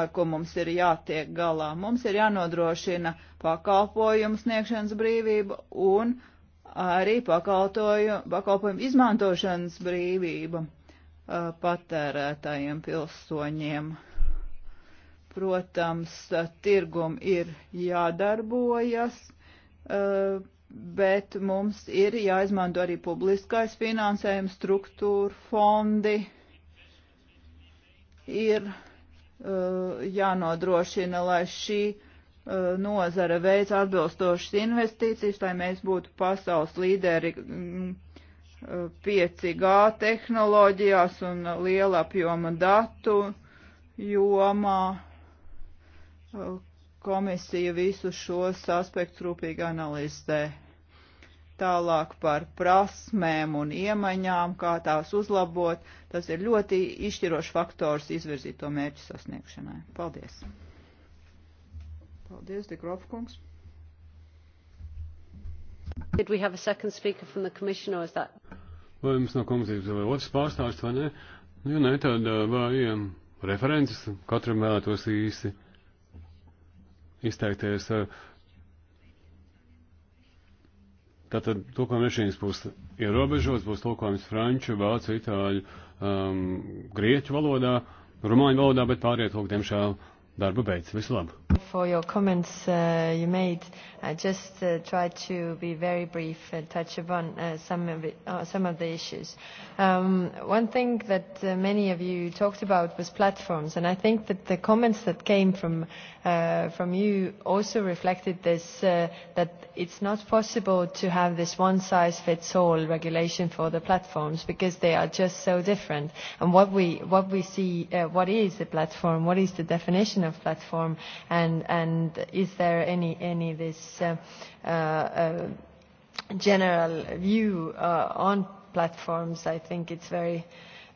ar ko mums ir jātiek galā. Mums ir jānodrošina pakalpojumu sniegšanas brīvība un uh, arī pakalpojumu izmantošanas brīvība uh, patērētājiem pilsoņiem. Protams, uh, tirgum ir jādarbojas, uh, bet mums ir jāizmanto arī publiskais finansējums, struktūra, fondi. Ir jānodrošina, lai šī Eh, nozara veids atbilstošas investīcijas, lai mēs būtu pasaules līderi 5G mm, eh, tehnoloģijās un lielapjoma datu jomā. Eh, komisija visu šos aspektus rūpīgi analizē. Tālāk par prasmēm un iemaņām, kā tās uzlabot, tas ir ļoti izšķirošs faktors izvirzīto mērķu sasniegšanai. Paldies! Paldies, Digrofa kungs. Did we have a second speaker from the commission or is that? Vai mums no komisijas vai otrs nu, pārstāvis vai nē? Ja nē, tad vai um, references katram vēlētos īsti izteikties. Tātad tulkojuma mašīnas būs ierobežots, būs tulkojums franču, vācu, itāļu, um, grieķu valodā, rumāņu valodā, bet pārējie tulk, diemžēl, darba beidz. Visu labu! for your comments uh, you made. I just uh, try to be very brief and touch upon uh, some, of it, uh, some of the issues. Um, one thing that uh, many of you talked about was platforms, and I think that the comments that came from, uh, from you also reflected this, uh, that it's not possible to have this one-size-fits-all regulation for the platforms because they are just so different. And what we, what we see, uh, what is the platform, what is the definition of platform, and and, and is there any, any this uh, uh, uh, general view uh, on platforms? I think it's very uh,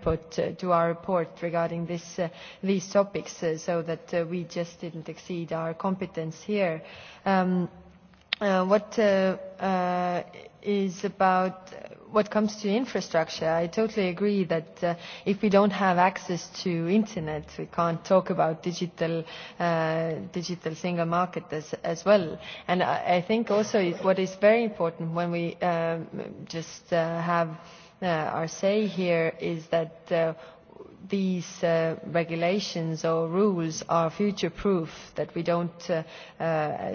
input uh, to our report regarding this, uh, these topics uh, so that we just didn't exceed our competence here. Um, what is about what comes to infrastructure, I totally agree that uh, if we don't have access to internet, we can't talk about digital uh, digital single market as, as well. And I, I think also what is very important when we um, just uh, have Uh, are saying here is that uh, these uh, regulations or rules are future proof that we don't uh, uh,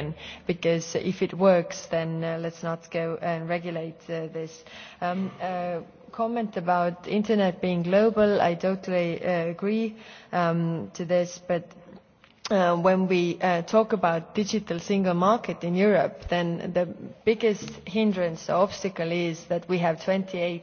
Schengen, because if it works, then uh, let's not go and regulate uh, this. Um, uh, comment about internet being global, I totally uh, agree um, to this, but Uh, when we uh, talk about digital single market in Europe, then the biggest hindrance or obstacle is that we have 28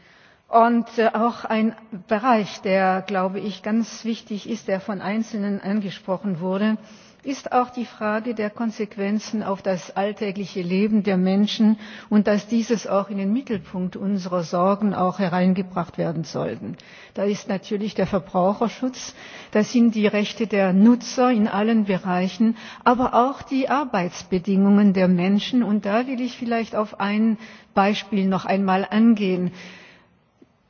und äh, auch ein bereich der glaube ich ganz wichtig ist der von einzelnen angesprochen wurde ist auch die frage der konsequenzen auf das alltägliche leben der menschen und dass dieses auch in den mittelpunkt unserer sorgen hereingebracht werden sollte. da ist natürlich der verbraucherschutz das sind die rechte der nutzer in allen bereichen aber auch die arbeitsbedingungen der menschen und da will ich vielleicht auf ein beispiel noch einmal eingehen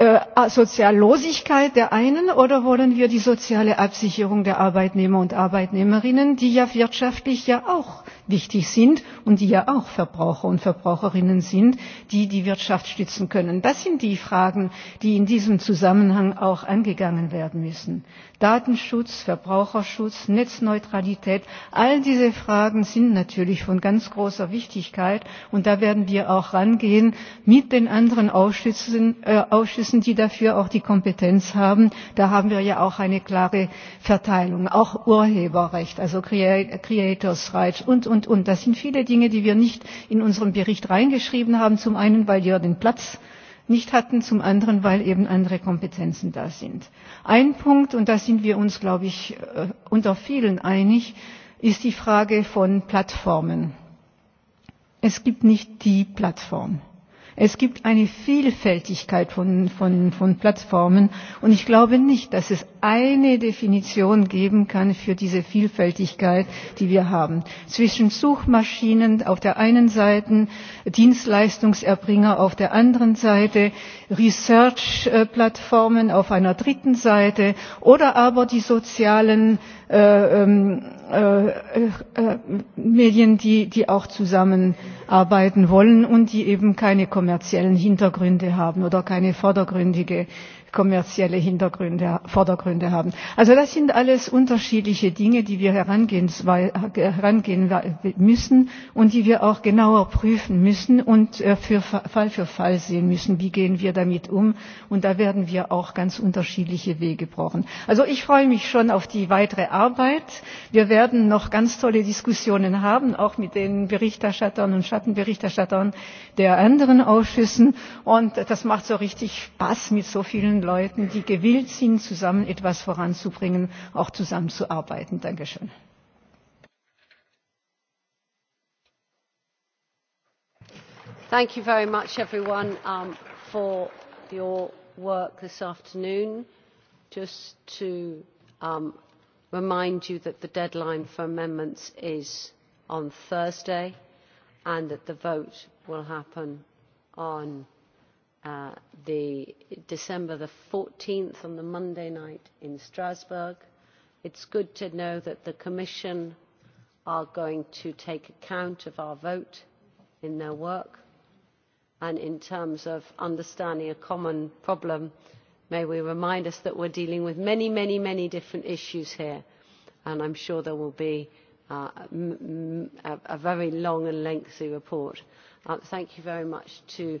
Äh, soziallosigkeit der einen oder wollen wir die soziale absicherung der arbeitnehmer und arbeitnehmerinnen die ja wirtschaftlich auch wichtig sind und die ja auch Verbraucher und Verbraucherinnen sind, die die Wirtschaft stützen können. Das sind die Fragen, die in diesem Zusammenhang auch angegangen werden müssen. Datenschutz, Verbraucherschutz, Netzneutralität, all diese Fragen sind natürlich von ganz großer Wichtigkeit und da werden wir auch rangehen mit den anderen Ausschüssen, äh, Ausschüssen die dafür auch die Kompetenz haben. Da haben wir ja auch eine klare Verteilung, auch Urheberrecht, also Creators Rights und, und und und. das sind viele dinge die wir nicht in unseren bericht reingeschrieben haben zum einen weil wir den platz nicht hatten zum anderen weil eben andere kompetenzen da sind. ein punkt und da sind wir uns glaube ich äh, unter vielen einig ist die frage von plattformen. es gibt nicht die plattform. Es gibt eine Vielfältigkeit von, von, von Plattformen und ich glaube nicht, dass es eine Definition geben kann für diese Vielfältigkeit, die wir haben. Zwischen Suchmaschinen auf der einen Seite, Dienstleistungserbringer auf der anderen Seite, Research-Plattformen auf einer dritten Seite oder aber die sozialen äh, ähm, äh, äh, Medien, die, die auch zusammenarbeiten wollen und die eben keine kommerziellen Hintergründe haben oder keine vordergründige kommerzielle Hintergründe, Vordergründe haben. Also das sind alles unterschiedliche Dinge, die wir herangehen, herangehen müssen und die wir auch genauer prüfen müssen und äh, für Fall für Fall sehen müssen, wie gehen wir damit um. Und da werden wir auch ganz unterschiedliche Wege brauchen. Also ich freue mich schon auf die weitere Arbeit. Wir werden noch ganz tolle Diskussionen haben, auch mit den Berichterstattern und Schattenberichterstattern der anderen Ausschüssen. Und das macht so richtig Spaß, mit so vielen leuten die gewillt sind zusammen etwas voranzubringen auch zusammenzuarbeiten. dankeschön. thank you very much everyone um, for your work this afternoon. just to um, remind you that the deadline for amendments is on thursday and that the vote will happen on uh, the December the 14th on the Monday night in Strasbourg. It's good to know that the Commission are going to take account of our vote in their work and in terms of understanding a common problem, may we remind us that we're dealing with many, many, many different issues here, and I'm sure there will be uh, m m a, a very long and lengthy report. Uh, thank you very much to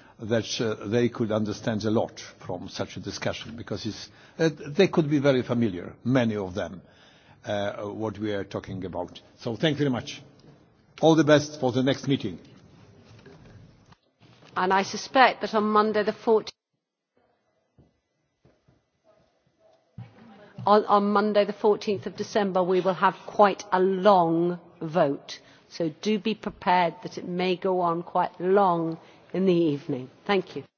that uh, they could understand a lot from such a discussion because it's, uh, they could be very familiar, many of them, uh, what we are talking about. So thank you very much. All the best for the next meeting. And I suspect that on Monday the 14th, on, on Monday the 14th of December we will have quite a long vote. So do be prepared that it may go on quite long in the evening. thank you.